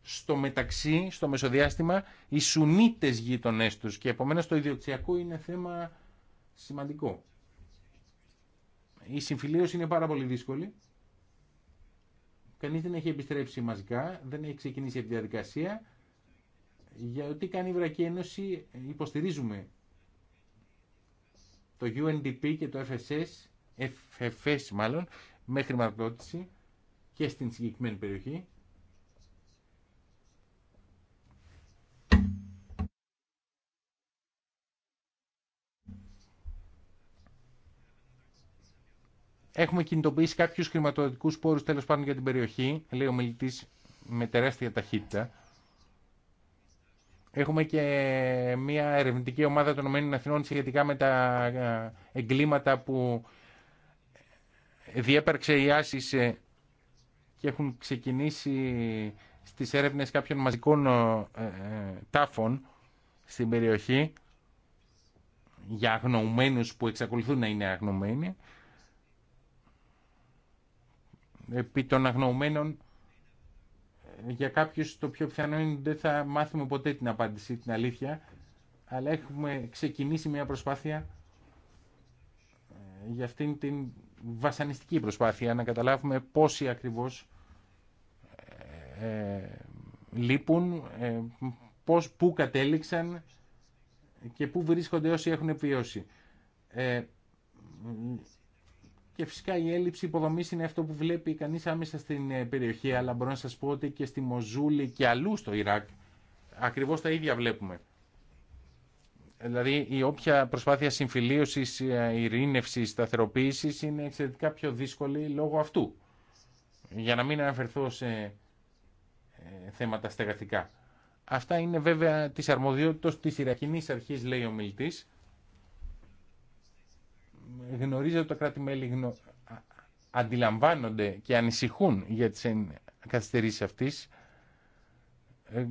στο μεταξύ, στο μεσοδιάστημα, οι Σουνίτες γειτονέ τους και επομένως το ιδιοκτησιακό είναι θέμα σημαντικό. Η συμφιλίωση είναι πάρα πολύ δύσκολη. Κανείς δεν έχει επιστρέψει μαζικά, δεν έχει ξεκινήσει από τη διαδικασία. Για ό,τι κάνει η Βρακή Ένωση υποστηρίζουμε το UNDP και το FSS, FFS μάλλον, με χρηματοδότηση και στην συγκεκριμένη περιοχή. Έχουμε κινητοποιήσει κάποιου χρηματοδοτικού πόρου τέλο πάντων για την περιοχή, λέει ο μιλητή με τεράστια ταχύτητα. Έχουμε και μια ερευνητική ομάδα των ΗΠΑ σχετικά με τα ε, εγκλήματα που διέπαρξε η Άσης ε, και έχουν ξεκινήσει στις έρευνες κάποιων μαζικών ε, τάφων στην περιοχή για αγνοωμένους που εξακολουθούν να είναι αγνοωμένοι επί των αγνοωμένων για κάποιους το πιο πιθανό είναι ότι δεν θα μάθουμε ποτέ την απάντηση, την αλήθεια αλλά έχουμε ξεκινήσει μια προσπάθεια ε, για αυτήν την βασανιστική προσπάθεια να καταλάβουμε πόσοι ακριβώς ε, ε λείπουν, ε, πώς, πού κατέληξαν και πού βρίσκονται όσοι έχουν επιβιώσει. Ε, και φυσικά η έλλειψη υποδομή είναι αυτό που βλέπει κανείς άμεσα στην ε, περιοχή, αλλά μπορώ να σας πω ότι και στη Μοζούλη και αλλού στο Ιράκ ακριβώς τα ίδια βλέπουμε. Δηλαδή η όποια προσπάθεια συμφιλίωσης, ε, ειρήνευσης, σταθεροποίηση είναι εξαιρετικά πιο δύσκολη λόγω αυτού. Για να μην αναφερθώ σε ε, θέματα στεγαστικά. Αυτά είναι βέβαια της αρμοδιότητας της Ιρακινής Αρχής, λέει ο μιλτής, γνωρίζω ότι τα κράτη-μέλη αντιλαμβάνονται και ανησυχούν για τις καθυστερήσεις αυτής ε,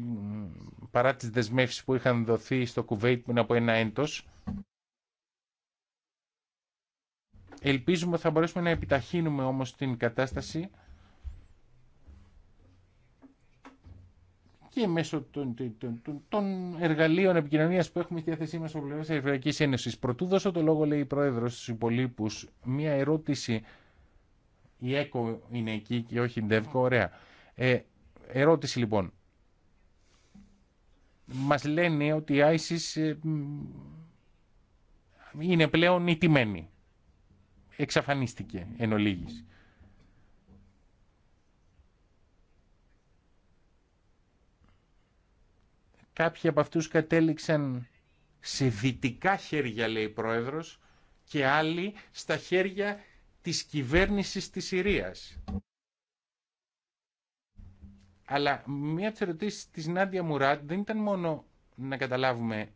παρά τις δεσμεύσεις που είχαν δοθεί στο Κουβέιτ πριν από ένα έντος. Ελπίζουμε ότι θα μπορέσουμε να επιταχύνουμε όμως την κατάσταση και μέσω των, των, των εργαλείων επικοινωνία που έχουμε στη διάθεσή μα ο πλευρά Ευρωπαϊκή Ένωση. δώσω το λόγο, λέει η Πρόεδρο, στου υπολείπου, μία ερώτηση. Η ΕΚΟ είναι εκεί και όχι η Ωραία. Ε, ερώτηση λοιπόν. Μας λένε ότι η ISIS ε, είναι πλέον νητιμένη. Εξαφανίστηκε εν ολίγης. Κάποιοι από αυτούς κατέληξαν σε δυτικά χέρια, λέει η Πρόεδρος, και άλλοι στα χέρια της κυβέρνησης της Συρίας. Αλλά μία από τις ερωτήσεις της Νάντια Μουράτ δεν ήταν μόνο να καταλάβουμε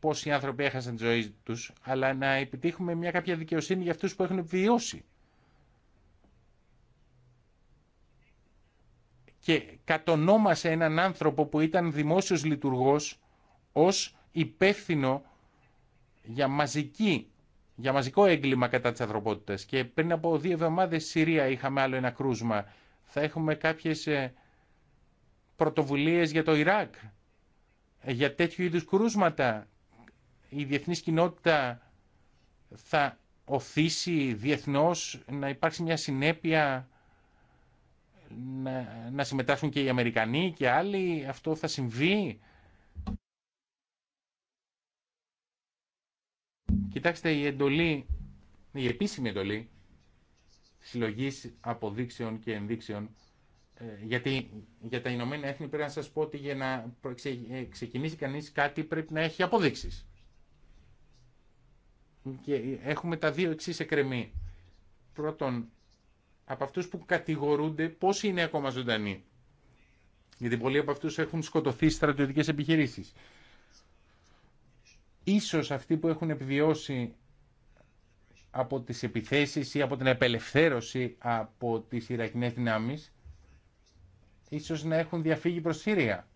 πόσοι άνθρωποι έχασαν τη ζωή τους, αλλά να επιτύχουμε μια κάποια δικαιοσύνη για αυτούς που έχουν βιώσει και κατονόμασε έναν άνθρωπο που ήταν δημόσιος λειτουργός ως υπεύθυνο για, μαζική, για μαζικό έγκλημα κατά της ανθρωπότητας. Και πριν από δύο εβδομάδες Συρία είχαμε άλλο ένα κρούσμα. Θα έχουμε κάποιες ε, πρωτοβουλίες για το Ιράκ, ε, για τέτοιου είδους κρούσματα. Η διεθνής κοινότητα θα οθήσει διεθνώς να υπάρξει μια συνέπεια να, συμμετάσχουν και οι Αμερικανοί και άλλοι. Αυτό θα συμβεί. Κοιτάξτε, η εντολή, η επίσημη εντολή συλλογής αποδείξεων και ενδείξεων ε, γιατί για τα Ηνωμένα Έθνη πρέπει να σας πω ότι για να ε, ξεκινήσει κανείς κάτι πρέπει να έχει αποδείξεις. Και έχουμε τα δύο εξή εκκρεμή. Πρώτον, από αυτούς που κατηγορούνται πόσοι είναι ακόμα ζωντανοί. Γιατί πολλοί από αυτούς έχουν σκοτωθεί στρατιωτικές επιχειρήσεις. Ίσως αυτοί που έχουν επιβιώσει από τις επιθέσεις ή από την απελευθέρωση από τις Ιρακινές δυνάμεις, ίσως να έχουν διαφύγει προς Σύρια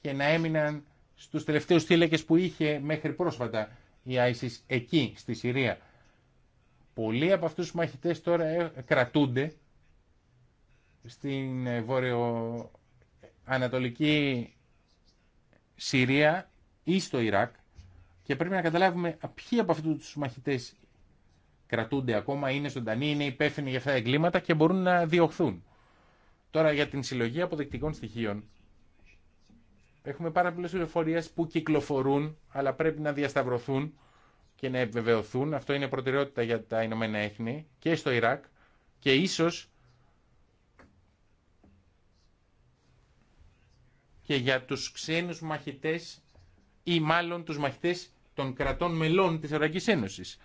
και να έμειναν στους τελευταίους θύλακες που είχε μέχρι πρόσφατα η ISIS εκεί στη Συρία. Πολλοί από αυτούς τους μαχητές τώρα ε, κρατούνται στην ε, βόρειο-ανατολική Συρία ή στο Ιράκ και πρέπει να καταλάβουμε ποιοι από αυτούς τους μαχητές κρατούνται ακόμα, είναι ζωντανοί, είναι υπεύθυνοι για αυτά τα εγκλήματα και μπορούν να διωχθούν. Τώρα για την συλλογή αποδεκτικών στοιχείων. Έχουμε πάρα πολλέ πληροφορίε που κυκλοφορούν, αλλά πρέπει να διασταυρωθούν και να επιβεβαιωθούν. Αυτό είναι προτεραιότητα για τα Ηνωμένα Έθνη και στο Ιράκ και ίσως και για τους ξένους μαχητές ή μάλλον τους μαχητές των κρατών μελών της Ευρωπαϊκής Ένωσης.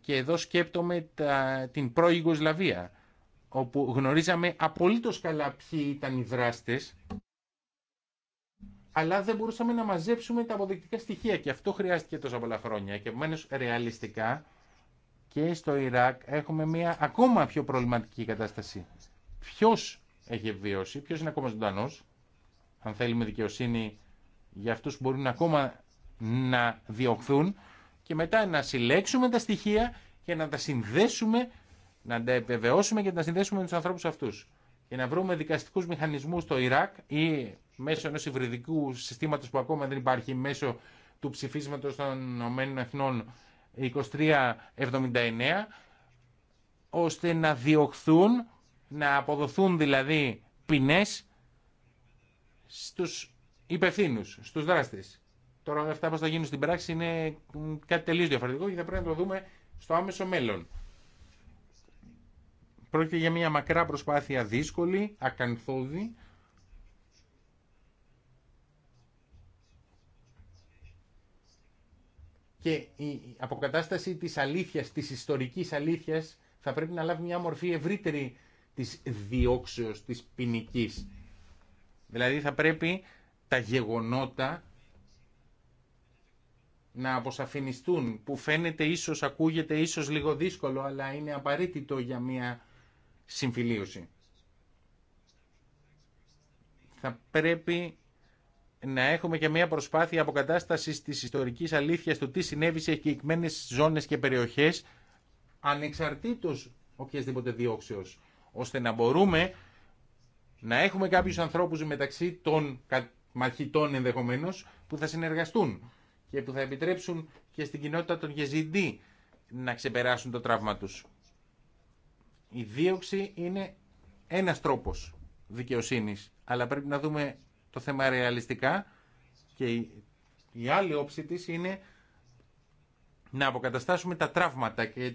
Και εδώ σκέπτομαι τα, την πρώη Λαβία, όπου γνωρίζαμε απολύτως καλά ποιοι ήταν οι δράστες αλλά δεν μπορούσαμε να μαζέψουμε τα αποδεικτικά στοιχεία και αυτό χρειάστηκε τόσα πολλά χρόνια. Και επομένω ρεαλιστικά και στο Ιράκ έχουμε μια ακόμα πιο προβληματική κατάσταση. Ποιο έχει βιώσει, ποιο είναι ακόμα ζωντανό, αν θέλουμε δικαιοσύνη για αυτού που μπορούν ακόμα να διωχθούν και μετά να συλλέξουμε τα στοιχεία και να τα συνδέσουμε, να τα επιβεβαιώσουμε και να τα συνδέσουμε με του ανθρώπου αυτού. Και να βρούμε δικαστικού μηχανισμού στο Ιράκ ή μέσω ενό υβριδικού συστήματος που ακόμα δεν υπάρχει, μέσω του ψηφίσματος των ΗΕ 2379, ώστε να διωχθούν, να αποδοθούν δηλαδή ποινές στους υπευθύνους, στους δράστες. Τώρα αυτά που θα γίνουν στην πράξη είναι κάτι τελείως διαφορετικό και θα πρέπει να το δούμε στο άμεσο μέλλον. Πρόκειται για μια μακρά προσπάθεια δύσκολη, ακανθόδη, και η αποκατάσταση της αλήθειας, της ιστορικής αλήθειας θα πρέπει να λάβει μια μορφή ευρύτερη της διώξεως, της ποινική. Δηλαδή θα πρέπει τα γεγονότα να αποσαφινιστούν, που φαίνεται ίσως, ακούγεται ίσως λίγο δύσκολο, αλλά είναι απαραίτητο για μια συμφιλίωση. Θα πρέπει να έχουμε και μια προσπάθεια αποκατάστασης τη ιστορική αλήθεια του τι συνέβη σε εκεικμένες ζώνες και περιοχές ανεξαρτήτως οποιασδήποτε διώξεω, ώστε να μπορούμε να έχουμε κάποιου ανθρώπους μεταξύ των μαχητών ενδεχομένω που θα συνεργαστούν και που θα επιτρέψουν και στην κοινότητα των Γεζιντή να ξεπεράσουν το τραύμα τους. Η δίωξη είναι ένα τρόπο δικαιοσύνη, αλλά πρέπει να δούμε το θέμα ρεαλιστικά και η άλλη όψη της είναι να αποκαταστάσουμε τα τραύματα και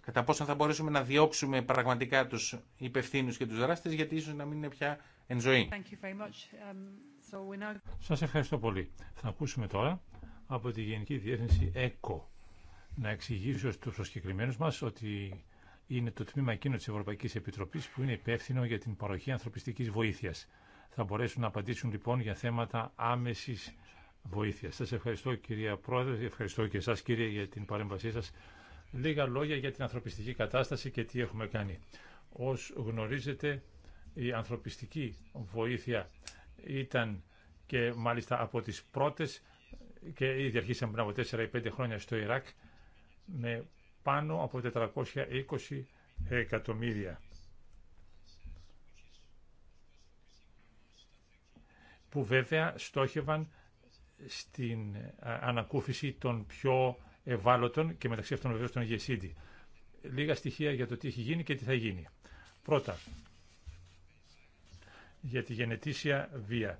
κατά πόσο θα μπορέσουμε να διώξουμε πραγματικά τους υπευθύνους και τους δράστες γιατί ίσως να μην είναι πια εν ζωή.
Um,
Σας ευχαριστώ πολύ. Θα ακούσουμε τώρα από τη Γενική Διεύθυνση ΕΚΟ να εξηγήσω στους προσκεκλημένους μας ότι είναι το τμήμα εκείνο τη Ευρωπαϊκή Επιτροπή που είναι υπεύθυνο για την παροχή ανθρωπιστική βοήθεια. Θα μπορέσουν να απαντήσουν λοιπόν για θέματα άμεση βοήθεια. Σα ευχαριστώ κυρία Πρόεδρε, ευχαριστώ και εσά κύριε για την παρέμβασή σα Λίγα λόγια για την ανθρωπιστική κατάσταση και τι έχουμε κάνει. Ως γνωρίζετε η ανθρωπιστική βοήθεια ήταν και μάλιστα από τις πρώτες και ήδη αρχίσαμε πριν από 4 ή 5 χρόνια στο Ιράκ με πάνω από 420 εκατομμύρια. που βέβαια στόχευαν στην ε, ανακούφιση των πιο ευάλωτων και μεταξύ αυτών βεβαίως των γεσίδη. Λίγα στοιχεία για το τι έχει γίνει και τι θα γίνει. Πρώτα, για τη γενετήσια βία.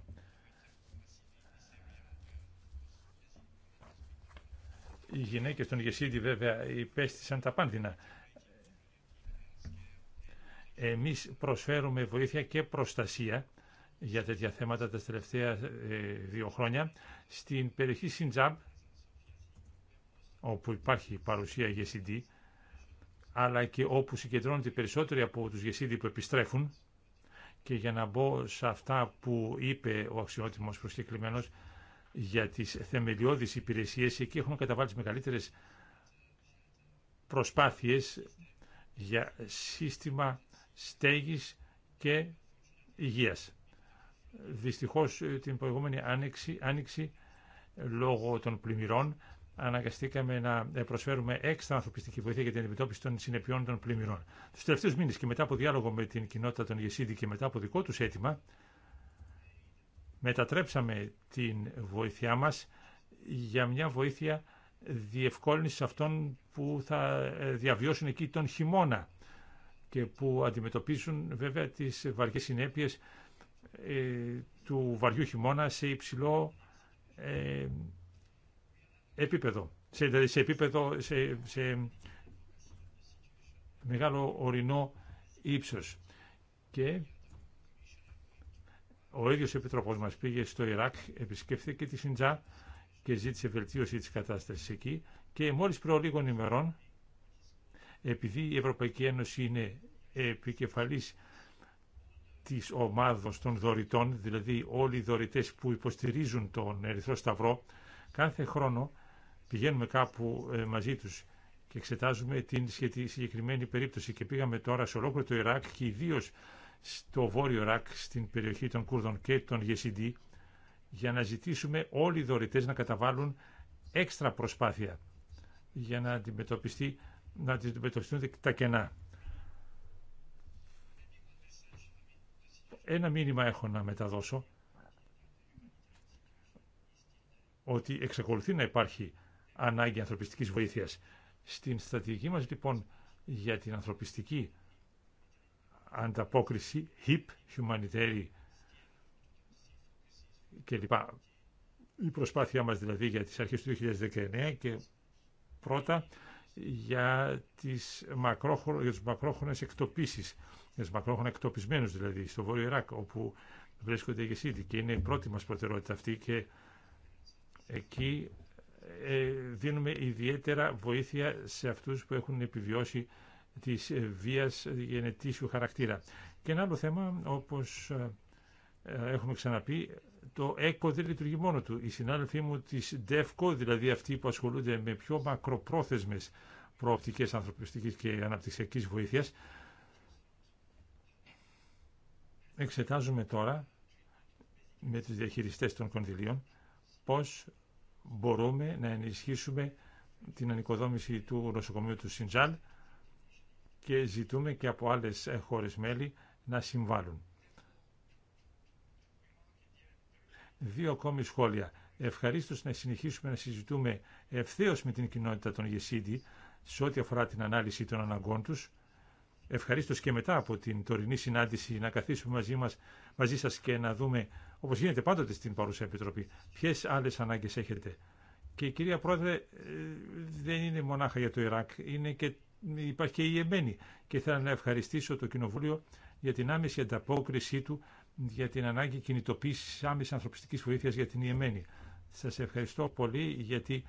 Οι γυναίκες των Γεσίδη βέβαια υπέστησαν τα πάνδυνα. Εμείς προσφέρουμε βοήθεια και προστασία για τέτοια θέματα τα τελευταία ε, δύο χρόνια στην περιοχή Σιντζάμπ όπου υπάρχει παρουσία Γεσίδη αλλά και όπου συγκεντρώνονται περισσότεροι από τους Γεσίδη που επιστρέφουν και για να μπω σε αυτά που είπε ο αξιότιμος προσκεκλημένος για τις θεμελιώδεις υπηρεσίες. Εκεί έχουμε καταβάλει τις μεγαλύτερες προσπάθειες για σύστημα στέγης και υγείας. Δυστυχώς ε, την προηγούμενη άνοιξη, λόγω των πλημμυρών αναγκαστήκαμε να ε, προσφέρουμε έξτρα ανθρωπιστική βοήθεια για την αντιμετώπιση των συνεπειών των πλημμυρών. Του τελευταίου μήνε και μετά από διάλογο με την κοινότητα των Γεσίδη και μετά από δικό του αίτημα, μετατρέψαμε την βοήθειά μας για μια βοήθεια διευκόλυνση αυτών που θα ε, διαβιώσουν εκεί τον χειμώνα και που αντιμετωπίζουν βέβαια τις βαριές συνέπειες ε, του βαριού χειμώνα σε υψηλό ε, επίπεδο, σε, δηλαδή σε επίπεδο, σε, σε μεγάλο ορεινό ύψος. Και ο ίδιο επίτροπο μα μας πήγε στο Ιράκ, επισκέφθηκε τη Σιντζά και ζήτησε βελτίωση της κατάστασης εκεί και μόλις προ λίγων ημερών, επειδή η Ευρωπαϊκή Ένωση είναι επικεφαλή της ομάδος των δωρητών, δηλαδή όλοι οι δωρητέ που υποστηρίζουν τον Ερυθρό Σταυρό, κάθε χρόνο πηγαίνουμε κάπου ε, μαζί τους και εξετάζουμε την συγκεκριμένη περίπτωση και πήγαμε τώρα σε ολόκληρο το Ιράκ και ιδίω στο Βόρειο Ρακ, στην περιοχή των Κούρδων και των Γεσιντή, για να ζητήσουμε όλοι οι δωρητές να καταβάλουν έξτρα προσπάθεια για να αντιμετωπιστεί να αντιμετωπιστούν τα κενά. Ένα μήνυμα έχω να μεταδώσω ότι εξακολουθεί να υπάρχει ανάγκη ανθρωπιστικής βοήθειας. Στην στρατηγική μας λοιπόν για την ανθρωπιστική ανταπόκριση, HIP, Humanitarian κλπ. Η προσπάθειά μας δηλαδή για τις αρχές του 2019 και πρώτα για τις, μακρόχρο, για μακρόχρονες εκτοπίσεις, για τους μακρόχρονα εκτοπισμένους δηλαδή στο Βόρειο Ιράκ όπου βρίσκονται οι Γεσίδη και είναι η πρώτη μας προτεραιότητα αυτή και εκεί ε, δίνουμε ιδιαίτερα βοήθεια σε αυτούς που έχουν επιβιώσει της ε, βίας γενετήσιου χαρακτήρα. Και ένα άλλο θέμα, όπως ε, ε, έχουμε ξαναπεί, το ΕΚΟ δεν λειτουργεί μόνο του. Οι συνάδελφοί μου της ΔΕΦΚΟ, δηλαδή αυτοί που ασχολούνται με πιο μακροπρόθεσμες προοπτικές ανθρωπιστικής και αναπτυξιακής βοήθειας, εξετάζουμε τώρα με τους διαχειριστές των κονδυλίων πώς μπορούμε να ενισχύσουμε την ανοικοδόμηση του νοσοκομείου του Σιντζάλ και ζητούμε και από άλλες χώρες μέλη να συμβάλλουν. Δύο ακόμη σχόλια. Ευχαρίστως να συνεχίσουμε να συζητούμε ευθέως με την κοινότητα των Γεσίδη σε ό,τι αφορά την ανάλυση των αναγκών τους. Ευχαρίστως και μετά από την τωρινή συνάντηση να καθίσουμε μαζί, μας, μαζί σας και να δούμε, όπως γίνεται πάντοτε στην παρούσα Επιτροπή, ποιες άλλες ανάγκες έχετε. Και κυρία Πρόεδρε, ε, δεν είναι μονάχα για το Ιράκ, είναι και υπάρχει και η εμένη. Και θέλω να ευχαριστήσω το Κοινοβούλιο για την άμεση ανταπόκρισή του για την ανάγκη κινητοποίηση άμεση ανθρωπιστική βοήθεια για την Ιεμένη. Σα ευχαριστώ πολύ γιατί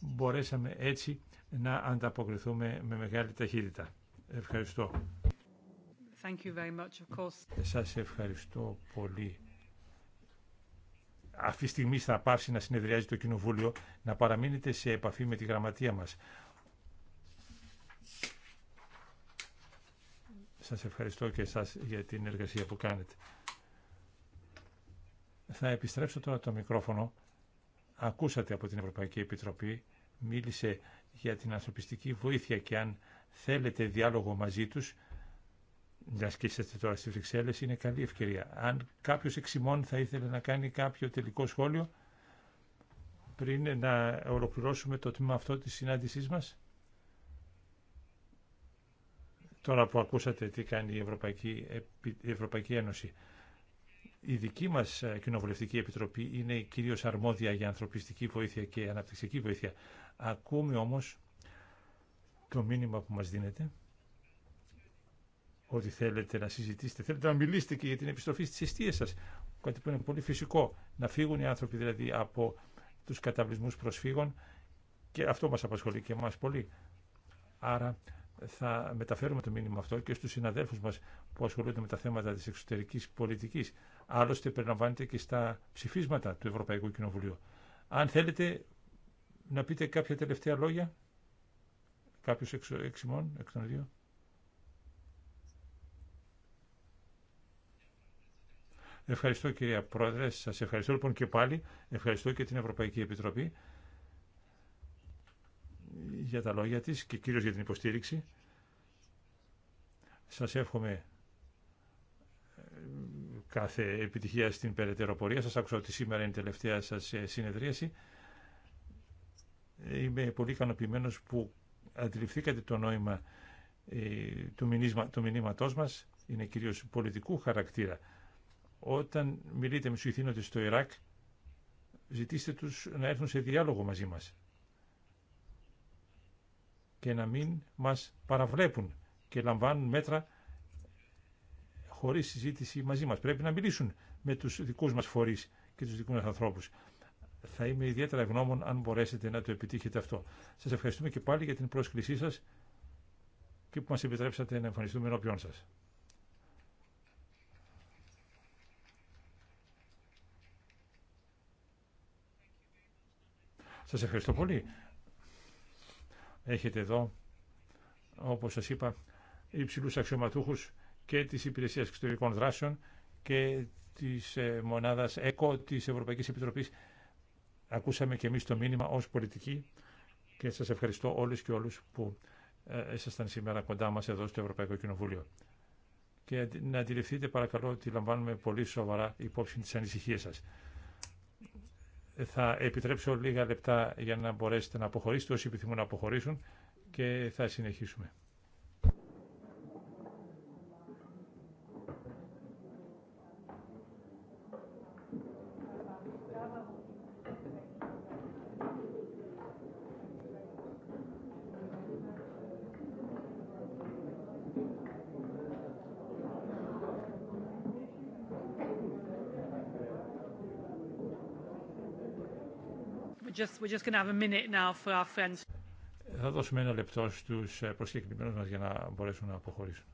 μπορέσαμε έτσι να ανταποκριθούμε με μεγάλη ταχύτητα. Ευχαριστώ.
Thank
Σας ευχαριστώ πολύ. Αυτή τη στιγμή θα πάψει να συνεδριάζει το Κοινοβούλιο, να παραμείνετε σε επαφή με τη γραμματεία μας. Σας ευχαριστώ και εσάς για την εργασία που κάνετε. Θα επιστρέψω τώρα το μικρόφωνο. Ακούσατε από την Ευρωπαϊκή Επιτροπή, μίλησε για την ανθρωπιστική βοήθεια και αν θέλετε διάλογο μαζί τους, να σκίσετε τώρα στις Βρυξέλλες, είναι καλή ευκαιρία. Αν κάποιος εξημών θα ήθελε να κάνει κάποιο τελικό σχόλιο, πριν να ολοκληρώσουμε το τμήμα αυτό της συνάντησής μας. Τώρα που ακούσατε τι κάνει η Ευρωπαϊκή, Ευρωπαϊκή Ένωση. Η δική μας ε, κοινοβουλευτική επιτροπή είναι κυρίως αρμόδια για ανθρωπιστική βοήθεια και αναπτυξιακή βοήθεια. Ακούμε όμως το μήνυμα που μας δίνεται ότι θέλετε να συζητήσετε, θέλετε να μιλήσετε και για την επιστροφή στις αιστείες σας. Κάτι που είναι πολύ φυσικό. Να φύγουν οι άνθρωποι δηλαδή από τους καταβλισμούς προσφύγων και αυτό μας απασχολεί και εμάς πολύ. Άρα θα μεταφέρουμε το μήνυμα αυτό και στους συναδέλφους μας που ασχολούνται με τα θέματα της εξωτερικής πολιτικής. Άλλωστε περιλαμβάνεται και στα ψηφίσματα του Ευρωπαϊκού Κοινοβουλίου. Αν θέλετε να πείτε κάποια τελευταία λόγια, κάποιος εξ, εκ των δύο. Ευχαριστώ κυρία Πρόεδρε, σας ευχαριστώ λοιπόν και πάλι, ευχαριστώ και την Ευρωπαϊκή Επιτροπή για τα λόγια της και κυρίως για την υποστήριξη. Σας εύχομαι ε, κάθε επιτυχία στην περαιτέρω πορεία. Σας άκουσα ότι σήμερα είναι η τελευταία σας ε, συνεδρίαση. Είμαι πολύ ικανοποιημένο που αντιληφθήκατε το νόημα ε, του, μηνύματός μας. Είναι κυρίως πολιτικού χαρακτήρα. Όταν μιλείτε με στο Ιράκ, ζητήστε τους να έρθουν σε διάλογο μαζί μας και να μην μας παραβλέπουν και λαμβάνουν μέτρα χωρίς συζήτηση μαζί μας. Πρέπει να μιλήσουν με τους δικούς μας φορείς και τους δικούς μας ανθρώπους. Θα είμαι ιδιαίτερα ευγνώμων αν μπορέσετε να το επιτύχετε αυτό. Σας ευχαριστούμε και πάλι για την πρόσκλησή σας και που μας επιτρέψατε να εμφανιστούμε ενώπιόν σας. Σας ευχαριστώ πολύ. Έχετε εδώ, όπως σας είπα, υψηλούς αξιωματούχους και της Υπηρεσίας Εξωτερικών Δράσεων και της ε, μονάδας ΕΚΟ της Ευρωπαϊκής Επιτροπής. Ακούσαμε και εμείς το μήνυμα ως πολιτικοί και σας ευχαριστώ όλους και όλους που ε, ήσασταν σήμερα κοντά μας εδώ στο Ευρωπαϊκό Κοινοβούλιο. Και να αντιληφθείτε παρακαλώ ότι λαμβάνουμε πολύ σοβαρά υπόψη τις ανησυχίες σας. Θα επιτρέψω λίγα λεπτά για να μπορέσετε να αποχωρήσετε όσοι επιθυμούν να αποχωρήσουν και θα συνεχίσουμε. Θα δώσουμε ένα λεπτό στους ε, προσκεκλημένους μας για να μπορέσουν να αποχωρήσουν.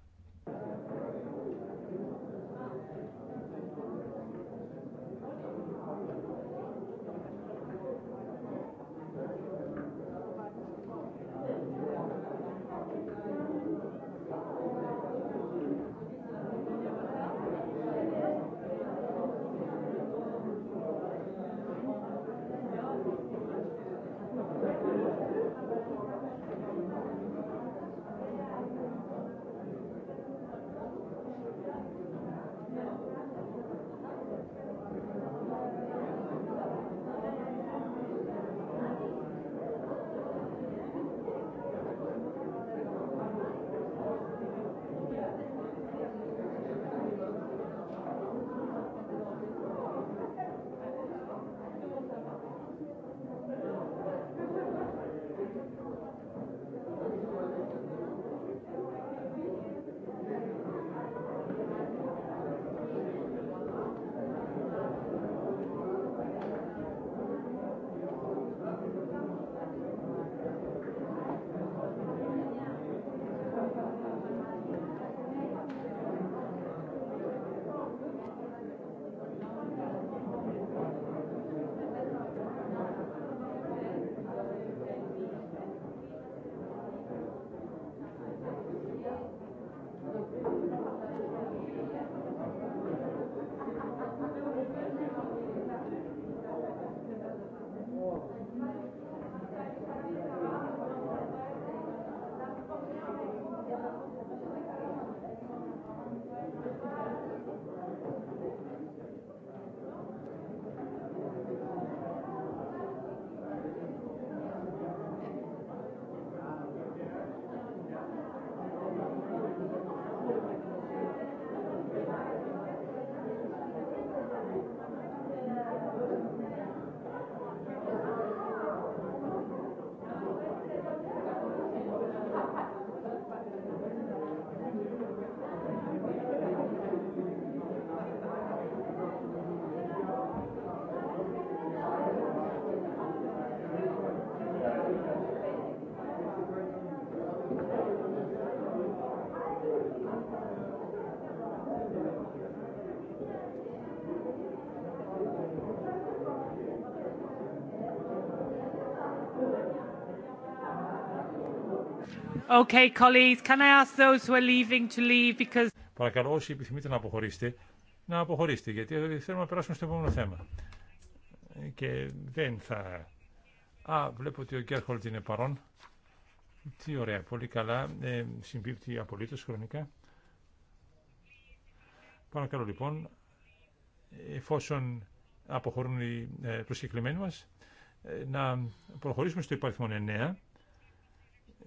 Okay, colleagues, can I ask those who are leaving to leave because...
Παρακαλώ όσοι επιθυμείτε να αποχωρήσετε, να αποχωρήσετε γιατί θέλουμε να περάσουμε στο επόμενο θέμα. Και δεν θα... Α, βλέπω ότι ο Γκέρχολτ είναι παρόν. Τι ωραία, πολύ καλά. Ε, συμπίπτει απολύτως χρονικά. Παρακαλώ λοιπόν, εφόσον αποχωρούν οι ε, προσκεκλημένοι μας, ε, να προχωρήσουμε στο υπαριθμό 9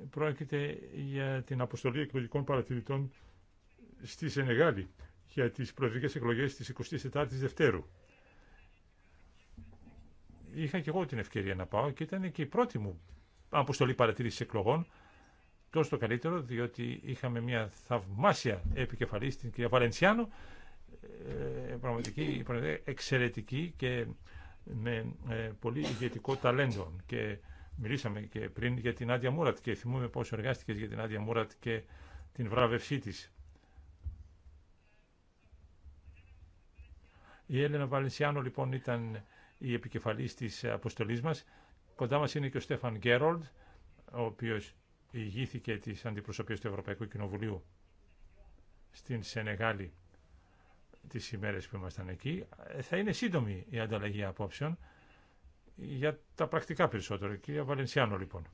Πρόκειται για την αποστολή εκλογικών παρατηρητών στη Σενεγάλη για τις προεδρικές εκλογές της 24ης Δευτέρου. Είχα και εγώ την ευκαιρία να πάω και ήταν και η πρώτη μου αποστολή παρατήρησης εκλογών. Τόσο το καλύτερο, διότι είχαμε μια θαυμάσια επικεφαλή στην κυρία Βαλενσιάνο, ε, πραγματική, εξαιρετική και με ε, πολύ ηγετικό ταλέντο. Και Μιλήσαμε και πριν για την Άντια Μούρατ και θυμούμε πόσο εργάστηκες για την Άντια Μούρατ και την βράβευσή της. Η Έλενα Βαλενσιάνο λοιπόν ήταν η επικεφαλής της αποστολής μας. Κοντά μας είναι και ο Στέφαν Γκέρολντ, ο οποίος ηγήθηκε της αντιπροσωπείας του Ευρωπαϊκού Κοινοβουλίου στην Σενεγάλη τις ημέρες που ήμασταν εκεί. Ε, θα είναι σύντομη η ανταλλαγή απόψεων για τα πρακτικά περισσότερο. Κυρία Βαλενσιάνο, λοιπόν.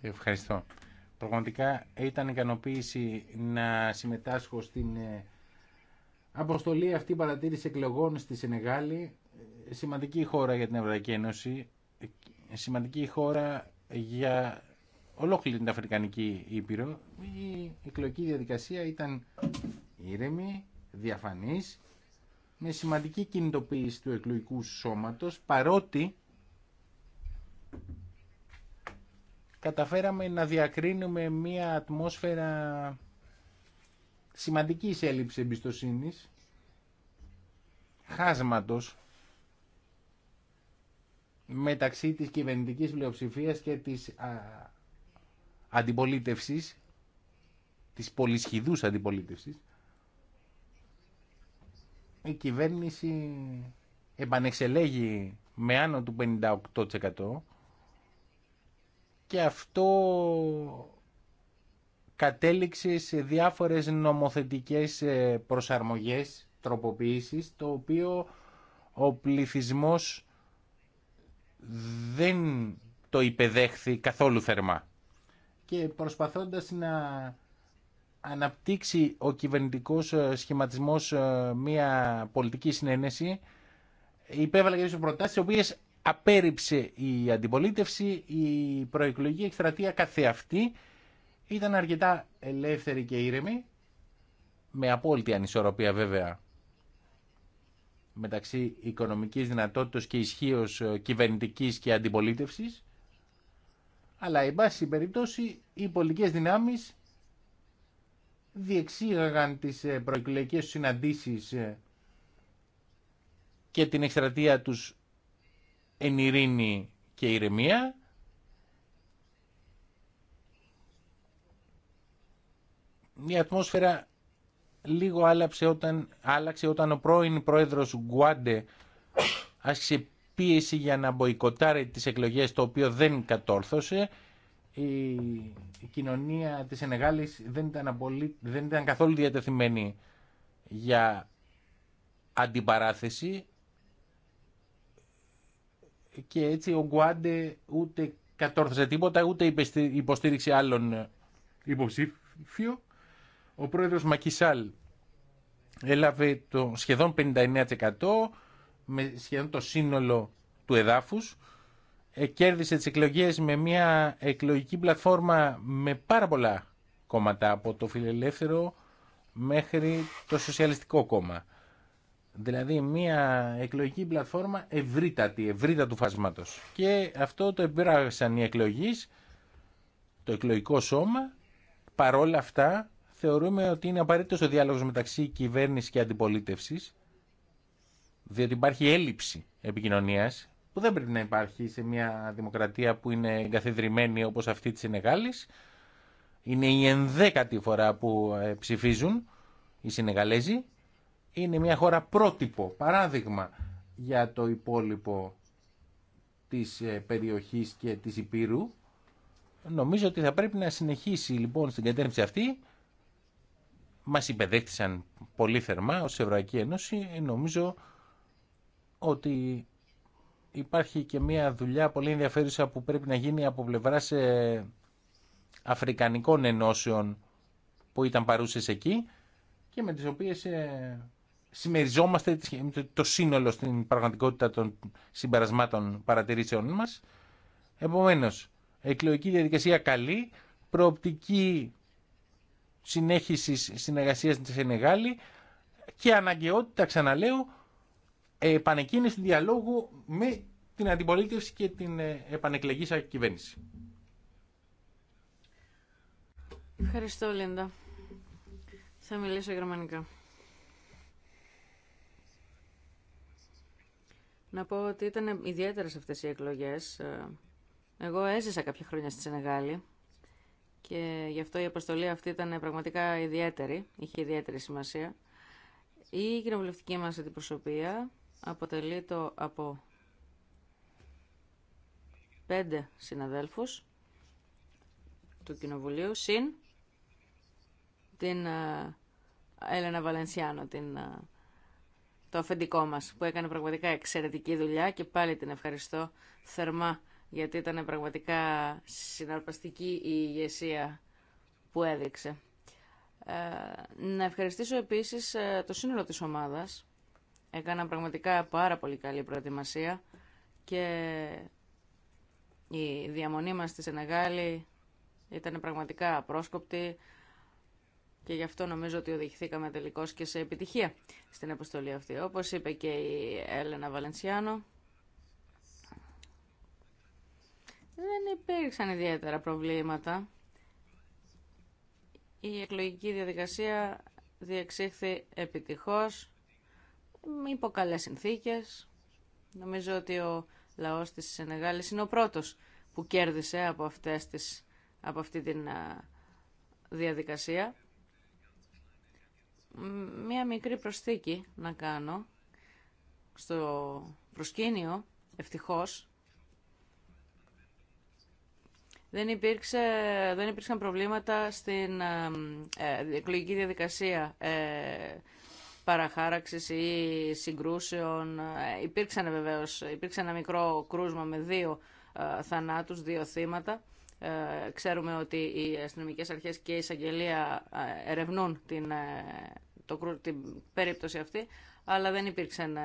Ευχαριστώ. Πραγματικά ήταν
ικανοποίηση να συμμετάσχω στην ε, αποστολή αυτή παρατήρηση εκλογών στη Σενεγάλη. Σημαντική χώρα για την Ευρωπαϊκή Ένωση, σημαντική χώρα για ολόκληρη την Αφρικανική Ήπειρο. Η εκλογική διαδικασία ήταν ήρεμη, διαφανής με σημαντική κινητοποίηση του εκλογικού σώματος, παρότι καταφέραμε να διακρίνουμε μία ατμόσφαιρα σημαντικής έλλειψης εμπιστοσύνης, χάσματος μεταξύ της κυβερνητικής πλειοψηφίας και της α, αντιπολίτευσης, της πολυσχηδούς αντιπολίτευσης, η κυβέρνηση επανεξελέγει με άνω του 58% και αυτό κατέληξε σε διάφορες νομοθετικές ε, προσαρμογές, τροποποιήσεις, το οποίο ο πληθυσμός δεν το υπεδέχθη καθόλου θερμά. Και προσπαθώντας να αναπτύξει ο κυβερνητικός ε, σχηματισμός ε, μια πολιτική συνένεση. Υπέβαλε και προτάσεις, οι οποίες απέρριψε η αντιπολίτευση, η προεκλογική εκστρατεία καθεαυτή. Ήταν αρκετά ελεύθερη και ήρεμη, με απόλυτη ανισορροπία βέβαια μεταξύ οικονομικής δυνατότητας και ισχύω ε, κυβερνητικής και αντιπολίτευσης. Αλλά, η πάση περιπτώσει, οι πολιτικές δυνάμεις διεξήγαγαν τις ε, προεκλογικές συναντήσεις ε, και την εκστρατεία τους εν ειρήνη και ηρεμία. Η ατμόσφαιρα λίγο άλλαξε όταν, άλλαξε όταν ο πρώην πρόεδρος Γκουάντε άσκησε πίεση για να μποϊκοτάρει τις εκλογές το οποίο δεν κατόρθωσε η, κοινωνία της Ενεγάλης δεν ήταν, δεν ήταν καθόλου διατεθειμένη για αντιπαράθεση και έτσι ο Γκουάντε ούτε κατόρθωσε τίποτα ούτε υποστήριξε άλλον υποψήφιο. Ο πρόεδρος Μακισάλ έλαβε το σχεδόν 59% με σχεδόν το σύνολο του εδάφους ε, κέρδισε τις εκλογές με μια εκλογική πλατφόρμα με πάρα πολλά κόμματα από το φιλελεύθερο μέχρι το σοσιαλιστικό κόμμα. Δηλαδή μια εκλογική πλατφόρμα ευρύτατη, ευρύτατου του φασμάτος. Και αυτό το επράγησαν οι εκλογείς, το εκλογικό σώμα. Παρόλα αυτά θεωρούμε ότι είναι απαραίτητος ο διάλογος μεταξύ κυβέρνησης και αντιπολίτευσης, διότι υπάρχει έλλειψη επικοινωνίας που δεν πρέπει να υπάρχει σε μια δημοκρατία που είναι εγκαθιδρυμένη όπως αυτή της Σενεγάλης. Είναι η ενδέκατη φορά που ε, ψηφίζουν οι Συνεγαλέζοι. Είναι μια χώρα πρότυπο, παράδειγμα για το υπόλοιπο της ε, περιοχής και της Υπήρου. Νομίζω ότι θα πρέπει να συνεχίσει λοιπόν στην κατεύθυνση αυτή. Μας υπεδέχτησαν πολύ θερμά ως Ευρωπαϊκή Ένωση. Ε, νομίζω ότι υπάρχει και μια δουλειά πολύ ενδιαφέρουσα που πρέπει να γίνει από σε αφρικανικών ενώσεων που ήταν παρούσες εκεί και με τις οποίες ε, συμμεριζόμαστε το σύνολο στην πραγματικότητα των συμπερασμάτων παρατηρήσεων μας. Επομένως, εκλογική διαδικασία καλή, προοπτική συνέχισης συνεργασίας της ενεγάλη και αναγκαιότητα, ξαναλέω, επανεκκίνηση διαλόγου με την αντιπολίτευση και την ε, επανεκλεγήσα κυβέρνηση.
Ευχαριστώ, Λίντα. Θα μιλήσω γερμανικά. Να πω ότι ήταν ιδιαίτερες αυτές οι εκλογές. Ε, εγώ έζησα κάποια χρόνια στη Σενεγάλη και γι' αυτό η αποστολή αυτή ήταν πραγματικά ιδιαίτερη, είχε ιδιαίτερη σημασία. Η κοινοβουλευτική μας αντιπροσωπεία αποτελεί το από πέντε συναδέλφους του Κοινοβουλίου συν την ε, Έλενα Βαλενσιάνο, την, ε, το αφεντικό μας που έκανε πραγματικά εξαιρετική δουλειά και πάλι την ευχαριστώ θερμά γιατί ήταν πραγματικά συναρπαστική η ηγεσία που έδειξε. Ε, να ευχαριστήσω επίσης το σύνολο της ομάδας έκανα πραγματικά πάρα πολύ καλή προετοιμασία και η διαμονή μας στη Σενεγάλη ήταν πραγματικά απρόσκοπτη και γι' αυτό νομίζω ότι οδηγηθήκαμε τελικώς και σε επιτυχία στην αποστολή αυτή. Όπως είπε και η Έλενα Βαλενσιάνο, δεν υπήρξαν ιδιαίτερα προβλήματα. Η εκλογική διαδικασία διεξήχθη επιτυχώς υπό καλέ συνθήκε. Νομίζω ότι ο λαός της Σενεγάλης είναι ο πρώτος που κέρδισε από, αυτές τις, από αυτή την διαδικασία. Μία μικρή προσθήκη να κάνω στο προσκήνιο, ευτυχώς. Δεν, υπήρξε, δεν υπήρξαν προβλήματα στην ε, εκλογική διαδικασία ε, παραχάραξης ή συγκρούσεων. Ε, υπήρξαν βεβαίως, υπήρξε ένα μικρό κρούσμα με δύο ε, θανάτους, δύο θύματα. Ε, ξέρουμε ότι οι αστυνομικές αρχές και η εισαγγελία ερευνούν την, το, την περίπτωση αυτή, αλλά δεν υπήρξαν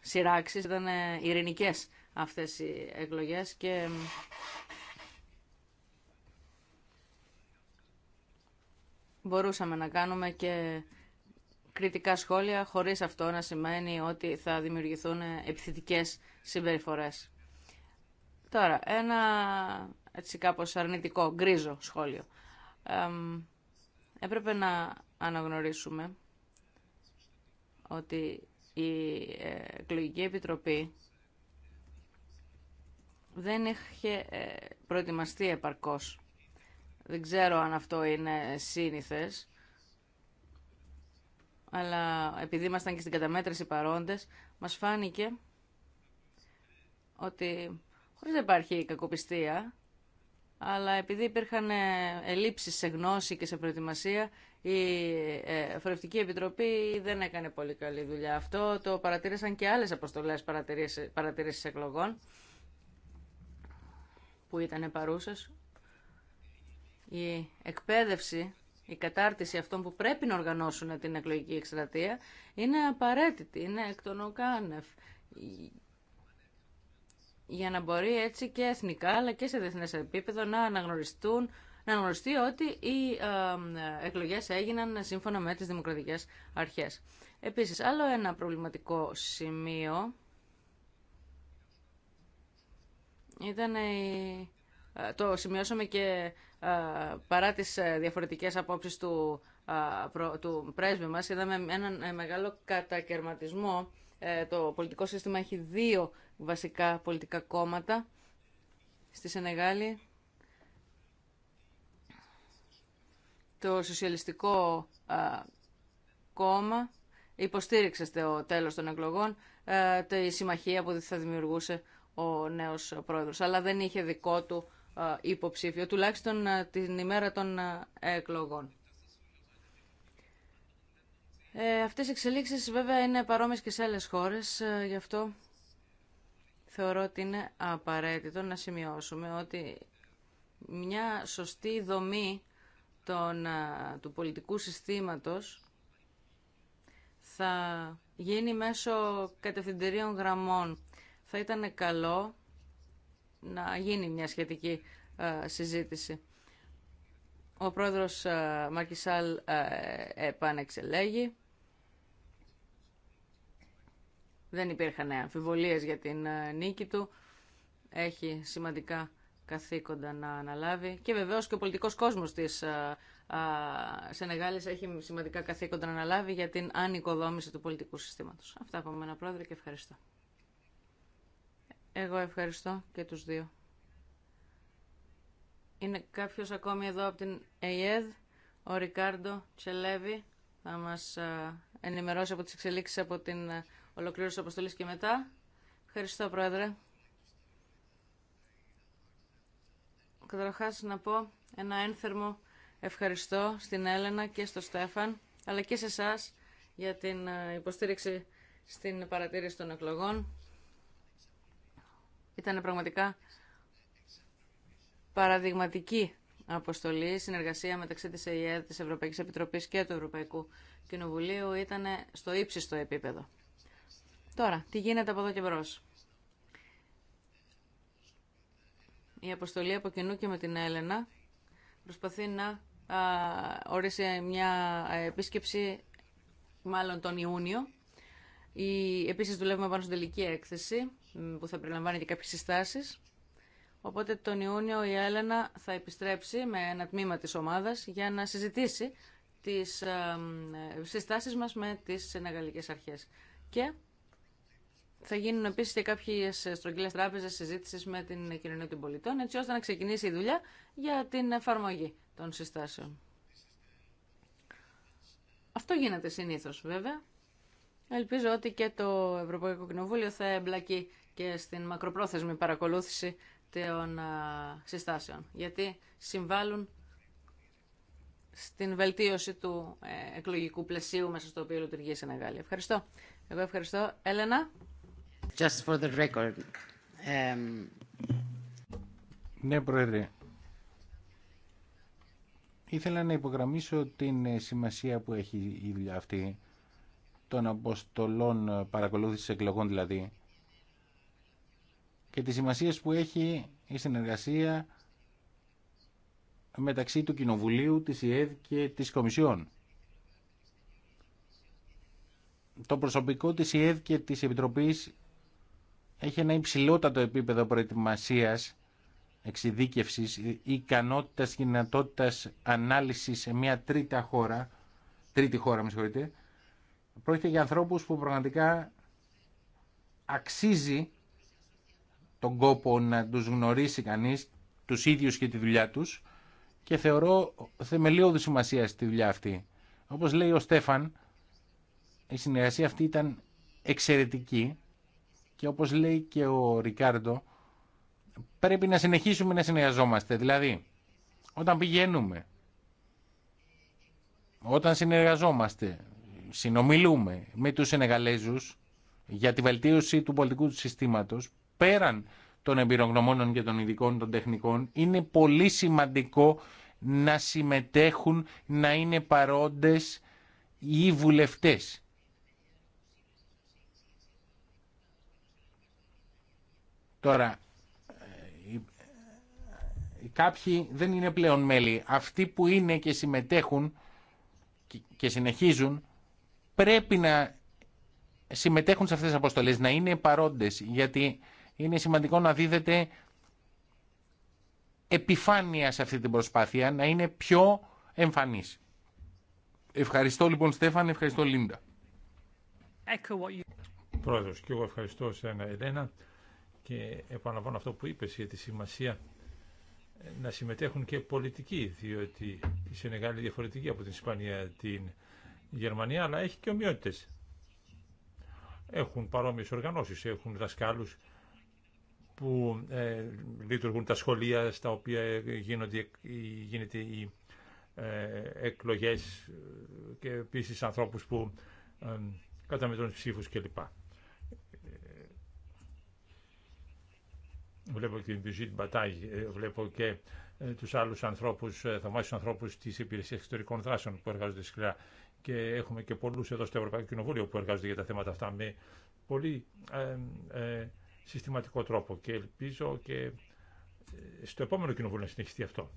σειράξεις, ήταν ειρηνικές αυτές οι εκλογές και μπορούσαμε να κάνουμε και κριτικά σχόλια χωρίς αυτό να σημαίνει ότι θα δημιουργηθούν επιθετικές συμπεριφορές. Τώρα, ένα έτσι κάπως αρνητικό, γκρίζο σχόλιο. έπρεπε να αναγνωρίσουμε ότι η ε, εκλογική επιτροπή δεν είχε ε, προετοιμαστεί επαρκώς. Δεν ξέρω αν αυτό είναι σύνηθες, αλλά επειδή ήμασταν και στην καταμέτρηση παρόντες, μας φάνηκε ότι χωρίς να υπάρχει κακοπιστία, αλλά επειδή υπήρχαν ε, ελλείψεις σε γνώση και σε προετοιμασία, η ε, Φορευτική Επιτροπή δεν έκανε πολύ καλή δουλειά. Αυτό το παρατήρησαν και άλλες αποστολές παρατηρήσεις εκλογών που ήταν παρούσες. Η εκπαίδευση η κατάρτιση αυτών που πρέπει να οργανώσουν την εκλογική εκστρατεία είναι απαραίτητη, είναι εκ των για να μπορεί έτσι και εθνικά αλλά και σε διεθνέ επίπεδο να αναγνωριστούν να αναγνωριστεί ότι οι εκλογές έγιναν σύμφωνα με τις δημοκρατικές αρχές. Επίσης, άλλο ένα προβληματικό σημείο ήταν η... Ε, το σημειώσαμε και ε, παρά τις ε, διαφορετικές απόψεις του, ε, του πρέσβη μας, είδαμε έναν μεγάλο κατακαιρματισμό. Το πολιτικό σύστημα έχει δύο βασικά πολιτικά κόμματα στη Σενεγάλη. Το Σοσιαλιστικό Κόμμα υποστήριξε στο τέλος των εκλογών τη συμμαχία που θα δημιουργούσε ο νέος πρόεδρος, αλλά δεν είχε δικό του ε, υποψήφιο, τουλάχιστον ε, την ημέρα των ε, εκλογών. Ε, αυτές οι εξελίξεις βέβαια είναι παρόμοιες και σε άλλες χώρες, γι' αυτό θεωρώ ότι είναι απαραίτητο να σημειώσουμε ότι μια σωστή δομή των, του πολιτικού συστήματος θα γίνει μέσω κατευθυντηρίων γραμμών. Θα ήταν καλό να γίνει μια σχετική ε, συζήτηση. Ο πρόεδρος ε, Μαρκισάλ ε, επανεξελέγει. Δεν υπήρχαν αμφιβολίες για την νίκη του. Έχει σημαντικά καθήκοντα να αναλάβει. Και βεβαίως και ο πολιτικός κόσμος της Σενεγάλης έχει σημαντικά καθήκοντα να αναλάβει για την ανικοδόμηση του πολιτικού συστήματος. Αυτά από μένα, πρόεδρε, και ευχαριστώ. Εγώ ευχαριστώ και τους δύο. Είναι κάποιος ακόμη εδώ από την ΕΙΕΔ, ο Ρικάρντο Τσελέβη, θα μας ενημερώσει από τις εξελίξεις από την ολοκλήρωση της αποστολής και μετά. Ευχαριστώ, Πρόεδρε. Καταρχάς να πω ένα ένθερμο ευχαριστώ στην Έλενα και στο Στέφαν, αλλά και σε εσά για την υποστήριξη στην παρατήρηση των εκλογών. Ήταν πραγματικά παραδειγματική αποστολή, συνεργασία μεταξύ της ΕΕ, της Ευρωπαϊκής Επιτροπής και του Ευρωπαϊκού Κοινοβουλίου ήταν στο ύψιστο επίπεδο. Τώρα, τι γίνεται από εδώ και μπρος. Η αποστολή από κοινού και με την Έλενα προσπαθεί να ορίσει μια επίσκεψη μάλλον τον Ιούνιο. Η, επίσης δουλεύουμε πάνω στην τελική έκθεση που θα περιλαμβάνει και κάποιε συστάσει. Οπότε τον Ιούνιο η Έλενα θα επιστρέψει με ένα τμήμα της ομάδας για να συζητήσει τις ε, ε, συστάσεις μας με τις συναγαλλικές αρχές. Και θα γίνουν επίσης και κάποιες στρογγυλές τράπεζες συζήτηση με την κοινωνία των πολιτών, έτσι ώστε να ξεκινήσει η δουλειά για την εφαρμογή των συστάσεων. Αυτό γίνεται συνήθως βέβαια. Ελπίζω ότι και το Ευρωπαϊκό Κοινοβούλιο θα εμπλακεί και στην μακροπρόθεσμη παρακολούθηση των συστάσεων, γιατί συμβάλλουν στην βελτίωση του ε, εκλογικού πλαισίου μέσα στο οποίο λειτουργεί η Σενεγάλη. Ευχαριστώ. Εγώ ευχαριστώ. Έλενα. Just for the record. Um,
ναι, Πρόεδρε. Ήθελα να υπογραμμίσω την ε, σημασία που έχει η δουλειά αυτή των αποστολών παρακολούθησης εκλογών δηλαδή και τις σημασίες που έχει η συνεργασία μεταξύ του Κοινοβουλίου, της ΙΕΔ και της Κομισιόν. Το προσωπικό της ΙΕΔ και της Επιτροπής έχει ένα υψηλότατο επίπεδο προετοιμασίας, εξειδίκευσης, ικανότητας και δυνατότητας ανάλυσης σε μια τρίτη χώρα, τρίτη χώρα, με συγχωρείτε, πρόκειται για ανθρώπους που πραγματικά αξίζει τον κόπο να τους γνωρίσει κανείς τους ίδιους και τη δουλειά τους και θεωρώ θεμελίωδη σημασία στη δουλειά αυτή. Όπως λέει ο Στέφαν, η συνεργασία αυτή ήταν εξαιρετική και όπως λέει και ο Ρικάρντο, πρέπει να συνεχίσουμε να συνεργαζόμαστε. Δηλαδή, όταν πηγαίνουμε, όταν συνεργαζόμαστε, συνομιλούμε με τους Σενεγαλέζους για τη βελτίωση του πολιτικού του συστήματος, πέραν των εμπειρογνωμόνων και των ειδικών των τεχνικών, είναι πολύ σημαντικό να συμμετέχουν, να είναι παρόντες οι βουλευτές. Τώρα, ε, ε, κάποιοι δεν είναι πλέον μέλη. Αυτοί που είναι και συμμετέχουν και συνεχίζουν, πρέπει να συμμετέχουν σε αυτές τις αποστολές, να είναι παρόντες, γιατί είναι σημαντικό να δίδεται επιφάνεια σε αυτή την προσπάθεια, να είναι πιο εμφανής. Ευχαριστώ λοιπόν Στέφαν, ευχαριστώ Λίντα.
Πρόεδρος, και εγώ ευχαριστώ σένα Ελένα και επαναλαμβάνω αυτό που είπες για τη σημασία ε, να συμμετέχουν και πολιτικοί, διότι η Σενεγάλη είναι διαφορετική από την Ισπανία, την Γερμανία, αλλά έχει και ομοιότητες. Έχουν παρόμοιες οργανώσεις, έχουν δασκάλους που ε, λειτουργούν τα σχολεία στα οποία γίνονται, γίνεται οι ε, εκλογές και επίσης ανθρώπους που ε, καταμετρώνουν ψήφους κλπ. Βλέπω και την Μπιζίτ Μπατάγ, ε, βλέπω και ε, τους άλλους ανθρώπους, ε, θαυμάσιους ανθρώπους της Υπηρεσίας Εξωτερικών Δράσεων που εργάζονται σκληρά και έχουμε και πολλούς εδώ στο Ευρωπαϊκό Κοινοβούλιο που εργάζονται για τα θέματα αυτά με πολύ συστηματικό τρόπο και ελπίζω και ε, στο επόμενο κοινοβούλιο να συνεχιστεί αυτό.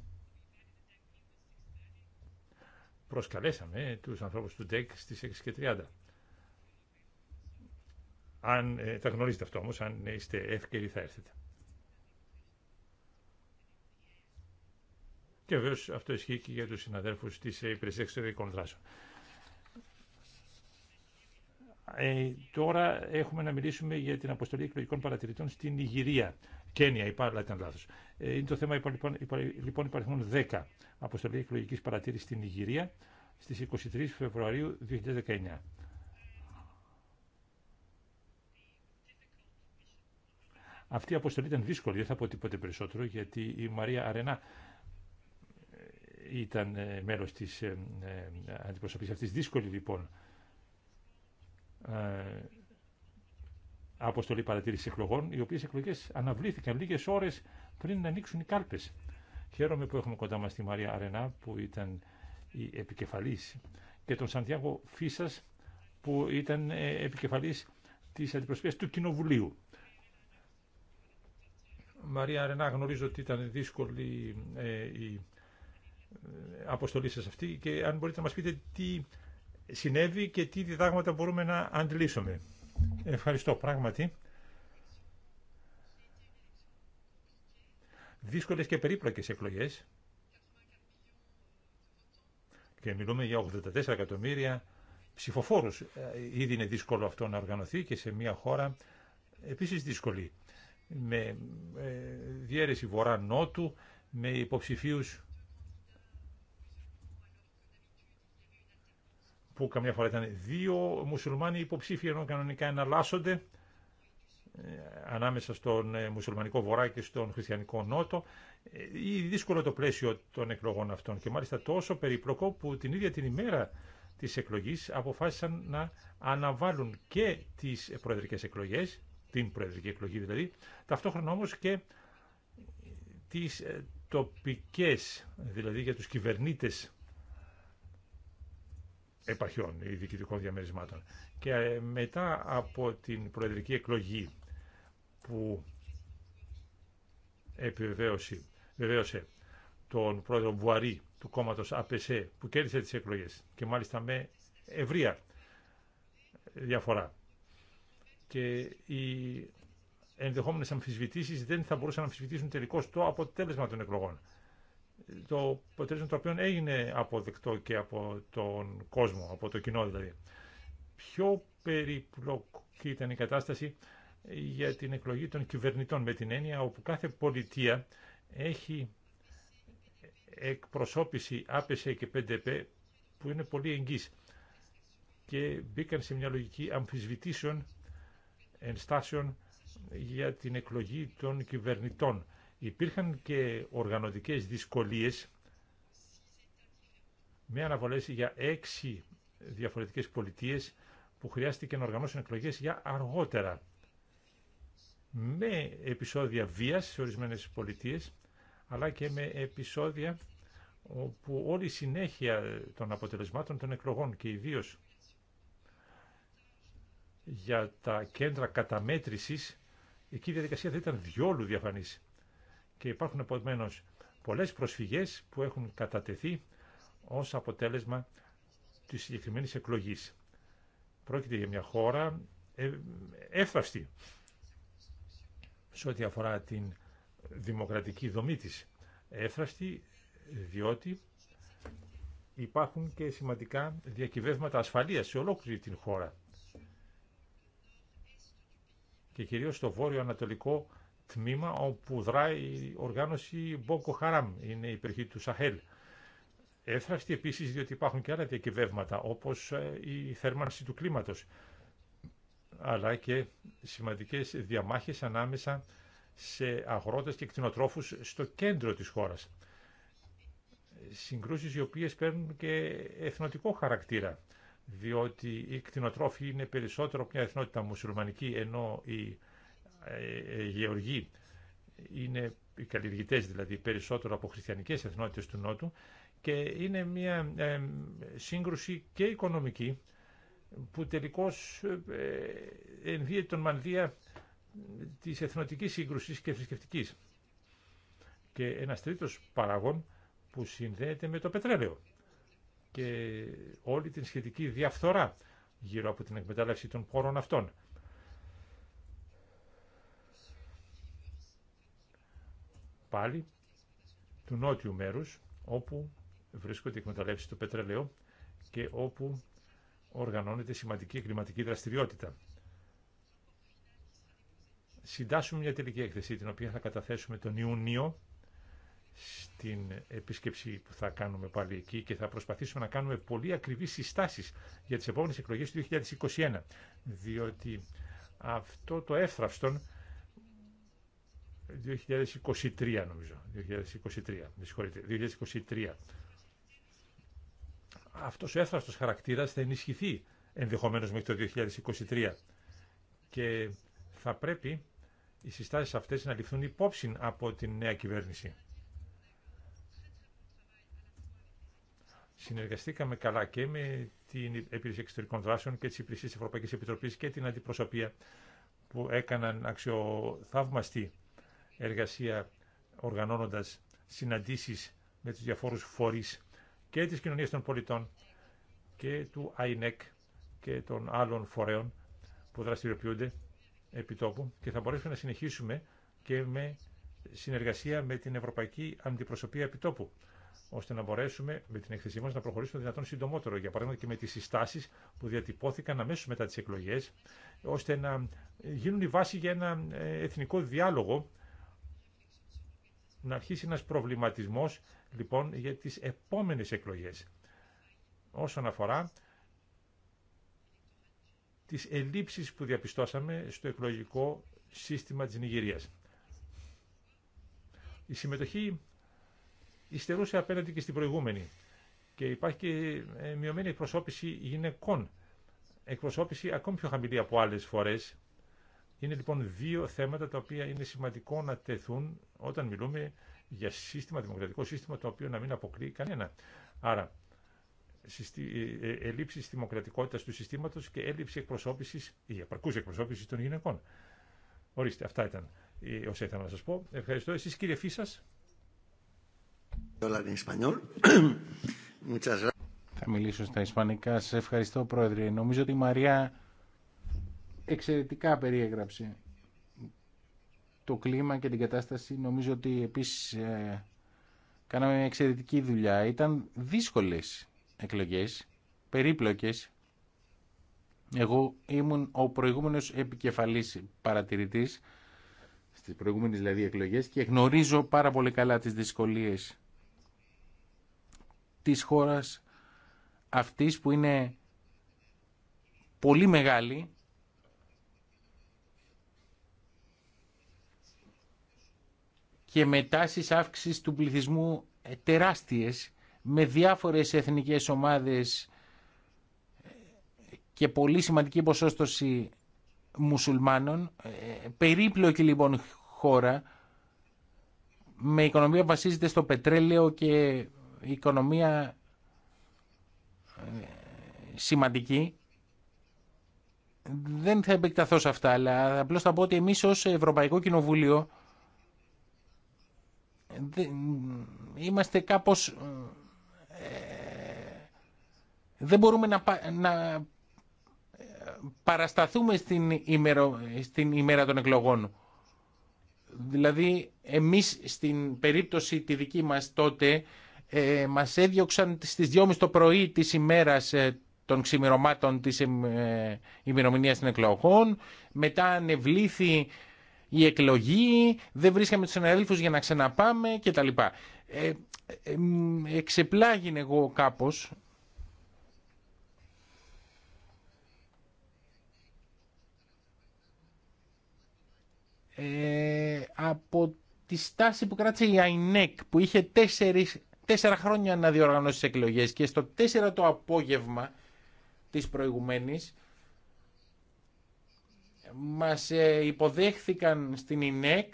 Προσκαλέσαμε τους ανθρώπους του ΔΕΚ στις 6.30. Αν ε, τα γνωρίζετε αυτό όμως, αν είστε εύκαιροι θα έρθετε. Και βεβαίω αυτό ισχύει και για τους συναδέλφους της υπηρεσίας εξωτερικών δράσεων. Ε, τώρα έχουμε να μιλήσουμε για την αποστολή εκλογικών παρατηρητών στην Ιγυρία. Κένια, υπά, ήταν λάθο. Ε, είναι το θέμα λοιπόν, λοιπόν υπάρχουν 10. Αποστολή εκλογική παρατήρηση στην Ιγυρία στις 23 Φεβρουαρίου 2019. Αυτή η αποστολή ήταν δύσκολη, δεν θα πω τίποτε περισσότερο, γιατί η Μαρία Αρενά ε, ήταν ε, μέλος της ε, αντιπροσωπής αυτής. Δύσκολη λοιπόν ε, αποστολή παρατήρηση εκλογών, οι οποίε εκλογέ αναβλήθηκαν λίγε ώρε πριν να ανοίξουν οι κάλπε. Χαίρομαι που έχουμε κοντά μα τη Μαρία Αρενά, που ήταν η επικεφαλή, και τον Σαντιάγο Φίσα, που ήταν ε, επικεφαλή τη αντιπροσωπεία του Κοινοβουλίου. Μαρία Αρενά, γνωρίζω ότι ήταν δύσκολη ε, η αποστολή σας αυτή και αν μπορείτε να μας πείτε τι συνέβη και τι διδάγματα μπορούμε να αντλήσουμε. Ευχαριστώ πράγματι. Δύσκολες και περίπλοκες εκλογές. Και μιλούμε για 84 εκατομμύρια ψηφοφόρους. Ε, ήδη είναι δύσκολο αυτό να οργανωθεί και σε μια χώρα επίσης δύσκολη. Με ε, διέρεση βορρά-νότου, με υποψηφίους που καμιά φορά ήταν δύο μουσουλμάνοι υποψήφοι ενώ κανονικά εναλλάσσονται ε, ανάμεσα στον ε, μουσουλμανικό βορρά και στον χριστιανικό νότο ε, ή δύσκολο το πλαίσιο των εκλογών αυτών και μάλιστα τόσο περίπλοκο που την ίδια την ημέρα της εκλογής αποφάσισαν να αναβάλουν και τις προεδρικές εκλογές, την προεδρική εκλογή δηλαδή, ταυτόχρονα όμως και τις τοπικές, δηλαδή για τους κυβερνήτες επαχιών ή διοικητικών διαμερισμάτων. Και ε, μετά από την προεδρική εκλογή που επιβεβαίωσε τον πρόεδρο βουάρι του κόμματος ΑΠΣΕ που κέρδισε τις εκλογές και μάλιστα με ευρεία διαφορά. Και οι ενδεχόμενες αμφισβητήσεις δεν θα μπορούσαν να αμφισβητήσουν τελικώς το αποτέλεσμα των εκλογών το αποτέλεσμα το οποίο έγινε αποδεκτό και από τον κόσμο, από το κοινό δηλαδή. Πιο περιπλοκή ήταν η κατάσταση για την εκλογή των κυβερνητών με την έννοια όπου κάθε πολιτεία έχει εκπροσώπηση άπεσε και 5 που είναι πολύ εγγύς και μπήκαν σε μια λογική αμφισβητήσεων ενστάσεων για την εκλογή των κυβερνητών Υπήρχαν και οργανωτικές δυσκολίες με αναβολές για έξι διαφορετικές πολιτείες που χρειάστηκε να οργανώσουν εκλογές για αργότερα. Με επεισόδια βίας σε ορισμένες πολιτείες, αλλά και με επεισόδια όπου όλη η συνέχεια των αποτελεσμάτων των εκλογών και ιδίω για τα κέντρα καταμέτρησης, εκεί η διαδικασία δεν ήταν διόλου διαφανής και υπάρχουν επομένω πολλές προσφυγές που έχουν κατατεθεί ως αποτέλεσμα της συγκεκριμένη εκλογής. Πρόκειται για μια χώρα ε, εύθραυστη σε ό,τι αφορά την δημοκρατική δομή της. Έφραστη διότι υπάρχουν και σημαντικά διακυβεύματα ασφαλείας σε ολόκληρη την χώρα και κυρίως στο βόρειο-ανατολικό τμήμα όπου δράει η οργάνωση Μπόκο Χαράμ, είναι η περιοχή του Σαχέλ. Έφραστη επίσης διότι υπάρχουν και άλλα διακυβεύματα όπως ε, η θέρμανση του κλίματος αλλά και σημαντικές διαμάχες ανάμεσα σε αγρότες και κτηνοτρόφους στο κέντρο της χώρας. Συγκρούσεις οι οποίες παίρνουν και εθνοτικό χαρακτήρα διότι οι κτηνοτρόφοι είναι περισσότερο μια εθνότητα μουσουλμανική ενώ οι ε, ε, γεωργοί είναι οι καλλιεργητές δηλαδή περισσότερο από χριστιανικές εθνότητες του Νότου και είναι μια ε, σύγκρουση και οικονομική που τελικώς ενδύεται τον μανδύα της εθνοτικής σύγκρουσης και θρησκευτική. Και ένας τρίτος παράγων που συνδέεται με το πετρέλαιο και όλη την σχετική διαφθορά γύρω από την εκμετάλλευση των πόρων αυτών. πάλι του νότιου μέρους όπου βρίσκονται οι εκμεταλλεύσεις του πετρελαίου και όπου οργανώνεται σημαντική κλιματική δραστηριότητα. Συντάσσουμε μια τελική έκθεση την οποία θα καταθέσουμε τον Ιούνιο στην επίσκεψη που θα κάνουμε πάλι εκεί και θα προσπαθήσουμε να κάνουμε πολύ ακριβείς συστάσεις για τις επόμενες εκλογές του 2021 διότι αυτό το εύθραυστον 2023 νομίζω, 2023, με συγχωρείτε, 2023. Αυτός ο έφραστος χαρακτήρας θα ενισχυθεί ενδεχομένως μέχρι το 2023 και θα πρέπει οι συστάσεις αυτές να ληφθούν υπόψη από την νέα κυβέρνηση. Συνεργαστήκαμε καλά και με την Επίρρηση Εξωτερικών Δράσεων και τις υπηρεσίες της Ευρωπαϊκής Επιτροπής και την αντιπροσωπεία που έκαναν αξιοθαύμαστη εργασία οργανώνοντας συναντήσεις με τους διαφόρους φορείς και της κοινωνίας των πολιτών και του ΑΙΝΕΚ e και των άλλων φορέων που δραστηριοποιούνται επί τόπου και θα μπορέσουμε να συνεχίσουμε και με συνεργασία με την Ευρωπαϊκή Αντιπροσωπεία Επιτόπου, ώστε να μπορέσουμε με την εκθεσή μα να προχωρήσουμε δυνατόν συντομότερο. Για παράδειγμα, και με τι συστάσει που διατυπώθηκαν αμέσω μετά τι εκλογέ, ώστε να γίνουν η βάση για ένα ε, εθνικό διάλογο να αρχίσει ένας προβληματισμός λοιπόν για τις επόμενες εκλογές όσον αφορά τις ελλείψεις που διαπιστώσαμε στο εκλογικό σύστημα της Νιγηρίας. Η συμμετοχή υστερούσε απέναντι και στην προηγούμενη και υπάρχει και ε, μειωμένη εκπροσώπηση γυναικών, εκπροσώπηση ακόμη πιο χαμηλή από άλλες φορές είναι λοιπόν δύο θέματα τα οποία είναι σημαντικό να τεθούν όταν μιλούμε για σύστημα, δημοκρατικό σύστημα το οποίο να μην αποκλείει κανένα. Άρα, ε, ε, ελλείψη δημοκρατικότητα του συστήματο και έλλειψη εκπροσώπηση ή απαρκού εκπροσώπηση των γυναικών. Ορίστε, αυτά ήταν ε, όσα ήθελα να σα πω. Ευχαριστώ. Εσεί, κύριε Φίσα.
Θα μιλήσω στα Ισπανικά. Σα ευχαριστώ, Πρόεδρε. Νομίζω ότι η Μαριά εξαιρετικά περιέγραψε το κλίμα και την κατάσταση. Νομίζω ότι επίσης ε, κάναμε μια εξαιρετική δουλειά. Ήταν δύσκολες εκλογές, περίπλοκες. Εγώ ήμουν ο προηγούμενος επικεφαλής παρατηρητής στις προηγούμενες δηλαδή εκλογές και γνωρίζω πάρα πολύ καλά τις δυσκολίες της χώρας αυτής που είναι πολύ μεγάλη και με τάσεις αύξησης του πληθυσμού ε, τεράστιες με διάφορες εθνικές ομάδες ε, και πολύ σημαντική ποσόστοση μουσουλμάνων, ε, περίπλοκη λοιπόν χώρα, με οικονομία βασίζεται στο πετρέλαιο και οικονομία σημαντική. Δεν θα επεκταθώ σε αυτά, αλλά απλώς θα πω ότι εμείς ως Ευρωπαϊκό Κοινοβούλιο είμαστε κάπως... Ε, δεν μπορούμε να, να ε, παρασταθούμε στην, στην ημέρα των εκλογών. Δηλαδή, εμείς στην περίπτωση τη δική μας τότε, ε, μας έδιωξαν στις 2.30 το πρωί της ημέρας ε, των ξημερωμάτων της ε, ημερομηνίας των εκλογών. Μετά ανεβλήθη η εκλογή, δεν βρίσκαμε τους συναδέλφους για να ξαναπάμε κτλ. Ε, ε, εξεπλάγιν εγώ κάπως ε, από τη στάση που κράτησε η ΑΙΝΕΚ που είχε τέσσερις, τέσσερα χρόνια να διοργανώσει τις εκλογές και στο τέσσερα το απόγευμα της προηγουμένης μας ε, υποδέχθηκαν στην ΙΝΕΚ,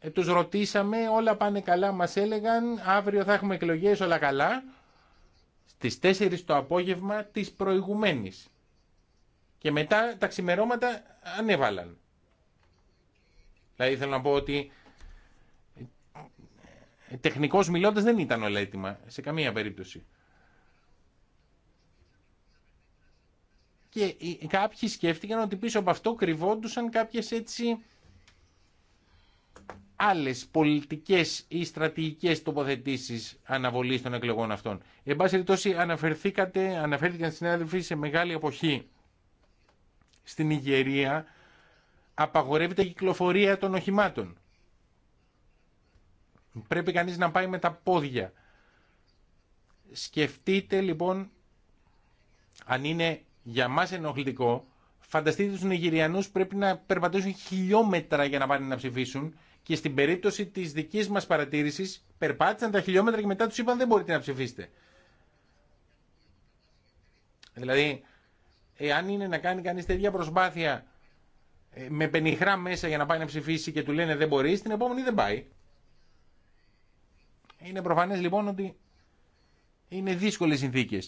ε, τους ρωτήσαμε, όλα πάνε καλά, μας έλεγαν, αύριο θα έχουμε εκλογές, όλα καλά, στις 4 το απόγευμα της προηγουμένης. Και μετά τα ξημερώματα ανέβαλαν. Δηλαδή θέλω να πω ότι ε, τεχνικός μιλώντας δεν ήταν όλα έτοιμα, σε καμία περίπτωση. και κάποιοι σκέφτηκαν ότι πίσω από αυτό κρυβόντουσαν κάποιες έτσι άλλες πολιτικές ή στρατηγικές τοποθετήσεις αναβολής των εκλογών αυτών. Εν πάση περιπτώσει αναφερθήκατε, αναφέρθηκαν συνάδελφοι σε μεγάλη εποχή στην Ιγερία απαγορεύεται η κυκλοφορία των οχημάτων. Πρέπει κανείς να πάει με τα πόδια. Σκεφτείτε λοιπόν αν είναι για μα ενοχλητικό. Φανταστείτε τους Νιγηριανού πρέπει να περπατήσουν χιλιόμετρα για να πάνε να ψηφίσουν και στην περίπτωση της δικής μας παρατήρησης περπάτησαν τα χιλιόμετρα και μετά τους είπαν δεν μπορείτε να ψηφίσετε. Δηλαδή, εάν είναι να κάνει κάνει τέτοια προσπάθεια ε, με πενιχρά μέσα για να πάει να ψηφίσει και του λένε δεν μπορεί, την επόμενη δεν πάει. Είναι προφανέ λοιπόν ότι είναι δύσκολε συνθήκε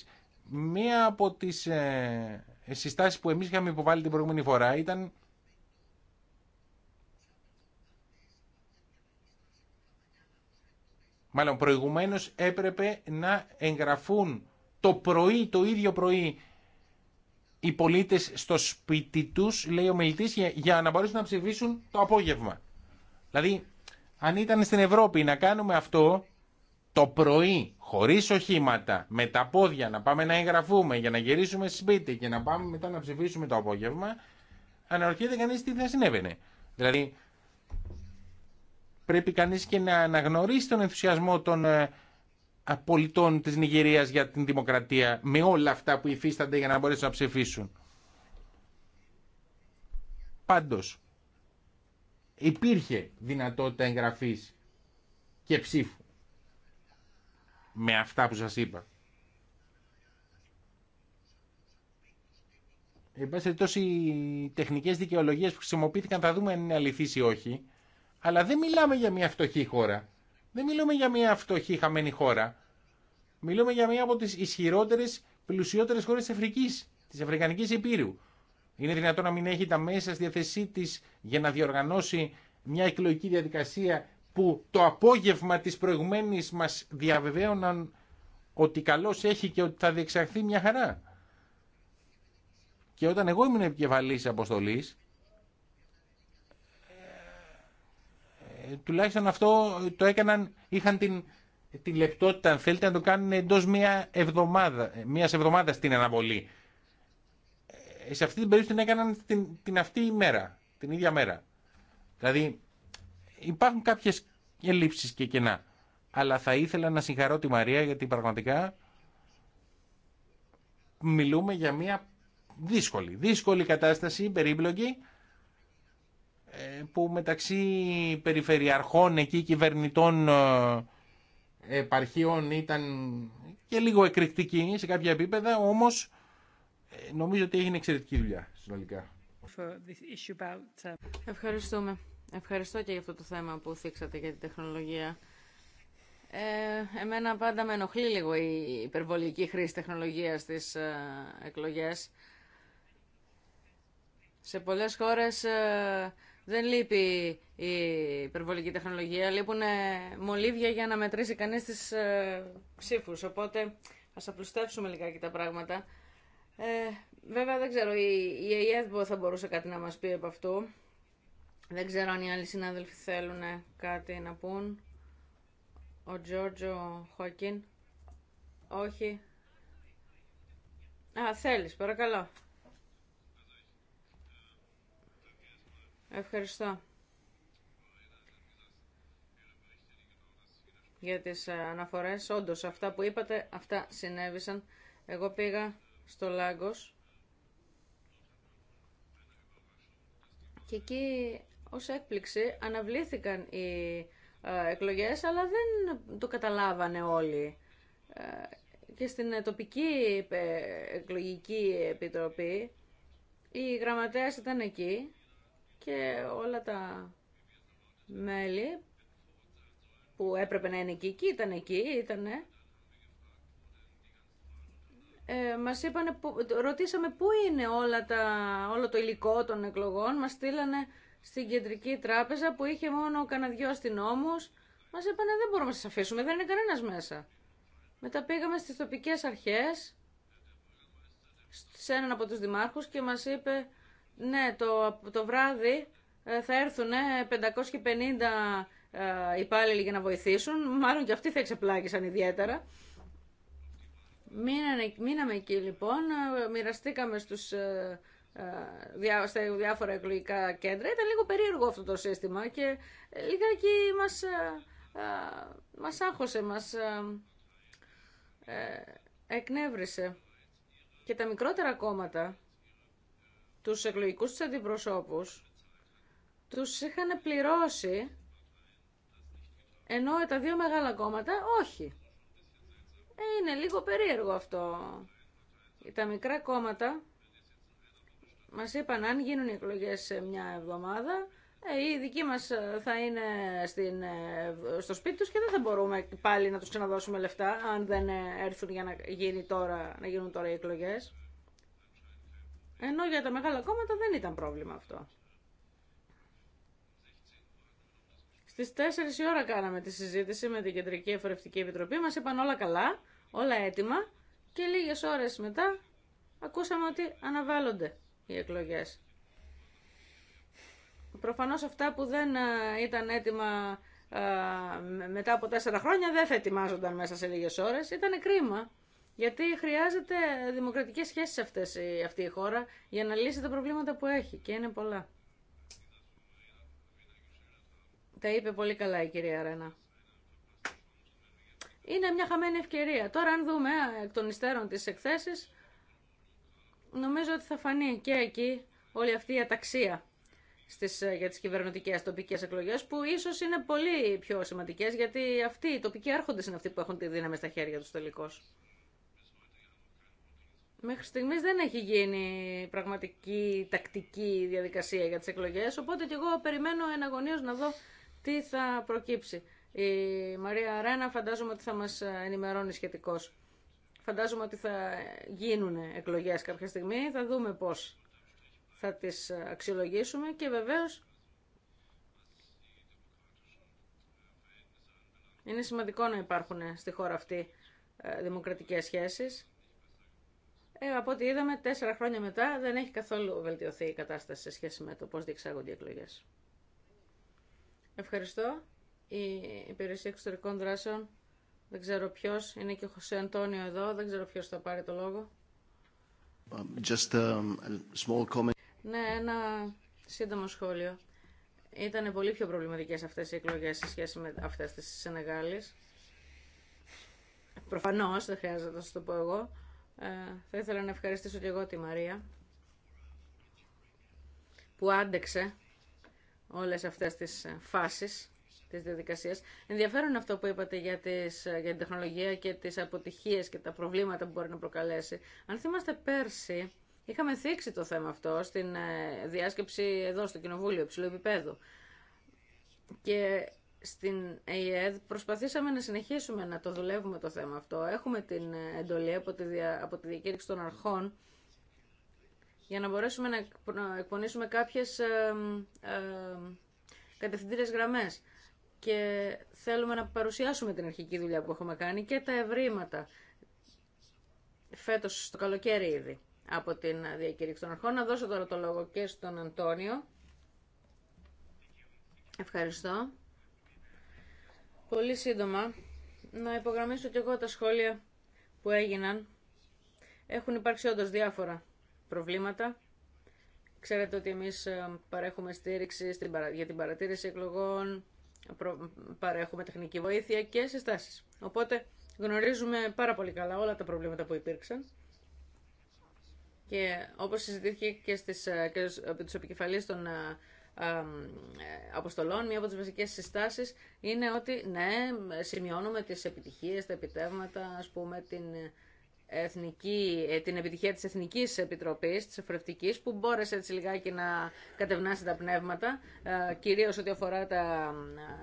μία από τις ε, ε, συστάσεις που εμείς είχαμε υποβάλει την προηγούμενη φορά ήταν μάλλον προηγουμένως έπρεπε να εγγραφούν το πρωί, το ίδιο πρωί οι πολίτες στο σπίτι τους, λέει ο για να μπορέσουν να ψηφίσουν το απόγευμα. Δηλαδή, αν ήταν στην Ευρώπη να κάνουμε αυτό το πρωί χωρίς οχήματα, με τα πόδια, να πάμε να εγγραφούμε για να γυρίσουμε σπίτι και να πάμε μετά να ψηφίσουμε το απόγευμα, αναρωτιέται κανεί τι θα συνέβαινε. Δηλαδή, πρέπει κανείς και να αναγνωρίσει τον ενθουσιασμό των ε, πολιτών της Νιγηρίας για την δημοκρατία με όλα αυτά που υφίστανται για να μπορέσουν να ψηφίσουν. Πάντω. υπήρχε δυνατότητα εγγραφή και ψήφου με αυτά που σας είπα. Εν τόσοι οι τεχνικές δικαιολογίες που χρησιμοποιήθηκαν θα δούμε αν είναι αληθής ή όχι. Αλλά δεν μιλάμε για μια φτωχή χώρα. Δεν μιλούμε για μια φτωχή χαμένη χώρα. Μιλούμε για μια από τις ισχυρότερες, πλουσιότερες χώρες της Αφρικής, της Αφρικανικής Επίρου. Είναι δυνατόν να μην έχει τα μέσα στη διαθεσή της για να διοργανώσει μια εκλογική διαδικασία που το απόγευμα της προηγουμένης μας διαβεβαίωναν ότι καλός έχει και ότι θα διεξαχθεί μια χαρά. Και όταν εγώ ήμουν επικεφαλής αποστολής, ε, τουλάχιστον αυτό το έκαναν, είχαν την, την λεπτότητα, αν θέλετε, να το κάνουν εντός μια εβδομάδα, μιας εβδομάδας την αναβολή. Ε, σε αυτή την περίπτωση την έκαναν την, την αυτή ημέρα, την ίδια μέρα. Δηλαδή, υπάρχουν κάποιες ελλείψεις και κενά. Αλλά θα ήθελα να συγχαρώ τη Μαρία γιατί πραγματικά μιλούμε για μια δύσκολη, δύσκολη κατάσταση, περίπλοκη, ε, που μεταξύ περιφερειαρχών εκεί κυβερνητών ε, επαρχείων ήταν και λίγο εκρηκτική σε κάποια επίπεδα, όμως ε, νομίζω ότι έγινε εξαιρετική δουλειά συνολικά.
Uh, Ευχαριστούμε. Ευχαριστώ και για αυτό το θέμα που θίξατε για την τεχνολογία. Ε, εμένα πάντα με ενοχλεί λίγο η υπερβολική χρήση τεχνολογίας στις ε, εκλογές. Σε πολλές χώρες ε, δεν λείπει η υπερβολική τεχνολογία, λείπουν μολύβια για να μετρήσει κανείς τις ε, ψήφους. Οπότε ας απλουστεύσουμε λιγάκι τα πράγματα. Ε, βέβαια δεν ξέρω, η, η θα μπορούσε κάτι να μας πει από αυτού. Δεν ξέρω αν οι άλλοι συνάδελφοι θέλουν κάτι να πούν. Ο Τζόρτζο Χόκκιν. Όχι. Α, θέλεις, παρακαλώ. Ευχαριστώ. Για τις αναφορές, όντως αυτά που είπατε, αυτά συνέβησαν. Εγώ πήγα στο Λάγκος και εκεί ως έκπληξη αναβλήθηκαν οι ε, εκλογές αλλά δεν το καταλάβανε όλοι. Ε, και στην ε, τοπική εκλογική επιτροπή οι γραμματέας ήταν εκεί και όλα τα μέλη που έπρεπε να είναι εκεί και ήταν εκεί, ήταν Ε, μας είπανε, ρωτήσαμε πού είναι όλα τα, όλο το υλικό των εκλογών, μας στείλανε στην κεντρική τράπεζα που είχε μόνο κανένα αστυνόμους. Μας είπανε δεν μπορούμε να σα αφήσουμε, δεν είναι κανένας μέσα. Μετά πήγαμε στις τοπικές αρχές, σε έναν από τους δημάρχους και μας είπε ναι το, το βράδυ ε, θα έρθουν 550 ε, υπάλληλοι για να βοηθήσουν, μάλλον και αυτοί θα εξεπλάγησαν ιδιαίτερα. Μείναμε, μείναμε εκεί λοιπόν, ε, μοιραστήκαμε στους ε, στα διάφορα εκλογικά κέντρα. Ήταν λίγο περίεργο αυτό το σύστημα και ε, λιγάκι μας, ε, μας άγχωσε, μας εκνεύρισε. Και τα μικρότερα κόμματα, τους εκλογικούς τους αντιπροσώπους, τους είχαν πληρώσει, ενώ τα δύο μεγάλα κόμματα όχι. Είναι λίγο περίεργο αυτό. Τα μικρά κόμματα Μα είπαν αν γίνουν οι εκλογέ σε μια εβδομάδα, ε, οι δικοί μα ε, θα είναι ε, στο σπίτι του και δεν θα μπορούμε πάλι να του ξαναδώσουμε λεφτά αν δεν έρθουν για να, γίνει τώρα, να γίνουν τώρα οι εκλογέ. Ενώ για τα μεγάλα κόμματα δεν ήταν πρόβλημα αυτό. Στι 4 η ώρα κάναμε τη συζήτηση με την Κεντρική Εφορευτική Επιτροπή. Μα είπαν όλα καλά, όλα έτοιμα και λίγες ώρες μετά ακούσαμε ότι αναβάλλονται οι εκλογές. Προφανώς αυτά που δεν ε, ήταν έτοιμα ε, μετά από τέσσερα χρόνια δεν θα ετοιμάζονταν μέσα σε λίγες ώρες. Ήταν κρίμα. Γιατί χρειάζεται δημοκρατικές σχέσεις αυτές, αυτή η χώρα για να λύσει τα προβλήματα που έχει και είναι πολλά. Τα είπε πολύ καλά η κυρία Ρένα. Είναι μια χαμένη ευκαιρία. Τώρα αν δούμε ε, εκ των υστέρων τις εκθέσεις, νομίζω ότι θα φανεί και εκεί όλη αυτή η αταξία στις, ε, για τις κυβερνητικές τοπικές εκλογές που ίσως είναι πολύ πιο σημαντικές γιατί αυτοί οι τοπικοί άρχοντες είναι αυτοί που έχουν τη δύναμη στα χέρια τους τελικώς. Μέχρι στιγμής δεν έχει γίνει πραγματική τακτική διαδικασία για τις εκλογές, οπότε και εγώ περιμένω εναγωνίως να δω τι θα προκύψει. Η Μαρία Ρένα φαντάζομαι ότι θα μας ενημερώνει σχετικώς φαντάζομαι ότι θα γίνουν εκλογές κάποια στιγμή, θα δούμε πώς θα τις αξιολογήσουμε και βεβαίως είναι σημαντικό να υπάρχουν στη χώρα αυτή ε, δημοκρατικές σχέσεις. Ε, από ό,τι είδαμε, τέσσερα χρόνια μετά δεν έχει καθόλου βελτιωθεί η κατάσταση σε σχέση με το πώς διεξάγονται οι εκλογές. Ευχαριστώ. Η Υπηρεσία Εξωτερικών Δράσεων δεν ξέρω ποιος. Είναι και ο Χωσέ Αντώνιο εδώ. Δεν ξέρω ποιος θα πάρει το λόγο. Um, just um, a small comment. Ναι, ένα σύντομο σχόλιο. Ήταν πολύ πιο προβληματικές αυτές οι εκλογές σε σχέση με αυτές τις Σενεγάλης. Προφανώς, δεν χρειάζεται να σα το πω εγώ. Ε, θα ήθελα να ευχαριστήσω και εγώ τη Μαρία που άντεξε όλες αυτές τις ε, φάσεις της διαδικασίας. Ενδιαφέρον αυτό που είπατε για, τις, για την τεχνολογία και τις αποτυχίες και τα προβλήματα που μπορεί να προκαλέσει. Αν θυμάστε πέρσι, είχαμε θίξει το θέμα αυτό στην ε, διάσκεψη εδώ στο Κοινοβούλιο υψηλού επίπεδου. Και στην ΕΙΕΔ προσπαθήσαμε να συνεχίσουμε να το δουλεύουμε το θέμα αυτό. Έχουμε την ε, εντολή από τη, από διακήρυξη των αρχών για να μπορέσουμε να εκπονήσουμε κάποιες ε, ε, κατευθυντήρες γραμμές και θέλουμε να παρουσιάσουμε την αρχική δουλειά που έχουμε κάνει και τα ευρήματα φέτος στο καλοκαίρι ήδη από την διακήρυξη των αρχών. Να δώσω τώρα το λόγο και στον Αντώνιο. Ευχαριστώ. Πολύ σύντομα να υπογραμμίσω και εγώ τα σχόλια που έγιναν. Έχουν υπάρξει όντω διάφορα προβλήματα. Ξέρετε ότι εμείς ε, παρέχουμε στήριξη για την παρατήρηση εκλογών, παρέχουμε τεχνική βοήθεια και συστάσεις. Οπότε γνωρίζουμε πάρα πολύ καλά όλα τα προβλήματα που υπήρξαν. Και όπως συζητήθηκε και, στις, ε, και από ε, τους των ε, αποστολών, μία από τις βασικές συστάσεις είναι ότι ναι, σημειώνουμε τις επιτυχίες, τα επιτεύγματα, ας πούμε, την, εθνική, ε, την επιτυχία της Εθνικής Επιτροπής, της Εφορευτικής, που μπόρεσε έτσι λιγάκι να κατευνάσει τα πνεύματα, ε, κυρίως ό,τι αφορά τα,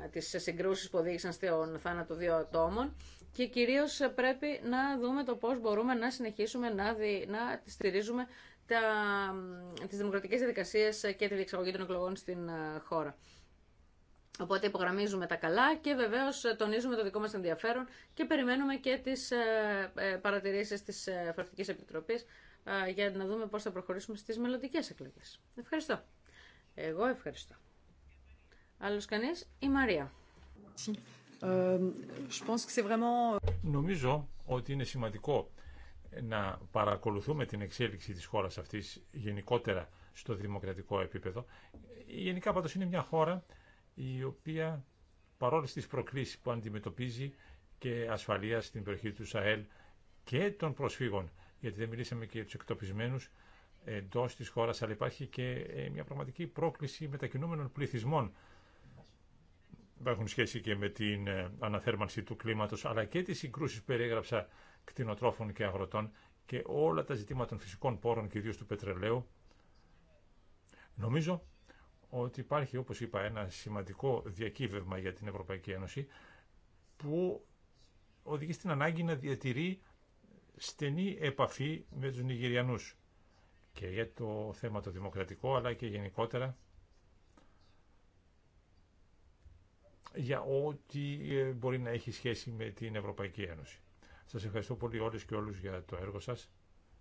ε, τις συγκρούσεις που οδήγησαν στον θάνατο δύο ατόμων και κυρίως πρέπει να δούμε το πώς μπορούμε να συνεχίσουμε να, δι, να στηρίζουμε τα, τις δημοκρατικές διαδικασίες και τη διεξαγωγή των εκλογών στην χώρα. Οπότε υπογραμμίζουμε τα καλά και βεβαίως ε, τονίζουμε το δικό μας ενδιαφέρον και περιμένουμε και τις ε, ε, παρατηρήσεις της Εφαρτικής Επιτροπής για να δούμε πώς θα προχωρήσουμε στις μελλοντικέ εκλογές. Ευχαριστώ. Εγώ ευχαριστώ. Άλλος κανείς, η Μαρία.
Νομίζω ότι είναι σημαντικό να παρακολουθούμε την εξέλιξη της χώρας αυτής γενικότερα στο δημοκρατικό επίπεδο. Γενικά πάντως είναι μια χώρα η οποία παρόλες τις προκλήσεις που αντιμετωπίζει και ασφαλεία στην περιοχή του Σαέλ και των προσφύγων, γιατί δεν μιλήσαμε και για τους εκτοπισμένους εντός της χώρας, αλλά υπάρχει και ε, μια πραγματική πρόκληση μετακινούμενων πληθυσμών που έχουν σχέση και με την ε, αναθέρμανση του κλίματος, αλλά και τις συγκρούσεις που περιέγραψα κτηνοτρόφων και αγροτών και όλα τα ζητήματα των φυσικών πόρων και ιδίως του πετρελαίου. Νομίζω ότι υπάρχει, όπως είπα, ένα σημαντικό διακύβευμα για την Ευρωπαϊκή Ένωση που οδηγεί στην ανάγκη να διατηρεί στενή επαφή με τους Νιγηριανούς και για το θέμα το δημοκρατικό αλλά και γενικότερα για ό,τι ε, μπορεί να έχει σχέση με την Ευρωπαϊκή Ένωση. Σας ευχαριστώ πολύ όλες και όλους για το έργο σας.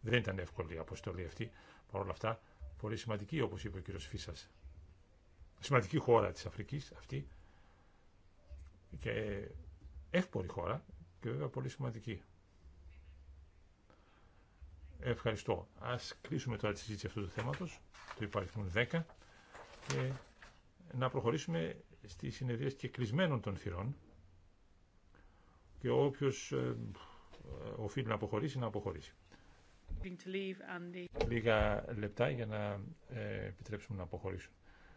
Δεν ήταν εύκολη η αποστολή αυτή, παρόλα αυτά πολύ σημαντική όπως είπε ο κύριος Φίσας σημαντική χώρα της Αφρικής αυτή και εύπορη χώρα και βέβαια πολύ σημαντική. Ευχαριστώ. Ας κλείσουμε τώρα τη συζήτηση αυτού του θέματος, του υπαριθμού 10, και να προχωρήσουμε στις συνεδρίες και κλεισμένων των θυρών και όποιος ε, ε, οφείλει να αποχωρήσει, να αποχωρήσει. Λίγα λεπτά για να ε, επιτρέψουμε να αποχωρήσουν.